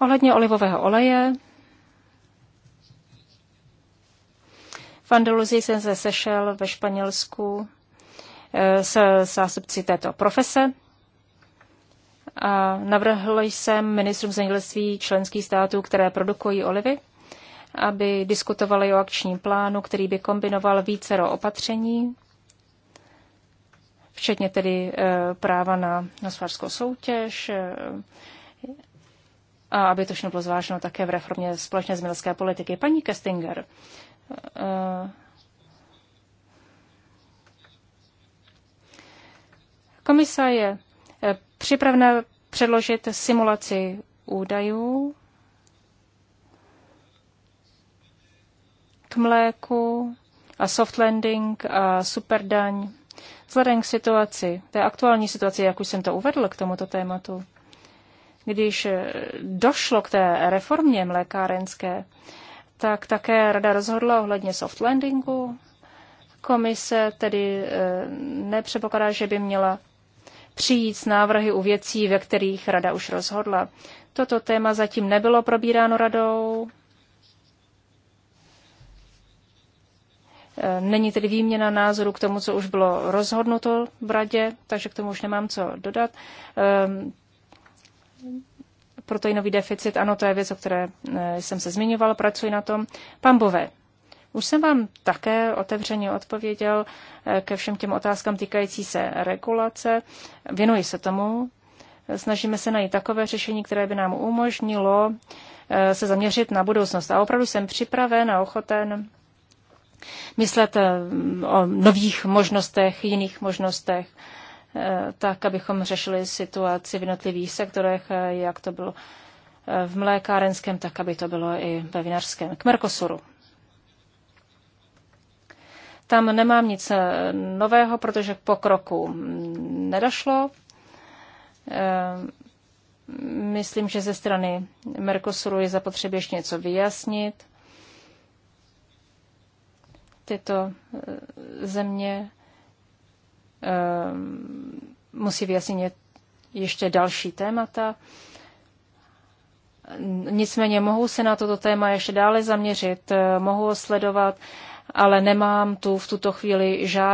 Ohledně olivového oleje, V Andaluzii jsem se sešel ve Španělsku eh, s zástupci této profese a navrhl jsem ministrům zemědělství členských států, které produkují olivy, aby diskutovali o akčním plánu, který by kombinoval vícero opatření, včetně tedy e, práva na svářskou soutěž, e, a aby to všechno bylo zváženo také v reformě společné zemědělské politiky. Paní Kestinger, e, komisa je Eh, připravena předložit simulaci údajů k mléku a soft landing a superdaň. Vzhledem k situaci, té aktuální situaci, jak už jsem to uvedl k tomuto tématu, když eh, došlo k té reformě mlékárenské, tak také rada rozhodla ohledně soft landingu. Komise tedy eh, nepředpokládá, že by měla přijít s návrhy u věcí, ve kterých rada už rozhodla. Toto téma zatím nebylo probíráno radou. E, není tedy výměna názoru k tomu, co už bylo rozhodnuto v radě, takže k tomu už nemám co dodat. E, Proteinový deficit, ano, to je věc, o které e, jsem se zmiňoval, pracuji na tom. Pambové, už jsem vám také otevřeně odpověděl eh, ke všem těm otázkám týkající se regulace. Věnuji se tomu. Snažíme se najít takové řešení, které by nám umožnilo eh, se zaměřit na budoucnost. A opravdu jsem připraven a ochoten myslet eh, o nových možnostech, jiných možnostech, tak, abychom řešili situaci v jednotlivých sektorech, jak to bylo v mlékárenském, tak, aby to bylo i ve vinařském. K Merkosuru. Tam nemám nic eh, nového, protože k pokroku nedošlo. Eh, myslím, že ze strany Mercosuru je zapotřebí ještě něco vyjasnit. Tyto eh, země musí vyjasnit ještě další témata. Nicméně mohu se na toto téma ještě dále zaměřit, Mohu sledovat ale nemám tu v tuto chvíli žádný